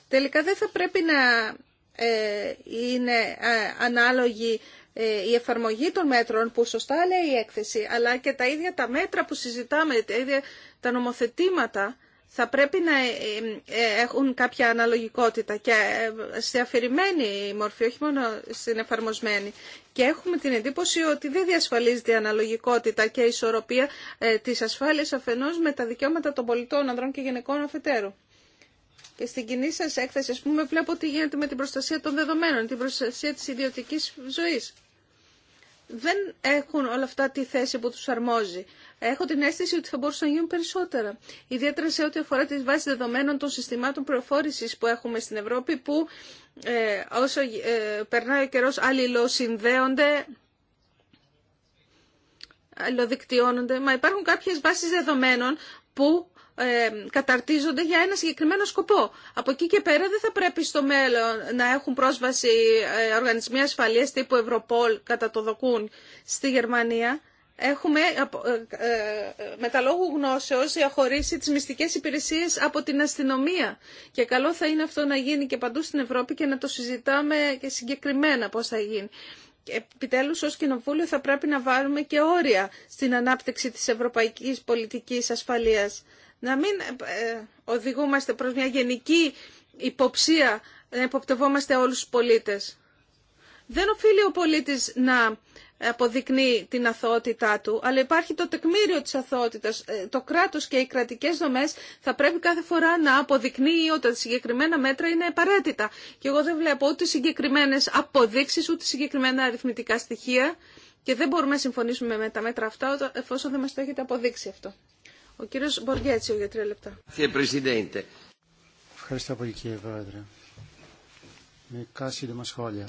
τελικά δεν θα πρέπει να ε, είναι ε, ανάλογοι ε, η εφαρμογή των μέτρων που σωστά λέει η έκθεση, αλλά και τα ίδια τα μέτρα που συζητάμε, τα ίδια τα νομοθετήματα, θα πρέπει να ε, ε, έχουν κάποια αναλογικότητα και σε αφηρημένη μορφή, όχι μόνο στην εφαρμοσμένη. Και έχουμε την εντύπωση ότι δεν διασφαλίζεται η αναλογικότητα και η ισορροπία της ασφάλειας αφενός με τα δικαιώματα των πολιτών, ανδρών και γυναικών αφετέρου. Και στην κοινή σα έκθεση, α πούμε, βλέπω τι γίνεται με την προστασία των δεδομένων, την προστασία τη ιδιωτική ζωή δεν έχουν όλα αυτά τη θέση που τους αρμόζει. Έχω την αίσθηση ότι θα μπορούσαν να γίνουν περισσότερα. Ιδιαίτερα σε ό,τι αφορά τις βάσεις δεδομένων των συστημάτων προφόρησης που έχουμε στην Ευρώπη, που ε, όσο ε, περνάει ο καιρός αλληλοσυνδέονται, αλληλοδικτυώνονται. Μα υπάρχουν κάποιες βάσεις δεδομένων που ε, καταρτίζονται για ένα συγκεκριμένο σκοπό. Από εκεί και πέρα δεν θα πρέπει στο μέλλον να έχουν πρόσβαση ε, οργανισμοί ασφαλείας τύπου Ευρωπόλ κατά το δοκούν στη Γερμανία. Έχουμε ε, με τα λόγου γνώσεως διαχωρίσει τις μυστικές υπηρεσίες από την αστυνομία και καλό θα είναι αυτό να γίνει και παντού στην Ευρώπη και να το συζητάμε και συγκεκριμένα πώς θα γίνει. Επιτέλους, ως Κοινοβούλιο θα πρέπει να βάλουμε και όρια στην ανάπτυξη της ευρωπαϊκής πολιτικής ασφαλείας να μην ε, ε, οδηγούμαστε προς μια γενική υποψία, να υποπτευόμαστε όλους τους πολίτες. Δεν οφείλει ο πολίτης να αποδεικνύει την αθωότητά του, αλλά υπάρχει το τεκμήριο της αθωότητας. Ε, το κράτος και οι κρατικές δομές θα πρέπει κάθε φορά να αποδεικνύει ότι τα συγκεκριμένα μέτρα είναι απαραίτητα. Και εγώ δεν βλέπω ούτε συγκεκριμένες αποδείξεις, ούτε συγκεκριμένα αριθμητικά στοιχεία και δεν μπορούμε να συμφωνήσουμε με τα μέτρα αυτά εφόσον δεν μας το έχετε αποδείξει αυτό. Ο κύριος Μποργέτσιο για τρία λεπτά. Ευχαριστώ πολύ κύριε Πρόεδρε. Μερικά σύντομα σχόλια.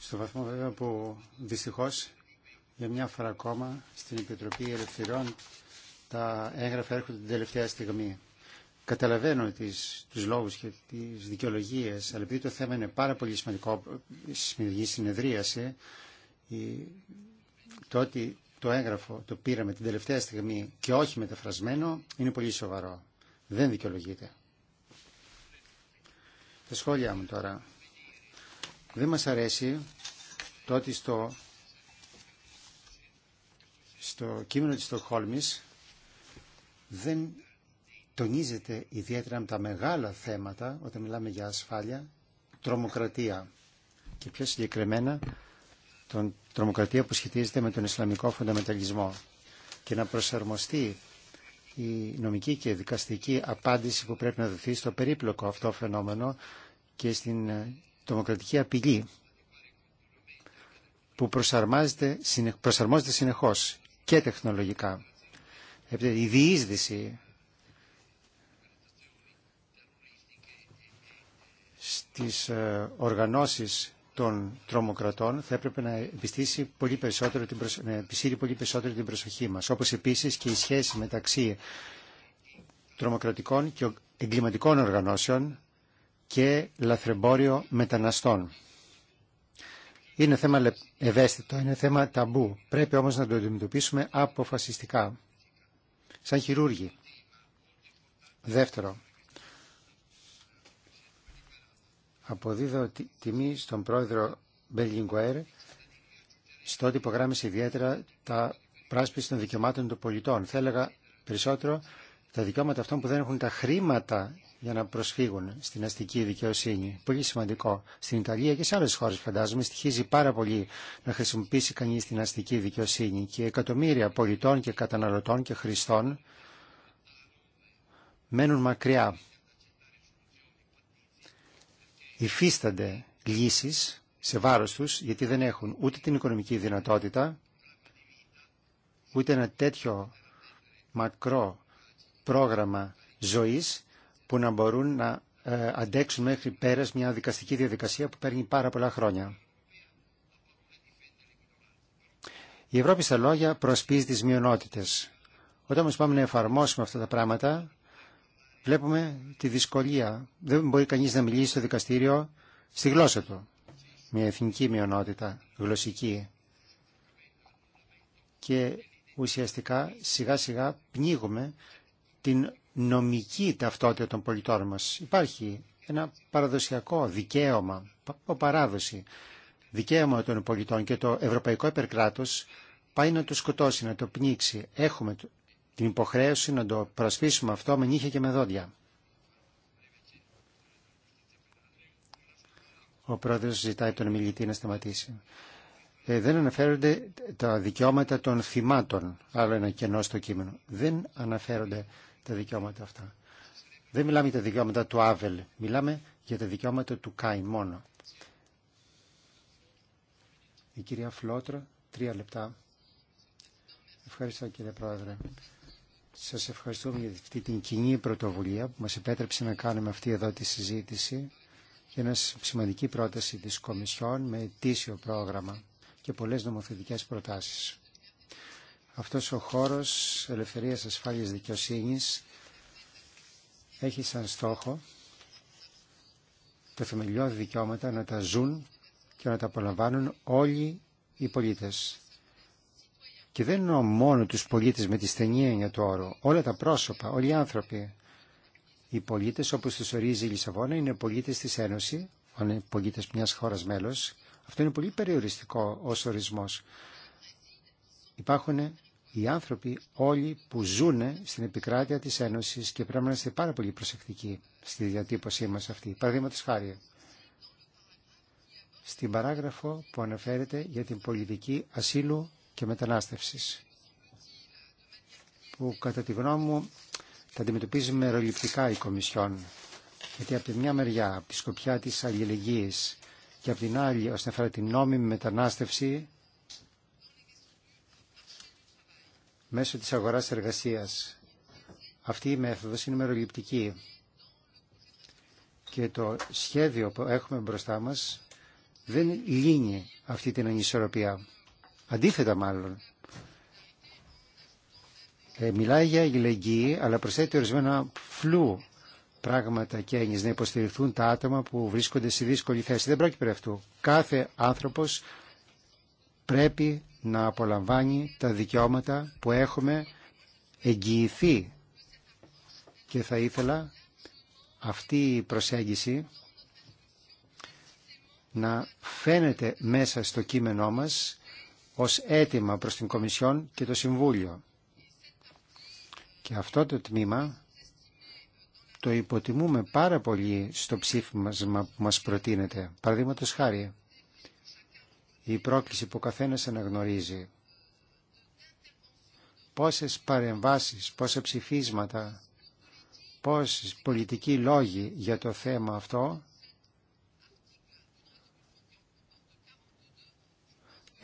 Στο βαθμό βέβαια που δυστυχώς για μια φορά ακόμα στην Επιτροπή Ελευθερών τα έγγραφα έρχονται την τελευταία στιγμή. Καταλαβαίνω τις, τους λόγους και τις δικαιολογίες, αλλά επειδή το θέμα είναι πάρα πολύ σημαντικό, σημαντική συνεδρίαση, το ότι το έγγραφο το πήραμε την τελευταία στιγμή και όχι μεταφρασμένο είναι πολύ σοβαρό. Δεν δικαιολογείται. Τα σχόλια μου τώρα. Δεν μας αρέσει το ότι στο, στο κείμενο της Στοχόλμης δεν τονίζεται ιδιαίτερα με τα μεγάλα θέματα όταν μιλάμε για ασφάλεια, τρομοκρατία και πιο συγκεκριμένα τον τρομοκρατία που σχετίζεται με τον Ισλαμικό φονταμεταλισμό και να προσαρμοστεί η νομική και δικαστική απάντηση που πρέπει να δοθεί στο περίπλοκο αυτό φαινόμενο και στην ε, τρομοκρατική απειλή που προσαρμόζεται, προσαρμόζεται συνεχώς και τεχνολογικά. Η διείσδυση στις ε, οργανώσεις των τρομοκρατών θα έπρεπε να επιστήσει πολύ περισσότερο την προσ... πολύ περισσότερο την προσοχή μας. Όπως επίσης και η σχέση μεταξύ τρομοκρατικών και εγκληματικών οργανώσεων και λαθρεμπόριο μεταναστών. Είναι θέμα ευαίσθητο, είναι θέμα ταμπού. Πρέπει όμως να το αντιμετωπίσουμε αποφασιστικά, σαν χειρούργοι. Δεύτερο, αποδίδω τιμή στον πρόεδρο Μπελγινγκουέρ στο ότι υπογράμμισε ιδιαίτερα τα πράσπιση των δικαιωμάτων των πολιτών. Θα έλεγα περισσότερο τα δικαιώματα αυτών που δεν έχουν τα χρήματα για να προσφύγουν στην αστική δικαιοσύνη. Πολύ σημαντικό. Στην Ιταλία και σε άλλε χώρε, φαντάζομαι, στοιχίζει πάρα πολύ να χρησιμοποιήσει κανεί την αστική δικαιοσύνη και εκατομμύρια πολιτών και καταναλωτών και χρηστών μένουν μακριά υφίστανται λύσεις σε βάρος τους γιατί δεν έχουν ούτε την οικονομική δυνατότητα ούτε ένα τέτοιο μακρό πρόγραμμα ζωής που να μπορούν να ε, αντέξουν μέχρι πέρας μια δικαστική διαδικασία που παίρνει πάρα πολλά χρόνια. Η Ευρώπη στα λόγια προσπίζει τις μειονότητες. Όταν όμως πάμε να εφαρμόσουμε αυτά τα πράγματα βλέπουμε τη δυσκολία. Δεν μπορεί κανείς να μιλήσει στο δικαστήριο στη γλώσσα του. Μια εθνική μειονότητα, γλωσσική. Και ουσιαστικά σιγά σιγά πνίγουμε την νομική ταυτότητα των πολιτών μας. Υπάρχει ένα παραδοσιακό δικαίωμα, παράδοση, δικαίωμα των πολιτών και το ευρωπαϊκό υπερκράτος πάει να το σκοτώσει, να το πνίξει. Έχουμε την υποχρέωση να το προσπίσουμε αυτό με νύχια και με δόντια. Ο πρόεδρος ζητάει τον μιλητή να σταματήσει. Ε, δεν αναφέρονται τα δικαιώματα των θυμάτων, άλλο ένα κενό στο κείμενο. Δεν αναφέρονται τα δικαιώματα αυτά. Δεν μιλάμε για τα δικαιώματα του Άβελ, μιλάμε για τα δικαιώματα του Κάιν μόνο. Η κυρία Φλότρα, τρία λεπτά. Ευχαριστώ κύριε Πρόεδρε. Σας ευχαριστούμε για αυτή την κοινή πρωτοβουλία που μας επέτρεψε να κάνουμε αυτή εδώ τη συζήτηση για μια σημαντική πρόταση της Κομισιόν με ετήσιο πρόγραμμα και πολλές νομοθετικές προτάσεις. Αυτός ο χώρος ελευθερίας ασφάλειας δικαιοσύνης έχει σαν στόχο τα θεμελιώδη δικαιώματα να τα ζουν και να τα απολαμβάνουν όλοι οι πολίτες. Και δεν εννοώ μόνο τους πολίτες με τη στενή έννοια του όρου. Όλα τα πρόσωπα, όλοι οι άνθρωποι. Οι πολίτες όπως τους ορίζει η Λισαβόνα είναι πολίτες της Ένωση, είναι πολίτες μιας χώρας μέλος. Αυτό είναι πολύ περιοριστικό ως ορισμός. Υπάρχουν οι άνθρωποι όλοι που ζουν στην επικράτεια της Ένωσης και πρέπει να είστε πάρα πολύ προσεκτικοί στη διατύπωσή μας αυτή. Παραδείγματο χάρη, στην παράγραφο που αναφέρεται για την πολιτική ασύλου και μετανάστευσης που κατά τη γνώμη μου τα αντιμετωπίζει μεροληπτικά η Κομισιόν. Γιατί από τη μια μεριά, από τη σκοπιά της αλληλεγγύη και από την άλλη ώστε αφορά την νόμιμη μετανάστευση μέσω της αγοράς εργασίας. Αυτή η μέθοδο είναι μεροληπτική. Και το σχέδιο που έχουμε μπροστά μας δεν λύνει αυτή την ανισορροπία. Αντίθετα μάλλον. Ε, μιλάει για ηλεγγύη, αλλά προσθέτει ορισμένα φλού πράγματα και έννοιες να υποστηριχθούν τα άτομα που βρίσκονται σε δύσκολη θέση. Δεν πρόκειται αυτού. Κάθε άνθρωπος πρέπει να απολαμβάνει τα δικαιώματα που έχουμε εγγυηθεί. Και θα ήθελα αυτή η προσέγγιση να φαίνεται μέσα στο κείμενό μας ως αίτημα προς την Κομισιόν και το Συμβούλιο. Και αυτό το τμήμα το υποτιμούμε πάρα πολύ στο ψήφισμα που μας προτείνεται. Παραδείγματο χάρη, η πρόκληση που ο καθένας αναγνωρίζει. Πόσες παρεμβάσεις, πόσα ψηφίσματα, πόσες πολιτικοί λόγοι για το θέμα αυτό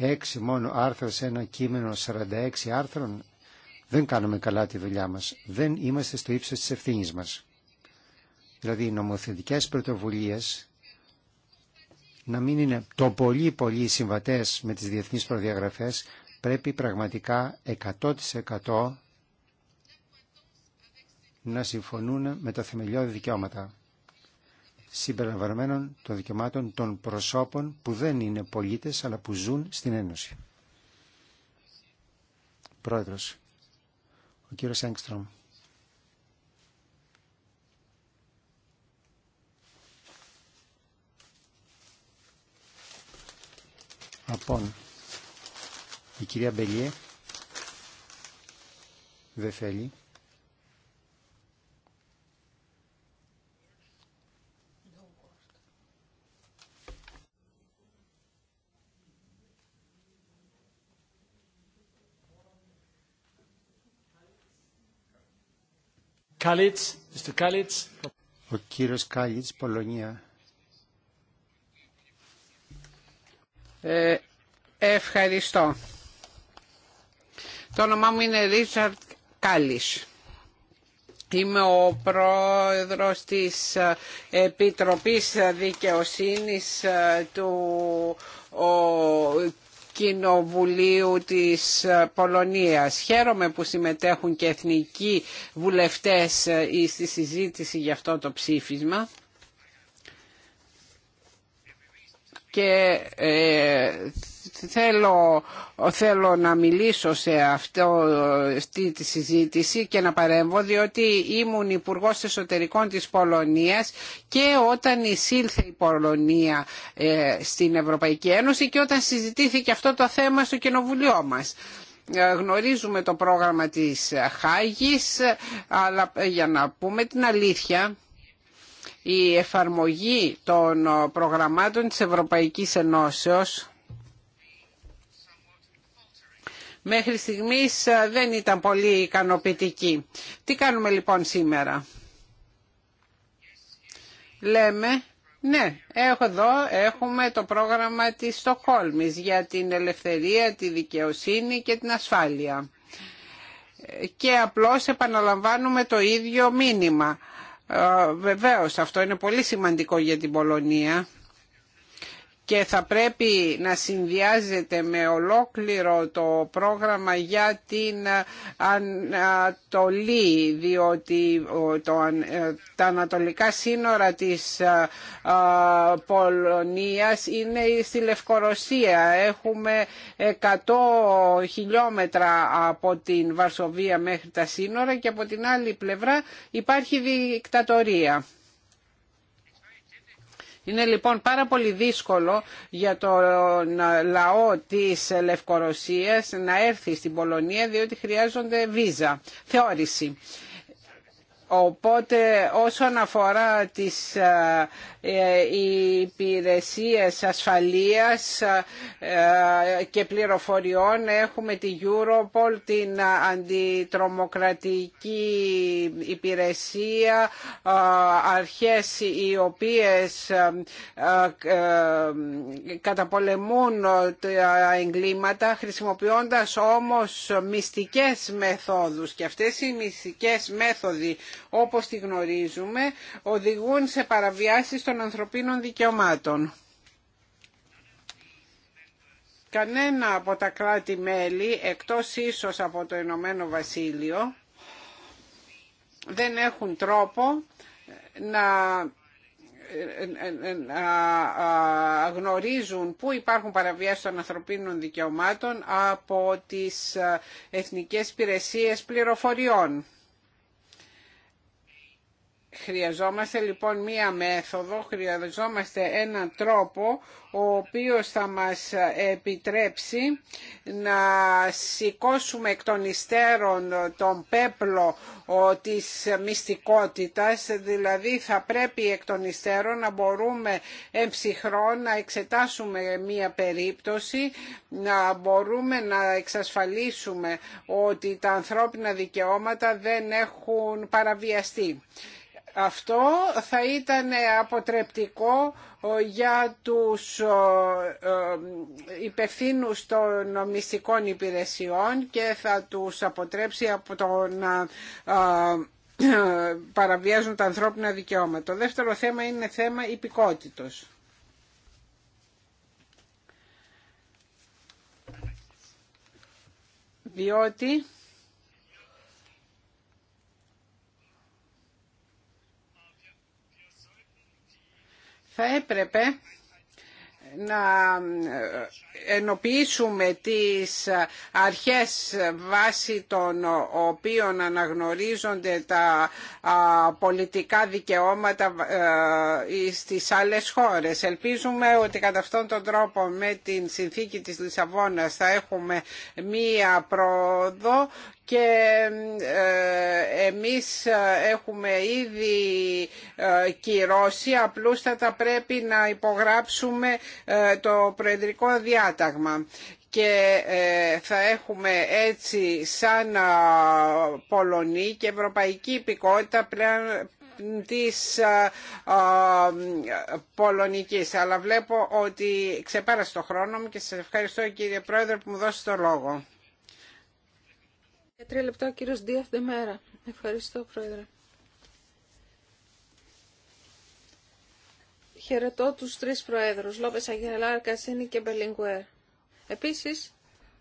έξι μόνο άρθρα σε ένα κείμενο 46 άρθρων, δεν κάνουμε καλά τη δουλειά μας. Δεν είμαστε στο ύψος της ευθύνη μας. Δηλαδή οι νομοθετικές πρωτοβουλίες να μην είναι το πολύ πολύ συμβατές με τις διεθνείς προδιαγραφές πρέπει πραγματικά 100% να συμφωνούν με τα θεμελιώδη δικαιώματα συμπεριλαμβανομένων των δικαιωμάτων των προσώπων που δεν είναι πολίτες αλλά που ζουν στην Ένωση. Πρόεδρος, ο κύριος Έγκστρομ. Απόν, η κυρία Μπελιέ δεν θέλει. Kalitz, Mr. Kalitz. Ο κύριος Κάλιτς, Πολωνία. Ε, ευχαριστώ. Το όνομά μου είναι Ρίτσαρτ Κάλις. Είμαι ο πρόεδρος της ε, Επιτροπής Δικαιοσύνης ε, του Κοινοβουλίου της ε, Πολωνίας. Χαίρομαι που συμμετέχουν και εθνικοί βουλευτές ε, στη συζήτηση για αυτό το ψήφισμα. Και ε, θέλω, θέλω να μιλήσω σε αυτό τη συζήτηση και να παρέμβω διότι ήμουν υπουργό Εσωτερικών της Πολωνίας και όταν εισήλθε η Πολωνία ε, στην Ευρωπαϊκή Ένωση και όταν συζητήθηκε αυτό το θέμα στο κοινοβουλίο μας ε, γνωρίζουμε το πρόγραμμα της Χάγης, αλλά ε, για να πούμε την αλήθεια, η εφαρμογή των προγραμμάτων της Ευρωπαϊκής Ενώσεως μέχρι στιγμής ε, δεν ήταν πολύ ικανοποιητική. Τι κάνουμε λοιπόν σήμερα. Λέμε ναι, εδώ έχουμε το πρόγραμμα της Στοκόλμης για την ελευθερία, τη δικαιοσύνη και την ασφάλεια. Και απλώς επαναλαμβάνουμε το ίδιο μήνυμα. Ε, βεβαίως αυτό είναι πολύ σημαντικό για την Πολωνία και θα πρέπει να συνδυάζεται με ολόκληρο το πρόγραμμα για την Ανατολή διότι ε, τα ανατολικά σύνορα της ε, ε, Πολωνίας είναι στη Λευκορωσία. Έχουμε 100 χιλιόμετρα από την Βαρσοβία μέχρι τα σύνορα και από την άλλη πλευρά υπάρχει δικτατορία. Είναι λοιπόν πάρα πολύ δύσκολο για τον λαό της Λευκορωσίας να έρθει στην Πολωνία διότι χρειάζονται βίζα, θεώρηση. Οπότε όσον αφορά τις ε, ε, υπηρεσίες ασφαλείας ε, και πληροφοριών έχουμε τη Europol, την αντιτρομοκρατική υπηρεσία, αρχές οι οποίες καταπολεμούν τα εγκλήματα χρησιμοποιώντας όμως μυστικές μεθόδους και αυτές οι μυστικές μέθοδοι όπως τη γνωρίζουμε οδηγούν σε παραβιάσεις των ανθρωπίνων δικαιωμάτων. Κανένα από τα κράτη-μέλη, εκτός ίσως από το Ηνωμένο Βασίλειο, δεν έχουν τρόπο να γνωρίζουν πού υπάρχουν παραβιάσεις των ανθρωπίνων δικαιωμάτων από τις εθνικές υπηρεσίες πληροφοριών. Χρειαζόμαστε λοιπόν μία μέθοδο, χρειαζόμαστε έναν τρόπο ο οποίος θα μας επιτρέψει να σηκώσουμε εκ των υστέρων τον πέπλο της μυστικότητας, δηλαδή θα πρέπει εκ των υστέρων να μπορούμε εμψυχρό να εξετάσουμε μία περίπτωση, να μπορούμε να εξασφαλίσουμε ότι τα ανθρώπινα δικαιώματα δεν έχουν παραβιαστεί. Αυτό θα ήταν αποτρεπτικό ε, για τους ε, ε, υπευθύνους των μυστικών υπηρεσιών και θα τους αποτρέψει από το να παραβιάζουν τα ανθρώπινα δικαιώματα. Το δεύτερο θέμα είναι θέμα υπηκότητος. Διότι θα έπρεπε να ενοποιήσουμε τις αρχές βάση των οποίων αναγνωρίζονται τα πολιτικά δικαιώματα στις άλλες χώρες. Ελπίζουμε ότι κατά αυτόν τον τρόπο με την συνθήκη της Λισαβόνας θα έχουμε μία πρόοδο και ε, εμείς ε, έχουμε ήδη ε, κυρώσει, απλούστατα πρέπει να υπογράψουμε το προεδρικό διάταγμα και θα έχουμε έτσι σαν Πολωνή και Ευρωπαϊκή υπηκότητα πλέον της Πολωνικής. Αλλά βλέπω ότι ξεπέρασε το χρόνο μου και σας ευχαριστώ κύριε Πρόεδρε που μου δώσετε το λόγο. Για τρία λεπτά ο κύριος Δίαφ Ευχαριστώ πρόεδρε. Χαιρετώ τους τρεις προέδρους, Λόπες Αγγελάρ, Κασίνη και Μπελιγκουέρ. Επίσης,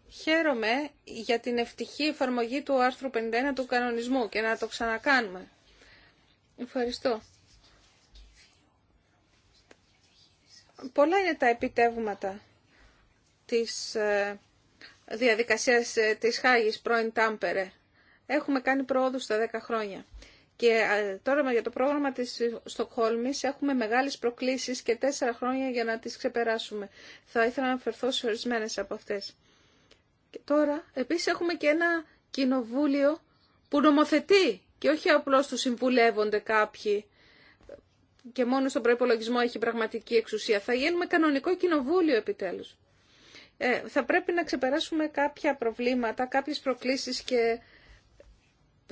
χαίρομαι για την ευτυχή εφαρμογή του άρθρου 51 του κανονισμού και να το ξανακάνουμε. Ευχαριστώ. Πολλά είναι τα επιτεύγματα της ε, διαδικασίας ε, της Χάγης, πρώην Τάμπερε. Έχουμε κάνει πρόοδους στα 10 χρόνια. Και ε, τώρα για το πρόγραμμα της Στοκχόλμης έχουμε μεγάλες προκλήσεις και 4 χρόνια για να τις ξεπεράσουμε. Θα ήθελα να αναφερθώ σε ορισμένες από αυτές. Και τώρα, επίσης έχουμε και ένα κοινοβούλιο που νομοθετεί και όχι απλώς του συμβουλεύονται κάποιοι και μόνο στον προϋπολογισμό έχει πραγματική εξουσία. Θα γίνουμε κανονικό κοινοβούλιο επιτέλους. Ε, θα πρέπει να ξεπεράσουμε κάποια προβλήματα, κάποιες προκλήσεις και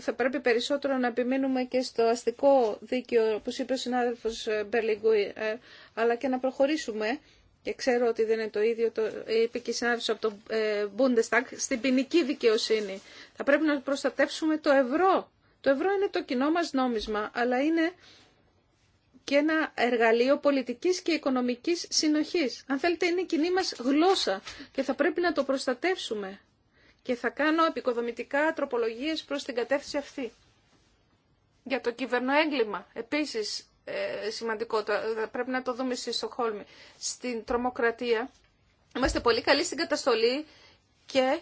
θα πρέπει περισσότερο να επιμείνουμε και στο αστικό δίκαιο, όπως είπε ο συνάδελφος Μπερλιγκούι, ε, αλλά και να προχωρήσουμε, και ξέρω ότι δεν είναι το ίδιο, το είπε και η συνάδελφος από το ε, Bundestag, στην ποινική δικαιοσύνη. Θα πρέπει να προστατεύσουμε το ευρώ. Το ευρώ είναι το κοινό μας νόμισμα, αλλά είναι και ένα εργαλείο πολιτικής και οικονομικής συνοχής. Αν θέλετε είναι η κοινή μας γλώσσα και θα πρέπει να το προστατεύσουμε. Και θα κάνω επικοδομητικά τροπολογίες προς την κατεύθυνση αυτή. Για το κυβερνοέγκλημα, επίσης ε, σημαντικό, πρέπει να το δούμε στη Στοχόλμη, στην τρομοκρατία. Είμαστε πολύ καλοί στην καταστολή και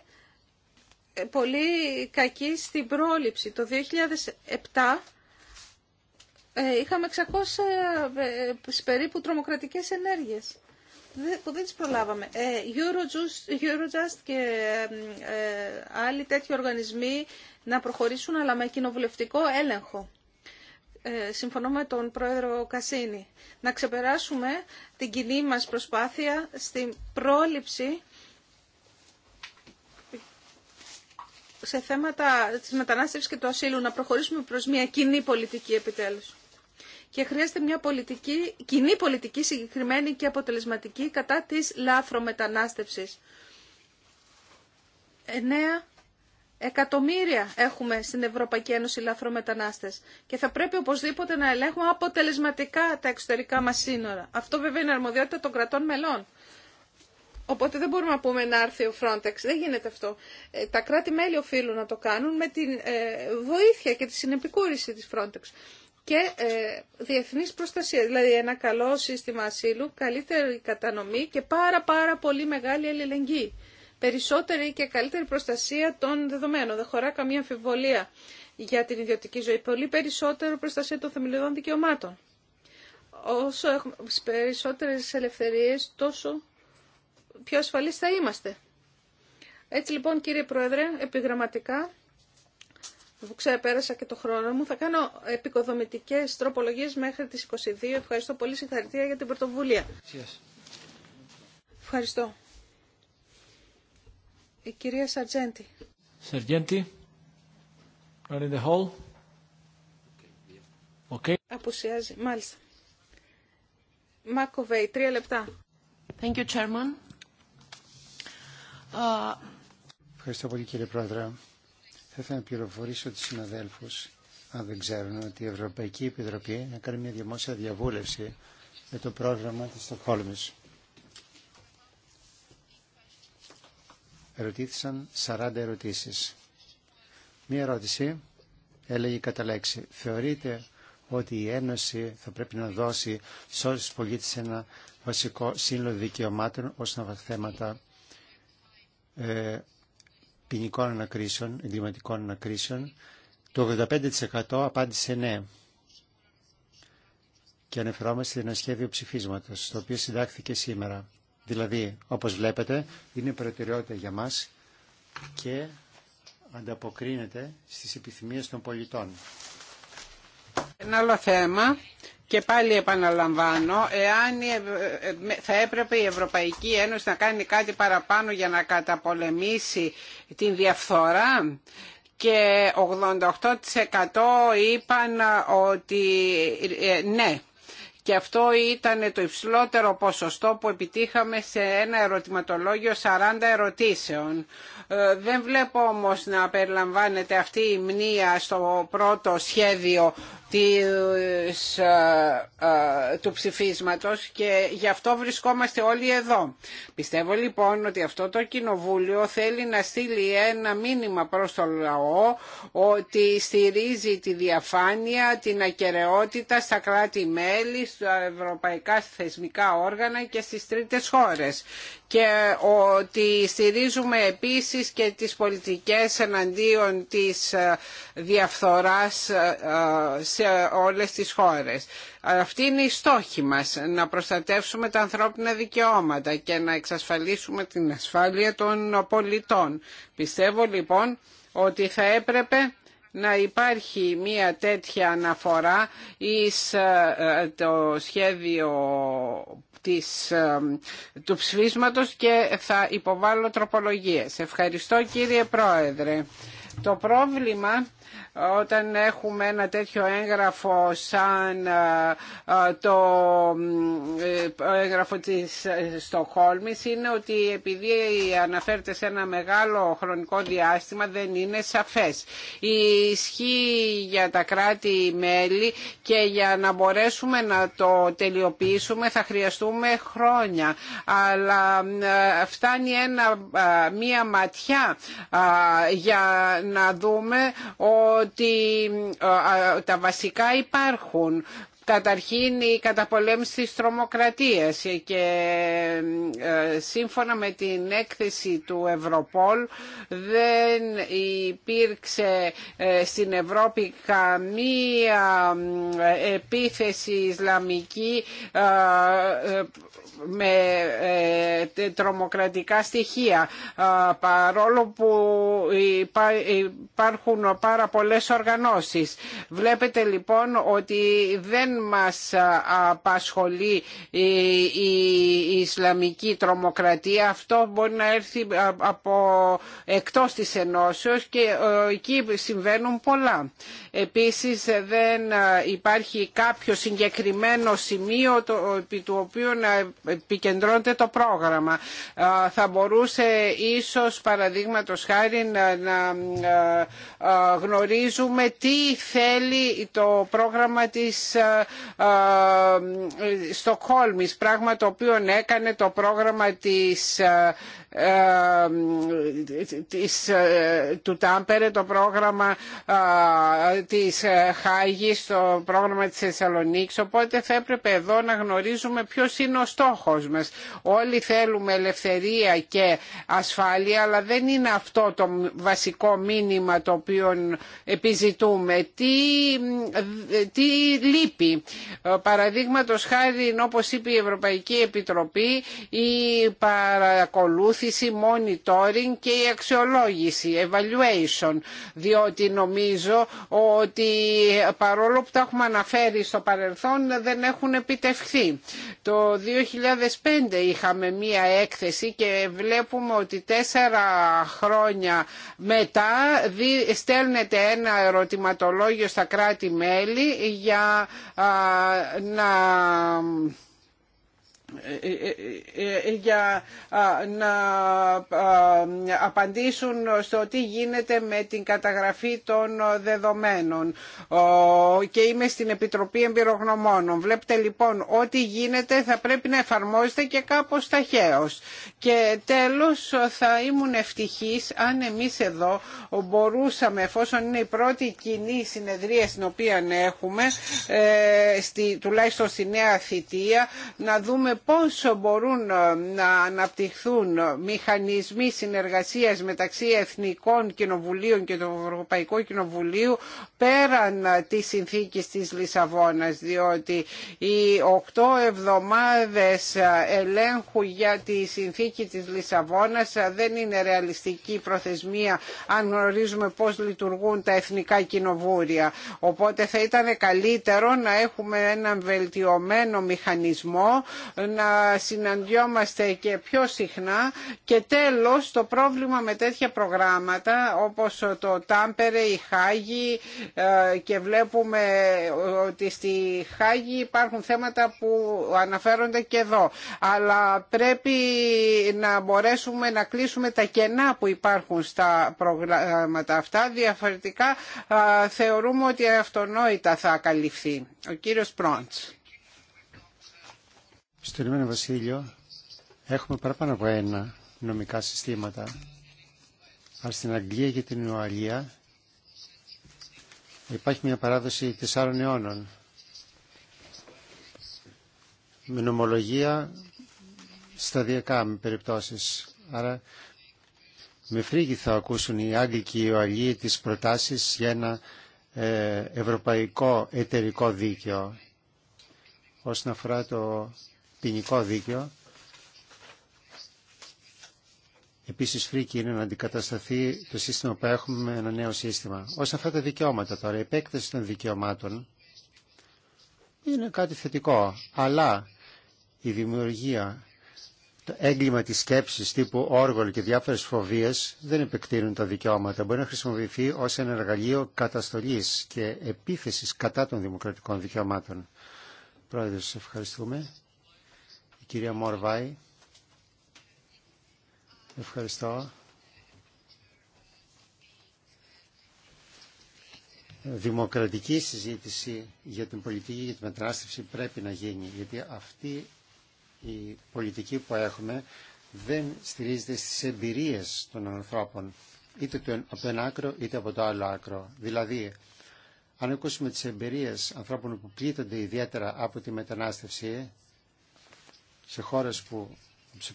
ε, πολύ κακοί στην πρόληψη. Το 2007 ε, είχαμε 600 ε, περίπου τρομοκρατικές ενέργειες που δεν τις προλάβαμε. Ε, Eurojust, Eurojust και άλλοι τέτοιοι οργανισμοί να προχωρήσουν αλλά με κοινοβουλευτικό έλεγχο. Συμφωνώ με τον πρόεδρο Κασίνη. Να ξεπεράσουμε την κοινή μας προσπάθεια στην πρόληψη σε θέματα της μετανάστευσης και του ασύλου. Να προχωρήσουμε προς μια κοινή πολιτική επιτέλους και χρειάζεται μια πολιτική, κοινή πολιτική συγκεκριμένη και αποτελεσματική κατά της λάθρομετανάστευσης. Εννέα εκατομμύρια έχουμε στην Ευρωπαϊκή Ένωση λαθρομετανάστες και θα πρέπει οπωσδήποτε να ελέγχουμε αποτελεσματικά τα εξωτερικά μας σύνορα. Αυτό βέβαια είναι αρμοδιότητα των κρατών μελών. Οπότε δεν μπορούμε να πούμε να έρθει ο Frontex. Δεν γίνεται αυτό. Ε, τα κράτη-μέλη οφείλουν να το κάνουν με τη ε, βοήθεια και τη συνεπικούρηση της Frontex και ε, διεθνής προστασία, δηλαδή ένα καλό σύστημα ασύλου, καλύτερη κατανομή και πάρα πάρα πολύ μεγάλη ελληνική. Περισσότερη και καλύτερη προστασία των δεδομένων. Δεν χωρά καμία αμφιβολία για την ιδιωτική ζωή. Πολύ περισσότερο προστασία των θεμελιωδών δικαιωμάτων. Όσο έχουμε περισσότερες ελευθερίες, τόσο πιο ασφαλείς θα είμαστε. Έτσι λοιπόν κύριε Πρόεδρε, επιγραμματικά που ξεπέρασα και το χρόνο μου. Θα κάνω επικοδομητικέ τροπολογίε μέχρι τι 22. Ευχαριστώ πολύ. Συγχαρητήρια για την πρωτοβουλία. Yes. Ευχαριστώ. Η κυρία Σαρτζέντη. Σαρτζέντη. Not in the hall. Okay. Μάλιστα. Μάκοβεϊ, τρία λεπτά. Thank you, Chairman. Uh... Ευχαριστώ πολύ κύριε Πρόεδρε. Θα ήθελα να πληροφορήσω τους συναδέλφους, αν δεν ξέρουν, ότι η Ευρωπαϊκή Επιτροπή να κάνει μια δημόσια διαβούλευση με το πρόγραμμα της Στοκχόλμης. Ερωτήθησαν 40 ερωτήσεις. Μία ερώτηση έλεγε κατά λέξη. Θεωρείτε ότι η Ένωση θα πρέπει να δώσει σε όλου του πολίτες ένα βασικό σύνολο δικαιωμάτων όσον αφορά θέματα ε, ποινικών ανακρίσεων, εγκληματικών ανακρίσεων, το 85% απάντησε ναι. Και αναφερόμαστε ένα σχέδιο ψηφίσματος, το οποίο συντάχθηκε σήμερα. Δηλαδή, όπως βλέπετε, είναι προτεραιότητα για μας και ανταποκρίνεται στις επιθυμίες των πολιτών. Ένα άλλο θέμα και πάλι επαναλαμβάνω, εάν ε, ε, θα έπρεπε η Ευρωπαϊκή Ένωση να κάνει κάτι παραπάνω για να καταπολεμήσει την διαφθορά και 88% είπαν ότι ε, ναι. Και αυτό ήταν το υψηλότερο ποσοστό που επιτύχαμε σε ένα ερωτηματολόγιο 40 ερωτήσεων. Δεν βλέπω όμως να περιλαμβάνεται αυτή η μνήα στο πρώτο σχέδιο της, ε, ε, του ψηφίσματος και γι' αυτό βρισκόμαστε όλοι εδώ. Πιστεύω λοιπόν ότι αυτό το κοινοβούλιο θέλει να στείλει ένα μήνυμα προς το λαό ότι στηρίζει τη διαφάνεια, την ακαιρεότητα στα κράτη-μέλη, στα ευρωπαϊκά θεσμικά όργανα και στις τρίτες χώρες και ότι στηρίζουμε επίσης και τις πολιτικές εναντίον της ε, διαφθοράς ε, σε όλες τις χώρες. Αυτή είναι η στόχη μας, να προστατεύσουμε τα ανθρώπινα δικαιώματα και να εξασφαλίσουμε την ασφάλεια των πολιτών. Πιστεύω λοιπόν ότι θα έπρεπε να υπάρχει μία τέτοια αναφορά εις ε, το σχέδιο της, του ψηφίσματος και θα υποβάλω τροπολογίες. Ευχαριστώ κύριε Πρόεδρε. Το πρόβλημα όταν έχουμε ένα τέτοιο έγγραφο σαν ε, ε, το ε, έγγραφο της Στοχόλμης είναι ότι επειδή αναφέρεται σε ένα μεγάλο χρονικό διάστημα δεν είναι σαφές. Η ισχύ για τα κράτη-μέλη και για να μπορέσουμε να το τελειοποιήσουμε θα χρειαστούμε χρόνια. Αλλά φτάνει ένα, μία ματιά για να δούμε ότι ε, ε, τα βασικά υπάρχουν. Καταρχήν η καταπολέμηση της τρομοκρατίας και ε, σύμφωνα με την έκθεση του Ευρωπόλ δεν υπήρξε στην Ευρώπη καμία επίθεση Ισλαμική με ε, τρομοκρατικά στοιχεία παρόλο που υπάρχουν πάρα πολλές οργανώσεις. Βλέπετε λοιπόν ότι δεν μας απασχολεί η Ισλαμική τρομοκρατία. Αυτό μπορεί να έρθει από εκτός της ενώσεως και ε, εκεί συμβαίνουν πολλά. Επίσης δεν υπάρχει κάποιο συγκεκριμένο σημείο επί του οποίου να επικεντρώνεται το πρόγραμμα. Θα μπορούσε ίσως παραδείγματο χάρη να γνωρίζουμε τι θέλει το πρόγραμμα της Στοκχόλμης, πράγμα το οποίο έκανε το πρόγραμμα της του Τάμπερε, το πρόγραμμα της Χάγης, το πρόγραμμα της Θεσσαλονίκη. Οπότε θα έπρεπε εδώ να γνωρίζουμε ποιος είναι ο στόχος στόχος μας. Όλοι θέλουμε ελευθερία και ασφάλεια, αλλά δεν είναι αυτό το βασικό μήνυμα το οποίο επιζητούμε. Τι, τι λείπει. Παραδείγματος χάρη, όπως είπε η Ευρωπαϊκή Επιτροπή, η παρακολούθηση, monitoring και η αξιολόγηση, evaluation, διότι νομίζω ότι παρόλο που τα έχουμε αναφέρει στο παρελθόν δεν έχουν επιτευχθεί. Το 2005 είχαμε μία έκθεση και βλέπουμε ότι τέσσερα χρόνια μετά στέλνεται ένα ερωτηματολόγιο στα κράτη-μέλη για να ε, ε, ε, για να απαντήσουν στο τι γίνεται με την καταγραφή των δεδομένων και είμαι στην Επιτροπή Εμπειρογνωμόνων. Βλέπετε λοιπόν ό,τι γίνεται θα πρέπει να εφαρμόζεται και κάπως ταχαίως. Και τέλος θα ήμουν ευτυχής αν εμείς εδώ μπορούσαμε εφόσον είναι η πρώτη κοινή συνεδρία στην οποία έχουμε τουλάχιστον στη Νέα Θητεία να δούμε πόσο μπορούν ε, να αναπτυχθούν μηχανισμοί συνεργασίας μεταξύ Εθνικών Κοινοβουλίων και του Ευρωπαϊκού Κοινοβουλίου πέραν ε, της συνθήκης της Λισαβόνας διότι οι οκτώ εβδομάδες ε, ελέγχου για τη συνθήκη της Λισαβόνας δεν είναι ρεαλιστική προθεσμία αν γνωρίζουμε πώς λειτουργούν τα Εθνικά Κοινοβούρια. Οπότε θα ήταν καλύτερο να έχουμε έναν βελτιωμένο μηχανισμό να συναντιόμαστε και πιο συχνά και τέλος το πρόβλημα με τέτοια προγράμματα όπως το Τάμπερε, η Χάγη ε, και βλέπουμε ότι στη Χάγη υπάρχουν θέματα που αναφέρονται και εδώ αλλά πρέπει να μπορέσουμε να κλείσουμε τα κενά που υπάρχουν στα προγράμματα αυτά διαφορετικά ε, θεωρούμε ότι αυτονόητα θα καλυφθεί. Ο κύριος Πρόντς. Στο Ηνωμένο Βασίλειο έχουμε παραπάνω από ένα νομικά συστήματα. Αλλά στην Αγγλία και την Ουαλία υπάρχει μια παράδοση τεσσάρων αιώνων. Με νομολογία σταδιακά με περιπτώσεις. Άρα με φρίγη θα ακούσουν οι Άγγλοι και οι Ουαλίοι τις προτάσεις για ένα ε, ευρωπαϊκό εταιρικό δίκαιο όσον αφορά το ποινικό δίκαιο. Επίσης φρίκη είναι να αντικατασταθεί το σύστημα που έχουμε με ένα νέο σύστημα. Ω αυτά τα δικαιώματα τώρα, η επέκταση των δικαιωμάτων είναι κάτι θετικό, αλλά η δημιουργία, το έγκλημα της σκέψης τύπου όργολ και διάφορες φοβίες δεν επεκτείνουν τα δικαιώματα. Μπορεί να χρησιμοποιηθεί ως ένα εργαλείο καταστολής και επίθεσης κατά των δημοκρατικών δικαιωμάτων. Πρόεδρε, ευχαριστούμε. Η κυρία Μορβάη. Ευχαριστώ. Δημοκρατική συζήτηση για την πολιτική και τη μετανάστευση πρέπει να γίνει, γιατί αυτή η πολιτική που έχουμε δεν στηρίζεται στις εμπειρίες των ανθρώπων, είτε από το ένα άκρο είτε από το άλλο άκρο. Δηλαδή, αν ακούσουμε τις εμπειρίες ανθρώπων που πλήττονται ιδιαίτερα από τη μετανάστευση, σε χώρες που,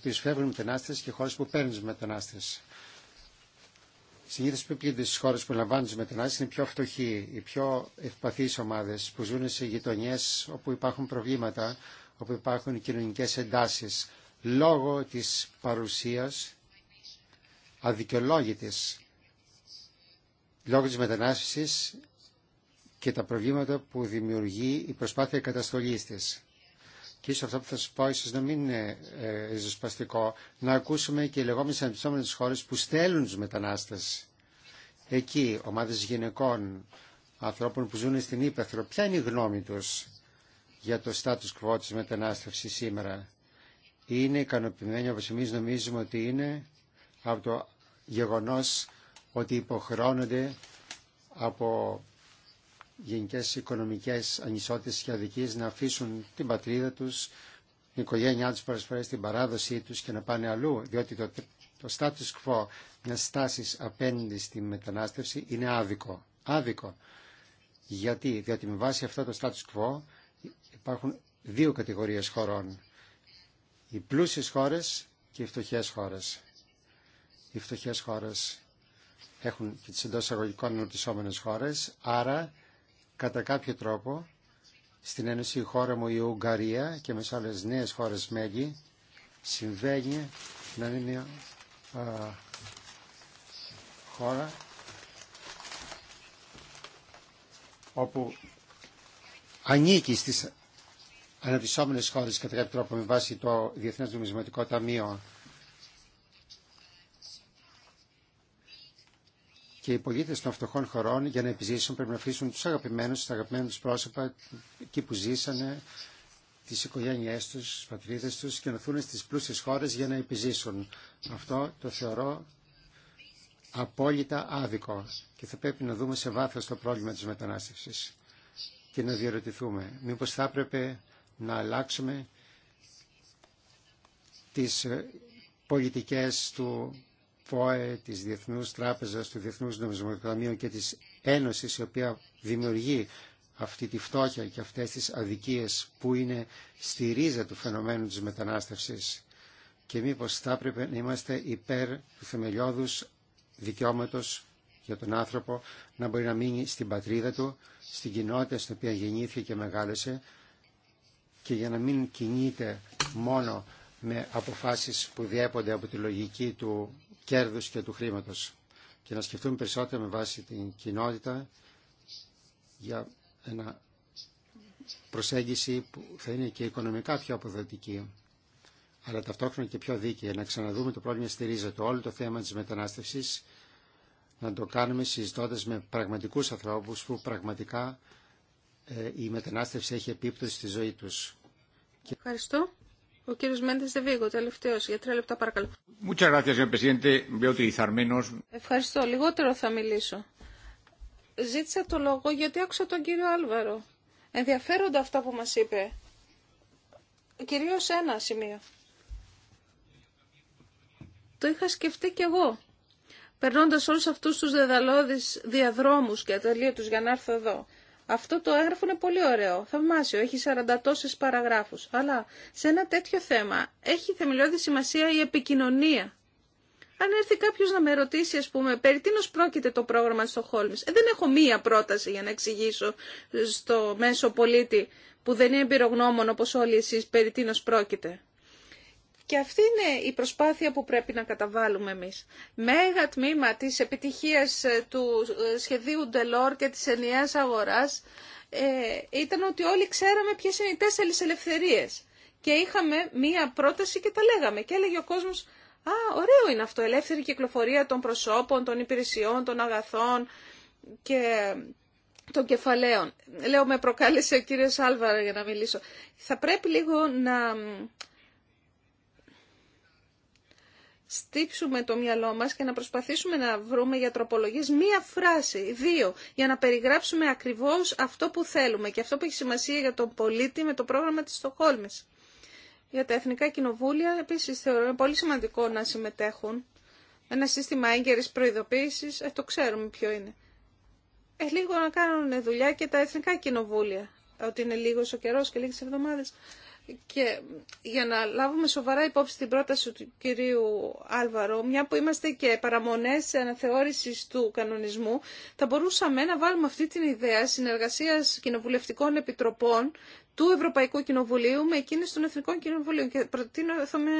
τις φεύγουν μετανάστες και χώρες που παίρνουν μετανάστες. Συνήθως που στις χώρες που λαμβάνουν τους μετανάστες είναι οι πιο φτωχοί, οι πιο ευπαθείς ομάδες που ζουν σε γειτονιές όπου υπάρχουν προβλήματα, όπου υπάρχουν κοινωνικές εντάσεις, λόγω της παρουσίας αδικαιολόγητης, λόγω της μετανάστευση και τα προβλήματα που δημιουργεί η προσπάθεια καταστολής της και ίσως αυτό που θα σα πω ίσως να μην είναι ε, να ακούσουμε και οι λεγόμενες αναπτυσσόμενες χώρες που στέλνουν τους μετανάστες. Εκεί, ομάδες γυναικών, ανθρώπων που ζουν στην Ήπεθρο, ποια είναι η γνώμη τους για το status quo της μετανάστευσης σήμερα. Είναι ικανοποιημένοι όπως εμεί νομίζουμε ότι είναι από το γεγονός ότι υποχρώνονται από γενικές οικονομικές ανισότητες και αδικίες να αφήσουν την πατρίδα τους, την οικογένειά τους πολλές την παράδοσή τους και να πάνε αλλού, διότι το, status quo μια στάση απέναντι στη μετανάστευση είναι άδικο. Άδικο. Γιατί, διότι με βάση αυτό το status quo υπάρχουν δύο κατηγορίες χωρών. Οι πλούσιες χώρες και οι φτωχές χώρες. Οι φτωχές χώρες έχουν και τις εντός αγωγικών αναπτυσσόμενες χώρες, άρα κατά κάποιο τρόπο στην Ένωση η χώρα μου η Ουγγαρία και με άλλες νέε χώρες μέλη συμβαίνει να είναι μια α, χώρα όπου ανήκει στι αναπτυσσόμενε χώρε κατά κάποιο τρόπο με βάση το διεθνέ Δομισματικό Ταμείο και οι πολίτε των φτωχών χωρών για να επιζήσουν πρέπει να αφήσουν του αγαπημένου, τα αγαπημένα του πρόσωπα εκεί που ζήσανε, τι οικογένειέ του, τι πατρίδε του και να φύγουν στι πλούσιε χώρε για να επιζήσουν. Αυτό το θεωρώ απόλυτα άδικο και θα πρέπει να δούμε σε βάθος το πρόβλημα της μετανάστευσης και να διαρωτηθούμε μήπως θα έπρεπε να αλλάξουμε τις ε, πολιτικές του ΠΟΕ, της Διεθνούς Τράπεζας, του Διεθνούς Νομισματικού και της Ένωση, η οποία δημιουργεί αυτή τη φτώχεια και αυτές τι αδικίες που είναι στη ρίζα του φαινομένου τη μετανάστευση. και μήπω θα έπρεπε να είμαστε υπέρ του θεμελιώδου δικαιώματο για τον άνθρωπο να μπορεί να μείνει στην πατρίδα του, στην κοινότητα στην οποία γεννήθηκε και μεγάλωσε και για να μην κινείται μόνο με αποφάσεις που διέπονται από τη λογική του κέρδους και του χρήματος και να σκεφτούμε περισσότερο με βάση την κοινότητα για ένα προσέγγιση που θα είναι και οικονομικά πιο αποδοτική αλλά ταυτόχρονα και πιο δίκαιη. Να ξαναδούμε το πρόβλημα στη ρίζα του. Όλο το θέμα της μετανάστευσης να το κάνουμε συζητώντας με πραγματικούς ανθρώπους που πραγματικά ε, η μετανάστευση έχει επίπτωση στη ζωή τους. Ευχαριστώ. Ο κύριος Μέντες Δεβίγκο, τελευταίο για τρία λεπτά παρακαλώ. Ευχαριστώ, λιγότερο θα μιλήσω. Ζήτησα το λόγο γιατί άκουσα τον κύριο Άλβαρο. Ενδιαφέροντα αυτά που μας είπε. Κυρίως ένα σημείο. Το είχα σκεφτεί κι εγώ. Περνώντας όλους αυτούς τους δεδαλώδεις διαδρόμους και ατελείωτους για να έρθω εδώ. Αυτό το έγγραφο είναι πολύ ωραίο, θαυμάσιο, έχει 40 τόσες παραγράφους. Αλλά σε ένα τέτοιο θέμα έχει θεμελιώδη σημασία η επικοινωνία. Αν έρθει κάποιο να με ρωτήσει, α πούμε, περί τίνο πρόκειται το πρόγραμμα στο Χόλμη, ε, δεν έχω μία πρόταση για να εξηγήσω στο μέσο πολίτη που δεν είναι εμπειρογνώμων όπω όλοι εσεί περί τίνο πρόκειται. Και αυτή είναι η προσπάθεια που πρέπει να καταβάλουμε εμείς. Μέγα τμήμα της επιτυχίας ε, του ε, σχεδίου Ντελόρ και της ενιαίας αγοράς ε, ήταν ότι όλοι ξέραμε ποιες είναι οι τέσσερις ελευθερίες. Και είχαμε μία πρόταση και τα λέγαμε. Και έλεγε ο κόσμος, α, ωραίο είναι αυτό, ελεύθερη κυκλοφορία των προσώπων, των υπηρεσιών, των αγαθών και των κεφαλαίων. Λέω, με προκάλεσε ο κύριος Άλβαρα για να μιλήσω. Θα πρέπει λίγο να στύψουμε το μυαλό μας και να προσπαθήσουμε να βρούμε για τροπολογίες μία φράση, δύο, για να περιγράψουμε ακριβώς αυτό που θέλουμε και αυτό που έχει σημασία για τον πολίτη με το πρόγραμμα της Στοχόλμης Για τα εθνικά κοινοβούλια επίσης θεωρώ πολύ σημαντικό να συμμετέχουν. Ένα σύστημα έγκαιρης προειδοποίησης, ε, το ξέρουμε ποιο είναι. Ε, λίγο να κάνουν δουλειά και τα εθνικά κοινοβούλια, ότι είναι λίγος ο καιρός και λίγες εβδομάδες. Και για να λάβουμε σοβαρά υπόψη την πρόταση του κυρίου Άλβαρο, μια που είμαστε και παραμονές αναθεώρησης του κανονισμού, θα μπορούσαμε να βάλουμε αυτή την ιδέα συνεργασίας κοινοβουλευτικών επιτροπών του Ευρωπαϊκού Κοινοβουλίου με εκείνε των Εθνικών Κοινοβουλίων. Και προτείνω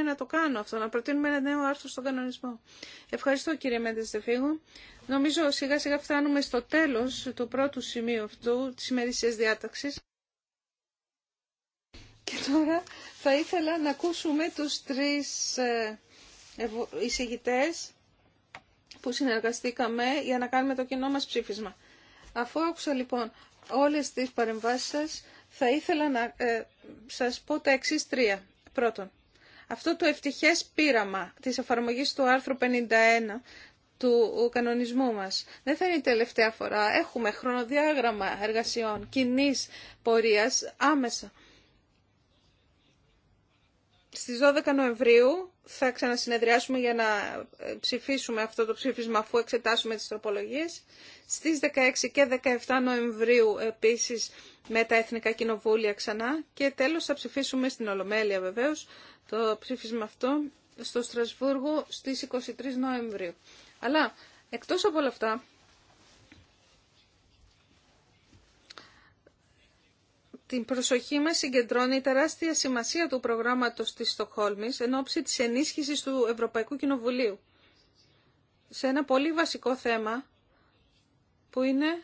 να το κάνω αυτό, να προτείνουμε ένα νέο άρθρο στον κανονισμό. Ευχαριστώ κύριε Μέντε Δεφίγου. Νομίζω σιγά σιγά φτάνουμε στο τέλο του πρώτου σημείου αυτού τη ημερησία διάταξη. Και τώρα θα ήθελα να ακούσουμε τους τρεις ε, εισηγητές που συνεργαστήκαμε για να κάνουμε το κοινό μας ψήφισμα. Αφού άκουσα λοιπόν όλες τις παρεμβάσεις σας, θα ήθελα να ε, σας πω τα εξή τρία. Πρώτον, αυτό το ευτυχές πείραμα της εφαρμογής του άρθρου 51 του κανονισμού μας. Δεν θα είναι η τελευταία φορά. Έχουμε χρονοδιάγραμμα εργασιών κοινή πορείας άμεσα. Στις 12 Νοεμβρίου θα ξανασυνεδριάσουμε για να ε, ψηφίσουμε αυτό το ψήφισμα αφού εξετάσουμε τις τροπολογίες. Στις 16 και 17 Νοεμβρίου επίσης με τα Εθνικά Κοινοβούλια ξανά και τέλος θα ψηφίσουμε στην Ολομέλεια βεβαίως το ψήφισμα αυτό στο Στρασβούργο στις 23 Νοεμβρίου. Αλλά εκτός από όλα αυτά την προσοχή μας συγκεντρώνει η τεράστια σημασία του προγράμματος της Στοκχόλμης εν ώψη της ενίσχυσης του Ευρωπαϊκού Κοινοβουλίου σε ένα πολύ βασικό θέμα που είναι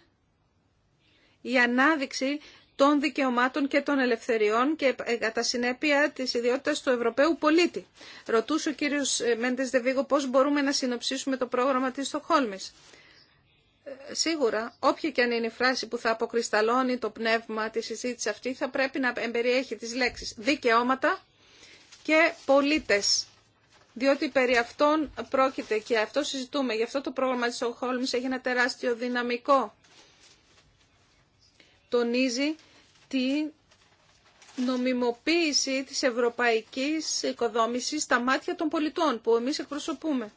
η ανάδειξη των δικαιωμάτων και των ελευθεριών και ε, κατά συνέπεια της ιδιότητας του Ευρωπαίου πολίτη. Ρωτούσε ο κύριος ε, Μέντες Δεβίγο πώς μπορούμε να συνοψίσουμε το πρόγραμμα της Στοχόλμης σίγουρα όποια και αν είναι η φράση που θα αποκρισταλώνει το πνεύμα της συζήτηση αυτή θα πρέπει να εμπεριέχει τις λέξεις δικαιώματα και πολίτες. Διότι περί αυτών πρόκειται και αυτό συζητούμε. Γι' αυτό το πρόγραμμα της Οχόλμης έχει ένα τεράστιο δυναμικό. Τονίζει τη νομιμοποίηση της ευρωπαϊκής οικοδόμησης στα μάτια των πολιτών που εμείς εκπροσωπούμε.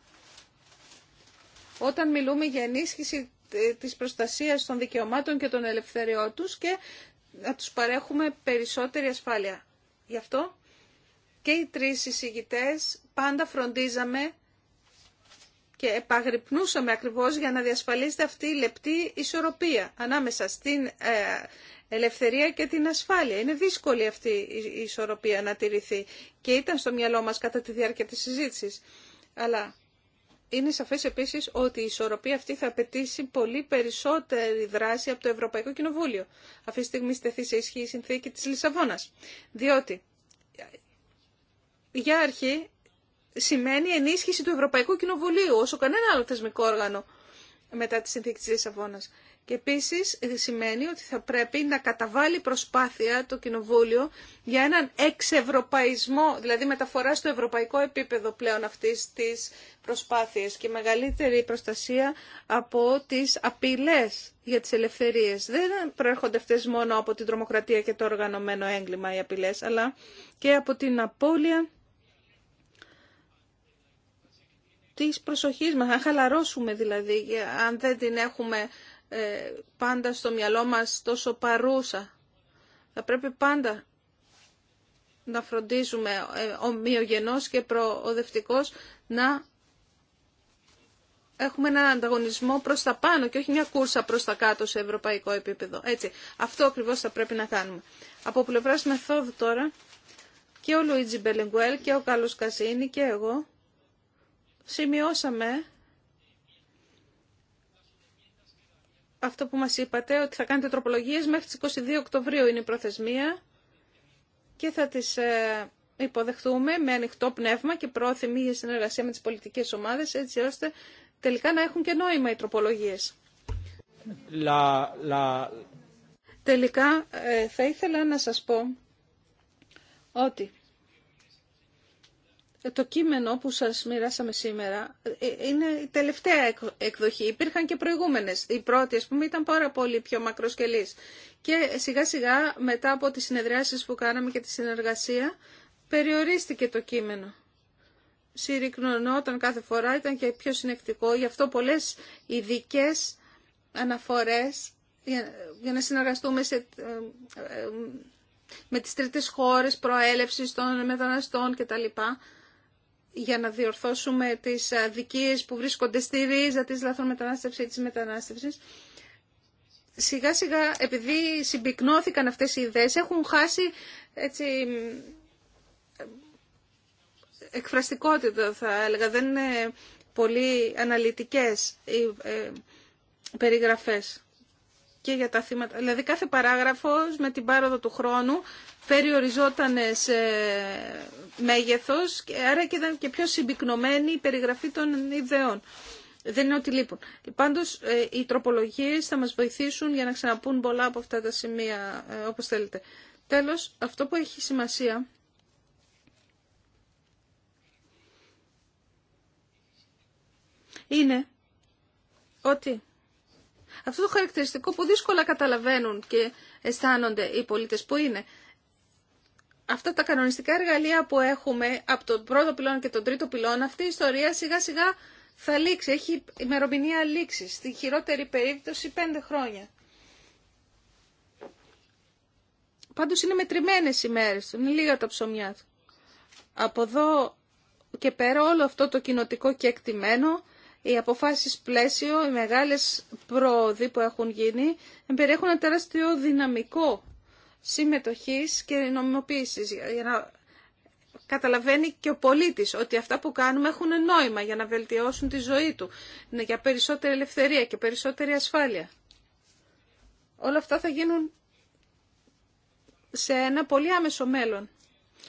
Όταν μιλούμε για ενίσχυση της προστασίας των δικαιωμάτων και των ελευθεριών τους και να τους παρέχουμε περισσότερη ασφάλεια. Γι' αυτό και οι τρεις εισηγητές πάντα φροντίζαμε και επαγρυπνούσαμε ακριβώς για να διασφαλίσετε αυτή η λεπτή ισορροπία ανάμεσα στην ε, ελευθερία και την ασφάλεια. Είναι δύσκολη αυτή η ισορροπία να τηρηθεί και ήταν στο μυαλό μας κατά τη διάρκεια της συζήτησης. Αλλά είναι σαφές επίσης ότι η ισορροπία αυτή θα απαιτήσει πολύ περισσότερη δράση από το Ευρωπαϊκό Κοινοβούλιο. Αυτή τη στιγμή στεθεί σε ισχύ η συνθήκη της Λισαβόνας. Διότι, για αρχή, σημαίνει ενίσχυση του Ευρωπαϊκού Κοινοβουλίου, όσο κανένα άλλο θεσμικό όργανο μετά τη συνθήκη της Λισαβόνας. Και επίση ε, σημαίνει ότι θα πρέπει να καταβάλει προσπάθεια το Κοινοβούλιο για έναν εξευρωπαϊσμό, δηλαδή μεταφορά στο ευρωπαϊκό επίπεδο πλέον αυτής της προσπάθειας και μεγαλύτερη προστασία από τις απειλές για τις ελευθερίες. Δεν προέρχονται αυτέ μόνο από την τρομοκρατία και το οργανωμένο έγκλημα οι απειλέ, αλλά και από την απώλεια της προσοχής μας, αν χαλαρώσουμε δηλαδή, αν δεν την έχουμε ε, πάντα στο μυαλό μας τόσο παρούσα. Θα πρέπει πάντα να φροντίζουμε ε, ομοιογενός και προοδευτικός να έχουμε έναν ανταγωνισμό προς τα πάνω και όχι μια κούρσα προς τα κάτω σε ευρωπαϊκό επίπεδο. Έτσι, αυτό ακριβώς θα πρέπει να κάνουμε. Από πλευράς μεθόδου τώρα και ο Λουίτζι Μπελεγκουέλ και ο Κάλλος Κασίνη και εγώ σημειώσαμε αυτό που μας είπατε, ότι θα κάνετε τροπολογίες μέχρι τις 22 Οκτωβρίου είναι η προθεσμία και θα τις ε, υποδεχθούμε με ανοιχτό πνεύμα και πρόθυμη για συνεργασία με τις πολιτικές ομάδες, έτσι ώστε τελικά να έχουν και νόημα οι τροπολογίες. La, la... Τελικά ε, θα ήθελα να σας πω ότι το κείμενο που σας μοιράσαμε σήμερα ε, είναι η τελευταία εκδοχή. Υπήρχαν και προηγούμενες. Η πρώτη, ας πούμε, ήταν πάρα πολύ πιο μακροσκελής. Και σιγά σιγά μετά από τις συνεδριάσεις που κάναμε και τη συνεργασία, περιορίστηκε το κείμενο. Συρρυκνωνόταν κάθε φορά, ήταν και πιο συνεκτικό. Γι' αυτό πολλές ειδικέ αναφορές για να συνεργαστούμε σε ε, ε, με τις τρίτες χώρες προέλευσης των μεταναστών κτλ για να διορθώσουμε τις αδικίες που βρίσκονται στη ρίζα της λαθρομετανάστευσης ή της μετανάστευσης. Σιγά σιγά, επειδή συμπυκνώθηκαν αυτές οι ιδέες, έχουν χάσει έτσι, εκφραστικότητα θα έλεγα. Δεν είναι πολύ αναλυτικές οι ε, περιγραφές και για τα θύματα. Δηλαδή κάθε παράγραφος με την πάροδο του χρόνου περιοριζόταν σε μέγεθος, άρα και ήταν και πιο συμπυκνωμένη η περιγραφή των ιδεών. Δεν είναι ότι λείπουν. Πάντως ε, οι τροπολογίες θα μας βοηθήσουν για να ξαναπούν πολλά από αυτά τα σημεία ε, όπως θέλετε. Τέλος, αυτό που έχει σημασία είναι ότι αυτό το χαρακτηριστικό που δύσκολα καταλαβαίνουν και αισθάνονται οι πολίτες που είναι αυτά τα κανονιστικά εργαλεία που έχουμε από τον πρώτο πυλώνα και τον τρίτο πυλώνα, αυτή η ιστορία σιγά σιγά θα λήξει. Έχει ημερομηνία λήξη. Στη χειρότερη περίπτωση πέντε χρόνια. Πάντω είναι μετρημένες οι μέρε του. Είναι λίγα τα ψωμιά του. Από εδώ και πέρα όλο αυτό το κοινοτικό εκτιμένο οι αποφάσεις πλαίσιο, οι μεγάλες πρόοδοι που έχουν γίνει, περιέχουν ένα τεράστιο δυναμικό συμμετοχής και νομιμοποίησης για να καταλαβαίνει και ο πολίτης ότι αυτά που κάνουμε έχουν νόημα για να βελτιώσουν τη ζωή του, ναι, για περισσότερη ελευθερία και περισσότερη ασφάλεια. Όλα αυτά θα γίνουν σε ένα πολύ άμεσο μέλλον.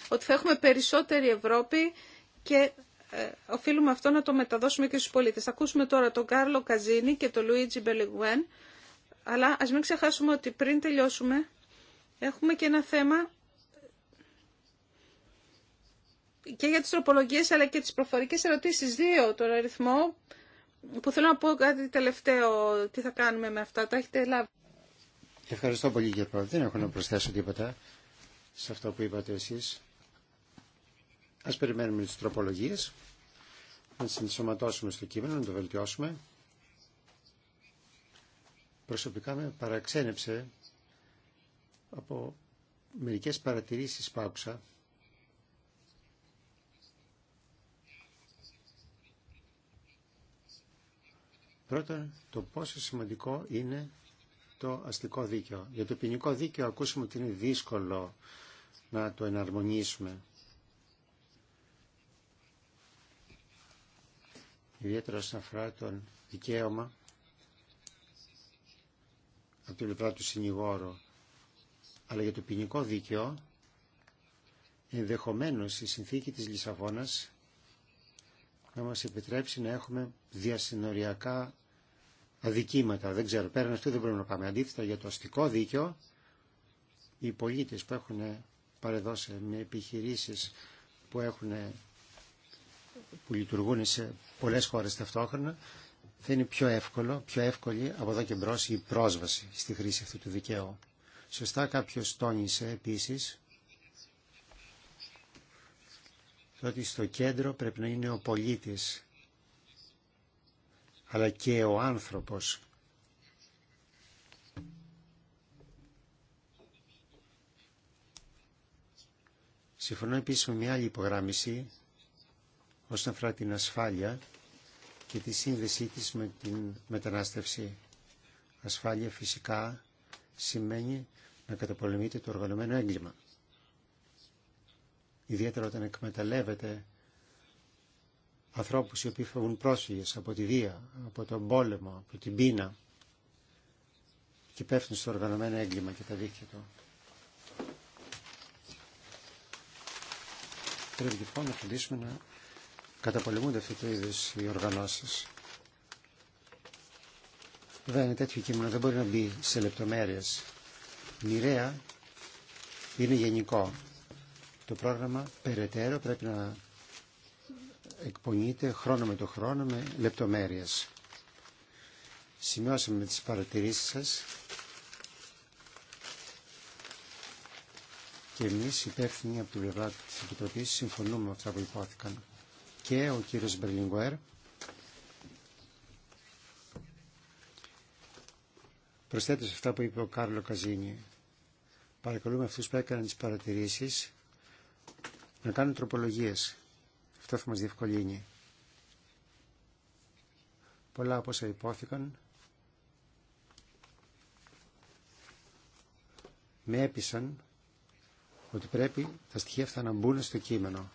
Ότι θα έχουμε περισσότερη Ευρώπη και ε, οφείλουμε αυτό να το μεταδώσουμε και στους πολίτες. Θα ακούσουμε τώρα τον Κάρλο Καζίνη και τον Λουίτζι Μπελιγουέν, αλλά ας μην ξεχάσουμε ότι πριν τελειώσουμε έχουμε και ένα θέμα και για τις τροπολογίες αλλά και τις προφορικές ερωτήσεις. Δύο τον αριθμό που θέλω να πω κάτι τελευταίο τι θα κάνουμε με αυτά. Τα έχετε Ευχαριστώ πολύ κύριε Πρόεδρε. Δεν έχω να προσθέσω τίποτα σε αυτό που είπατε εσείς. Ας περιμένουμε τις τροπολογίες, να τις ενσωματώσουμε στο κείμενο, να το βελτιώσουμε. Προσωπικά με παραξένεψε από μερικές παρατηρήσεις που άκουσα. Πρώτα, το πόσο σημαντικό είναι το αστικό δίκαιο. Για το ποινικό δίκαιο ακούσαμε ότι είναι δύσκολο να το εναρμονίσουμε. ιδιαίτερα όσον αφορά τον δικαίωμα από την πλευρά του συνηγόρου, αλλά για το ποινικό δίκαιο, ενδεχομένως η συνθήκη της Λισαβόνας να μας επιτρέψει να έχουμε διασυνοριακά αδικήματα. Δεν ξέρω, πέραν αυτού δεν μπορούμε να πάμε. Αντίθετα για το αστικό δίκαιο, οι πολίτες που έχουν παρεδώσει με επιχειρήσεις που έχουν που λειτουργούν σε πολλές χώρες ταυτόχρονα θα είναι πιο εύκολο, πιο εύκολη από εδώ και μπρο η πρόσβαση στη χρήση αυτού του δικαίου. Σωστά κάποιος τόνισε επίσης ότι στο κέντρο πρέπει να είναι ο πολίτης αλλά και ο άνθρωπος. Συμφωνώ επίσης με μια άλλη υπογράμμιση όσον αφορά την ασφάλεια και τη σύνδεσή της με την μετανάστευση. Ασφάλεια φυσικά σημαίνει να καταπολεμείται το οργανωμένο έγκλημα. Ιδιαίτερα όταν εκμεταλλεύεται ανθρώπους οι οποίοι φεύγουν πρόσφυγες από τη βία, από τον πόλεμο, από την πείνα και πέφτουν στο οργανωμένο έγκλημα και τα δίχτυα του. Πρέπει λοιπόν να καταπολεμούνται αυτού του είδους οι οργανώσεις. Βέβαια είναι τέτοιο κείμενο, δεν μπορεί να μπει σε λεπτομέρειες. Μοιραία είναι γενικό. Το πρόγραμμα περαιτέρω πρέπει να εκπονείται χρόνο με το χρόνο με λεπτομέρειες. Σημειώσαμε τις παρατηρήσεις σας και εμείς υπεύθυνοι από την πλευρά της Επιτροπής συμφωνούμε με αυτά που υπόθηκαν και ο κύριος Μπερλιγκουέρ προσθέτω σε αυτά που είπε ο Κάρλο Καζίνη. Παρακαλούμε αυτούς που έκαναν τις παρατηρήσεις να κάνουν τροπολογίες. Αυτό θα μας διευκολύνει. Πολλά από όσα υπόθηκαν με έπεισαν ότι πρέπει τα στοιχεία αυτά να μπουν στο κείμενο.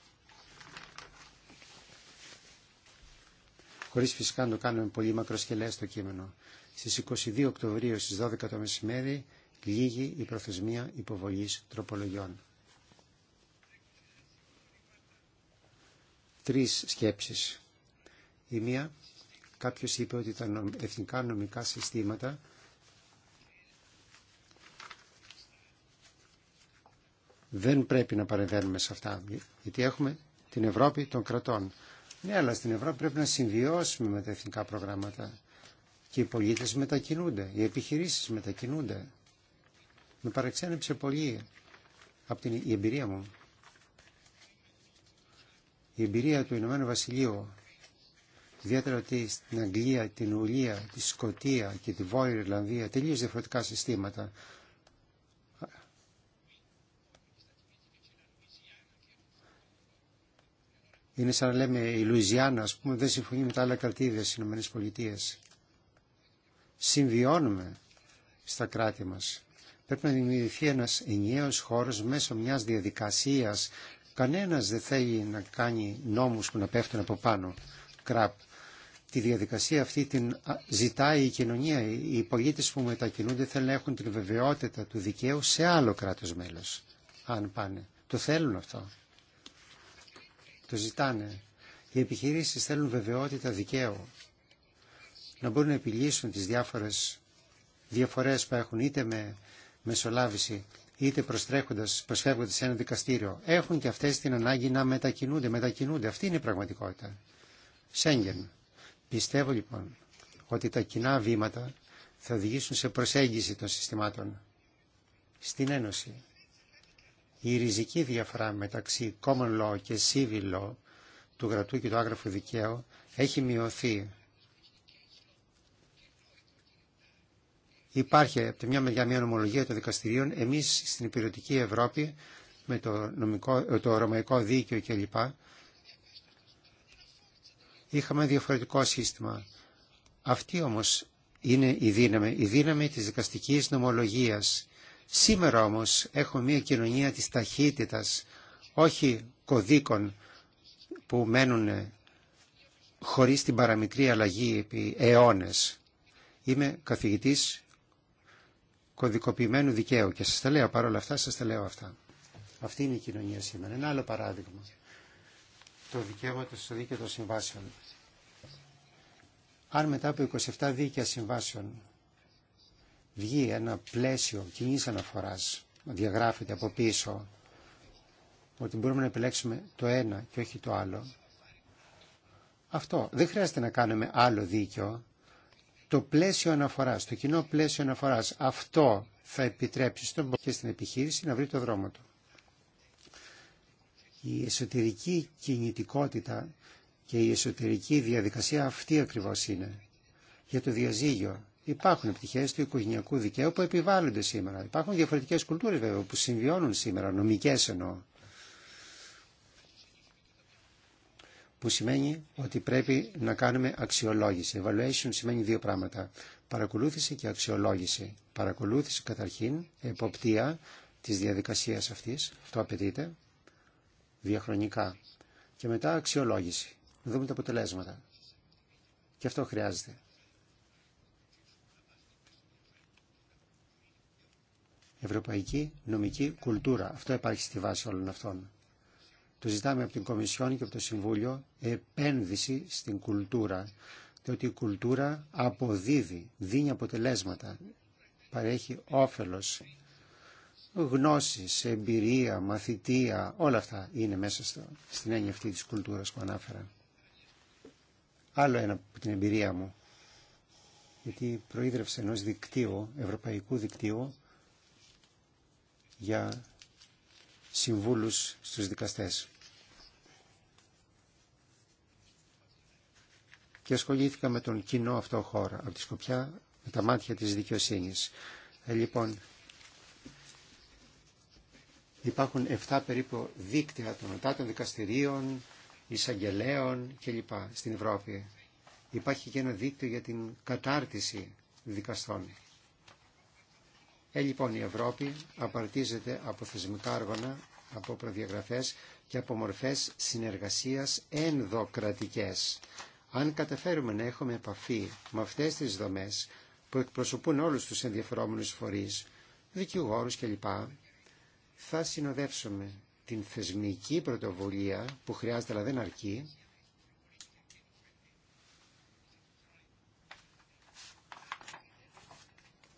χωρίς φυσικά να το κάνουμε πολύ μακροσκελές το κείμενο. Στις 22 Οκτωβρίου στις 12 το μεσημέρι λύγει η προθεσμία υποβολής τροπολογιών. Τρεις σκέψεις. Η μία, κάποιος είπε ότι τα εθνικά νομικά συστήματα δεν πρέπει να παρεμβαίνουμε σε αυτά, γιατί έχουμε την Ευρώπη των κρατών. Ναι, αλλά στην Ευρώπη πρέπει να συμβιώσουμε με τα εθνικά προγράμματα. Και οι πολίτες μετακινούνται, οι επιχειρήσεις μετακινούνται. Με παραξένεψε πολύ από την η εμπειρία μου. Η εμπειρία του Ηνωμένου Βασιλείου, ιδιαίτερα ότι στην Αγγλία, την Ουλία, τη Σκοτία και τη Βόρεια Ιρλανδία, τελείως διαφορετικά συστήματα. Είναι σαν να λέμε η Λουιζιάννα, ας πούμε, δεν συμφωνεί με τα άλλα κρατήδια στι ΗΠΑ. Πολιτείες. Συμβιώνουμε στα κράτη μας. Πρέπει να δημιουργηθεί ένας ενιαίος χώρος μέσω μιας διαδικασίας. Κανένας δεν θέλει να κάνει νόμους που να πέφτουν από πάνω. Κραπ. Τη διαδικασία αυτή την ζητάει η κοινωνία. Οι πολίτε που μετακινούνται θέλουν να έχουν την βεβαιότητα του δικαίου σε άλλο κράτος μέλος. Αν πάνε. Το θέλουν αυτό. Το ζητάνε. Οι επιχειρήσεις θέλουν βεβαιότητα δικαίου. Να μπορούν να επιλύσουν τις διάφορες διαφορές που έχουν είτε με μεσολάβηση είτε προστρέχοντας, προσφεύγοντας σε ένα δικαστήριο. Έχουν και αυτές την ανάγκη να μετακινούνται, μετακινούνται. Αυτή είναι η πραγματικότητα. Σέγγεν. Πιστεύω λοιπόν ότι τα κοινά βήματα θα οδηγήσουν σε προσέγγιση των συστημάτων στην Ένωση η ριζική διαφορά μεταξύ common law και civil law του κρατού και του άγραφου δικαίου έχει μειωθεί. Υπάρχει από τη μια μεριά μια νομολογία των δικαστηρίων. Εμείς στην υπηρετική Ευρώπη με το, νομικό, το ρωμαϊκό δίκαιο κλπ. Είχαμε διαφορετικό σύστημα. Αυτή όμως είναι η δύναμη, η δύναμη της δικαστικής νομολογία. Σήμερα όμως έχω μια κοινωνία της ταχύτητας, όχι κωδίκων που μένουν χωρίς την παραμικρή αλλαγή επί αιώνες. Είμαι καθηγητής κωδικοποιημένου δικαίου και σας τα λέω παρόλα αυτά, σας τα λέω αυτά. Αυτή είναι η κοινωνία σήμερα. Ένα άλλο παράδειγμα. Το δικαίωμα του στο δίκαιο των συμβάσεων. Αν μετά από 27 δίκαια συμβάσεων βγει ένα πλαίσιο κοινή αναφοράς, διαγράφεται από πίσω, ότι μπορούμε να επιλέξουμε το ένα και όχι το άλλο. Αυτό. Δεν χρειάζεται να κάνουμε άλλο δίκιο. Το πλαίσιο αναφοράς, το κοινό πλαίσιο αναφοράς, αυτό θα επιτρέψει στον και στην επιχείρηση να βρει το δρόμο του. Η εσωτερική κινητικότητα και η εσωτερική διαδικασία αυτή ακριβώς είναι. Για το διαζύγιο Υπάρχουν πτυχέ του οικογενειακού δικαίου που επιβάλλονται σήμερα. Υπάρχουν διαφορετικέ κουλτούρε βέβαια που συμβιώνουν σήμερα, νομικέ εννοώ. Που σημαίνει ότι πρέπει να κάνουμε αξιολόγηση. Evaluation σημαίνει δύο πράγματα. Παρακολούθηση και αξιολόγηση. Παρακολούθηση καταρχήν, εποπτεία τη διαδικασία αυτή. αυτό απαιτείται, διαχρονικά. Και μετά αξιολόγηση, να δούμε τα αποτελέσματα. Και αυτό χρειάζεται. Ευρωπαϊκή νομική κουλτούρα. Αυτό υπάρχει στη βάση όλων αυτών. Το ζητάμε από την Κομισιόν και από το Συμβούλιο επένδυση στην κουλτούρα, διότι η κουλτούρα αποδίδει, δίνει αποτελέσματα, παρέχει όφελος, γνώσεις, εμπειρία, μαθητεία, όλα αυτά είναι μέσα στο, στην έννοια αυτή της κουλτούρας που ανάφερα. Άλλο ένα από την εμπειρία μου, γιατί προείδρευσε ενός δικτύου, ευρωπαϊκού δικτύου, για συμβούλους στους δικαστές. Και ασχολήθηκα με τον κοινό αυτό χώρο, από τη σκοπιά, με τα μάτια της δικαιοσύνης. Ε, λοιπόν, υπάρχουν 7 περίπου δίκτυα των οτάτων δικαστηρίων, εισαγγελέων κλπ. στην Ευρώπη. Υπάρχει και ένα δίκτυο για την κατάρτιση δικαστών. Ε, λοιπόν, η Ευρώπη απαρτίζεται από θεσμικά άργωνα από προδιαγραφές και από μορφές συνεργασίας ενδοκρατικές. Αν καταφέρουμε να έχουμε επαφή με αυτές τις δομές που εκπροσωπούν όλους τους ενδιαφερόμενους φορείς, δικηγόρους κλπ, θα συνοδεύσουμε την θεσμική πρωτοβουλία που χρειάζεται αλλά δεν αρκεί,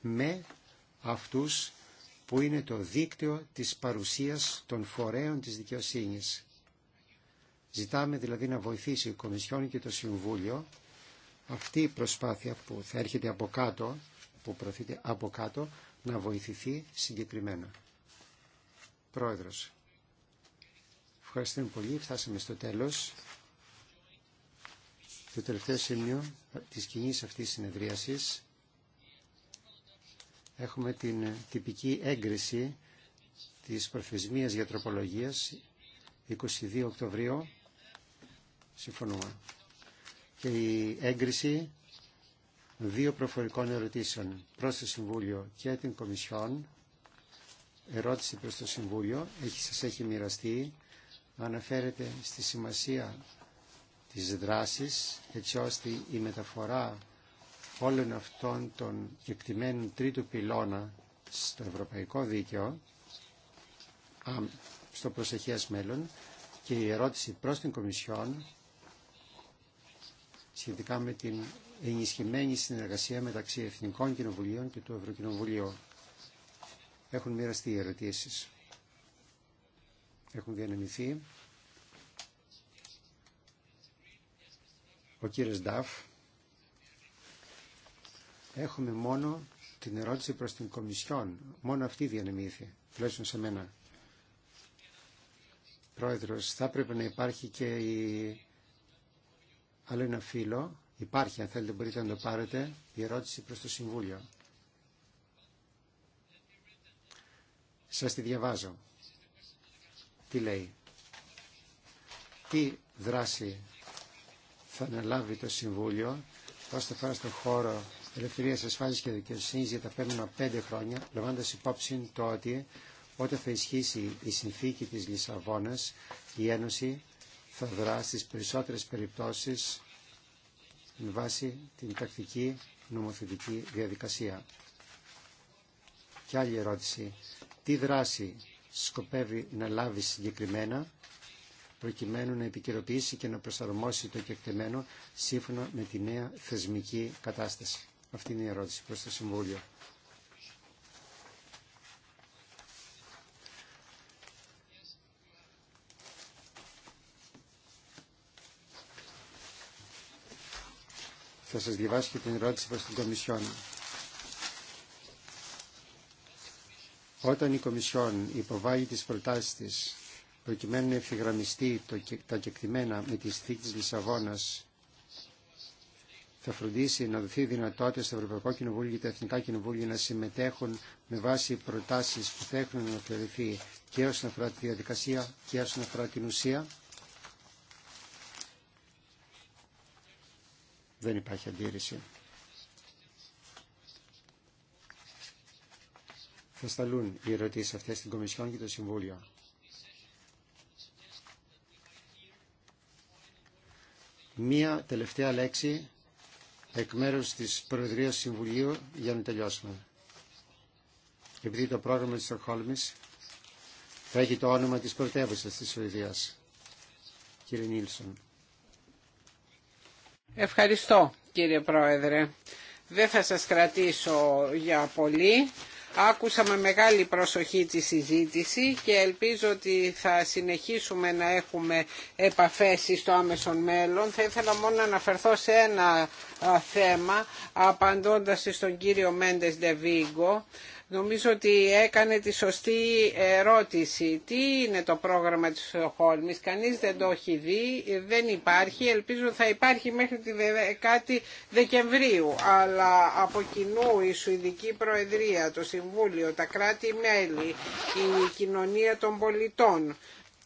με αυτούς που είναι το δίκτυο της παρουσίας των φορέων της δικαιοσύνης. Ζητάμε δηλαδή να βοηθήσει η Κομισιόν και το Συμβούλιο αυτή η προσπάθεια που θα έρχεται από κάτω, που προωθείται από κάτω, να βοηθηθεί συγκεκριμένα. Πρόεδρος, ευχαριστούμε πολύ. Φτάσαμε στο τέλος. Το τελευταίο σημείο της κοινή αυτής συνεδρίασης έχουμε την τυπική έγκριση της προθεσμίας για τροπολογίας 22 Οκτωβρίου συμφωνούμε και η έγκριση δύο προφορικών ερωτήσεων προς το Συμβούλιο και την Κομισιόν ερώτηση προς το Συμβούλιο έχει, σας έχει μοιραστεί αναφέρεται στη σημασία της δράσης έτσι ώστε η μεταφορά όλων αυτών των κεκτημένων τρίτου πυλώνα στο ευρωπαϊκό δίκαιο στο προσεχές μέλλον και η ερώτηση προς την Κομισιόν σχετικά με την ενισχυμένη συνεργασία μεταξύ Εθνικών Κοινοβουλίων και του Ευρωκοινοβουλίου. Έχουν μοιραστεί οι ερωτήσεις. Έχουν διανεμηθεί. Ο κύριος Νταφ Έχουμε μόνο την ερώτηση προς την Κομισιόν. Μόνο αυτή διανεμήθη, τουλάχιστον σε μένα. Πρόεδρος, θα πρέπει να υπάρχει και η... άλλο ένα φύλλο. Υπάρχει, αν θέλετε μπορείτε να το πάρετε, η ερώτηση προς το Συμβούλιο. Σας τη διαβάζω. Τι λέει. Τι δράση θα αναλάβει το Συμβούλιο θα φορά στο χώρο ελευθερία ασφάλεια και δικαιοσύνη για τα επόμενα πέντε χρόνια, λαμβάνοντα υπόψη το ότι όταν θα ισχύσει η συνθήκη τη Λισαβόνας, η Ένωση θα δράσει στι περισσότερες περιπτώσεις με βάση την τακτική νομοθετική διαδικασία. Και άλλη ερώτηση. Τι δράση σκοπεύει να λάβει συγκεκριμένα προκειμένου να επικαιροποιήσει και να προσαρμόσει το κεκτημένο σύμφωνα με τη νέα θεσμική κατάσταση. Αυτή είναι η ερώτηση προς το Συμβούλιο. Θα σας διαβάσω και την ερώτηση προς την Κομισιόν. Όταν η Κομισιόν υποβάλλει τις προτάσεις της προκειμένου να ευθυγραμμιστεί τα κεκτημένα με τη συνθήκη της Λισαβόνας θα φροντίσει να δοθεί δυνατότητα στο Ευρωπαϊκό Κοινοβούλιο και τα Εθνικά Κοινοβούλια να συμμετέχουν με βάση προτάσεις που θα έχουν αναθεωρηθεί και όσον αφορά τη διαδικασία και όσον αφορά την ουσία. Δεν υπάρχει αντίρρηση. Θα σταλούν οι ερωτήσει αυτές στην Κομισιόν και το Συμβούλιο. Μία τελευταία λέξη εκ μέρους της Προεδρίας Συμβουλίου για να τελειώσουμε. Επειδή το πρόγραμμα της Στοχόλμη θα έχει το όνομα της πρωτεύουσα της Σουηδίας. Κύριε Νίλσον. Ευχαριστώ κύριε Πρόεδρε. Δεν θα σας κρατήσω για πολύ. Άκουσα με μεγάλη προσοχή τη συζήτηση και ελπίζω ότι θα συνεχίσουμε να έχουμε επαφές στο άμεσον μέλλον. Θα ήθελα μόνο να αναφερθώ σε ένα θέμα απαντώντας στον κύριο Μέντες Ντεβίγκο Νομίζω ότι έκανε τη σωστή ερώτηση. Τι είναι το πρόγραμμα της Στοχόλμης. Κανείς δεν το έχει δει, δεν υπάρχει. Ελπίζω θα υπάρχει μέχρι τη 10η Δεκεμβρίου. Αλλά από κοινού Σουηδική Προεδρία, το Συμβούλιο, τα κράτη-μέλη, η κοινωνία των πολιτών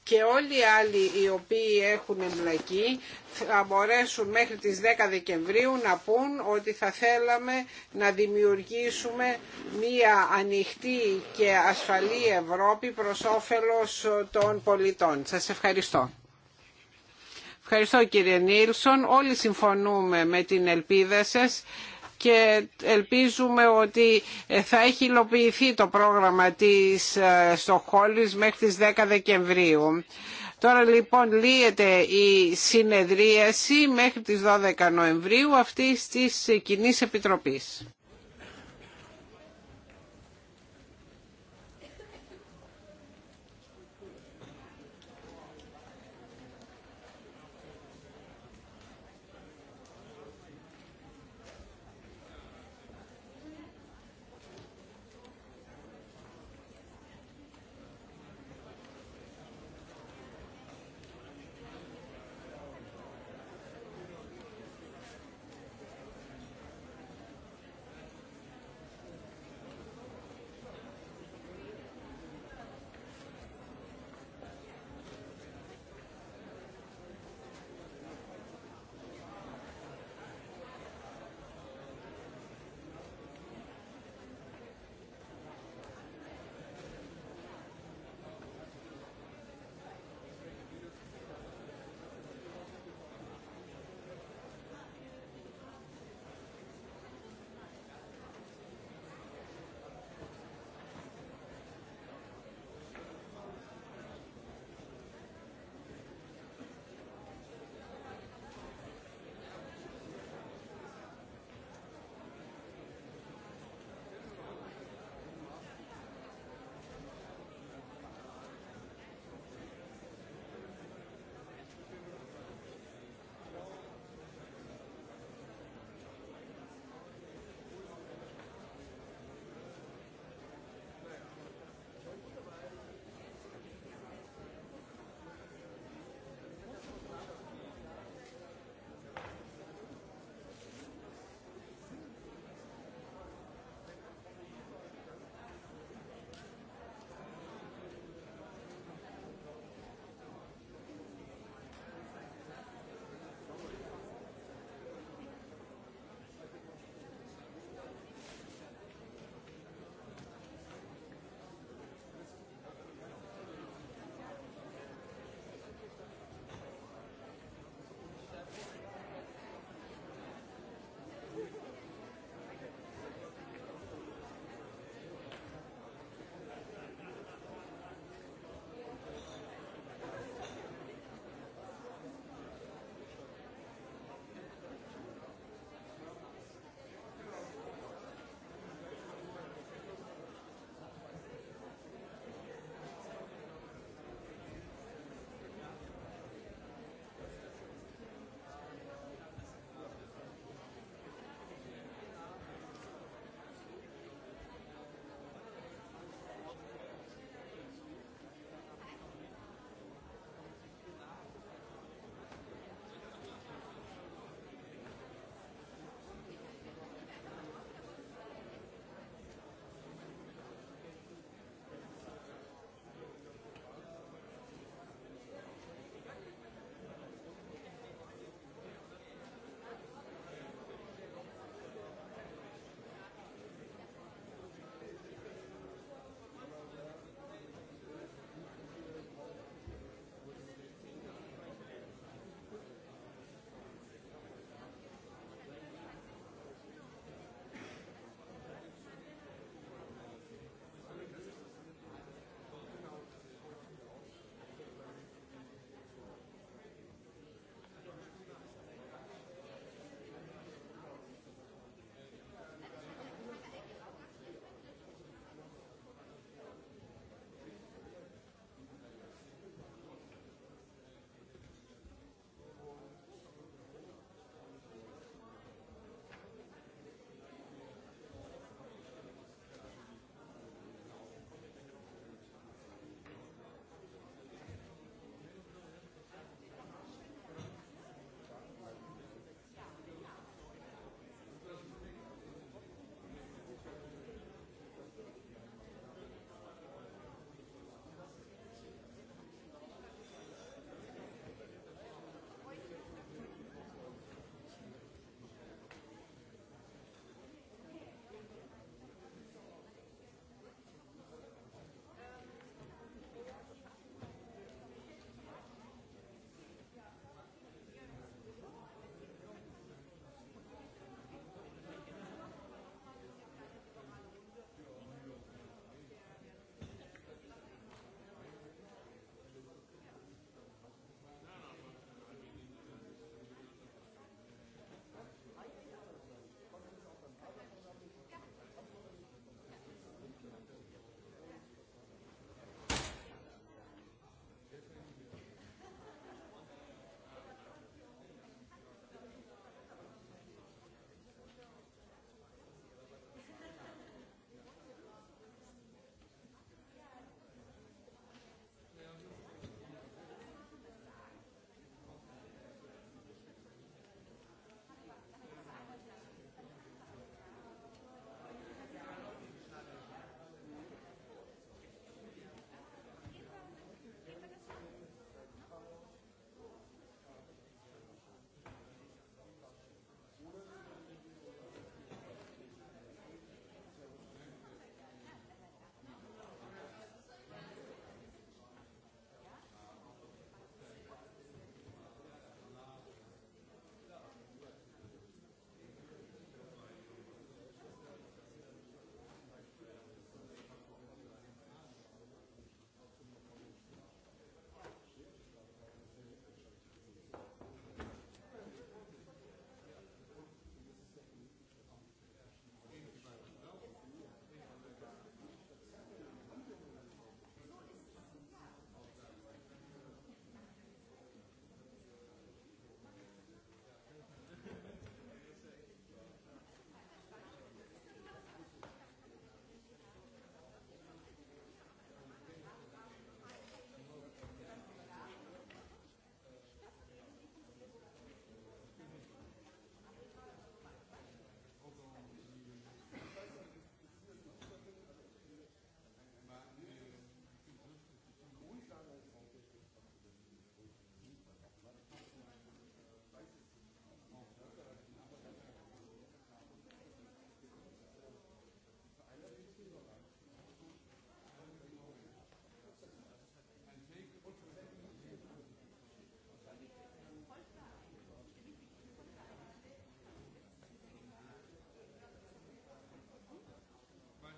και όλοι οι άλλοι οι οποίοι έχουν εμπλακεί θα μπορέσουν μέχρι τις 10 Δεκεμβρίου να πούν ότι θα θέλαμε να δημιουργήσουμε μία ανοιχτή και ασφαλή Ευρώπη προς όφελος των πολιτών. Σας ευχαριστώ. Ευχαριστώ κύριε Νίλσον. Όλοι συμφωνούμε με την ελπίδα σας και ελπίζουμε ότι θα έχει υλοποιηθεί το πρόγραμμα της ε, Στοχόλης μέχρι τις 10 Δεκεμβρίου. Τώρα λοιπόν λύεται η συνεδρίαση μέχρι τις 12 Νοεμβρίου αυτής της κοινή Επιτροπής.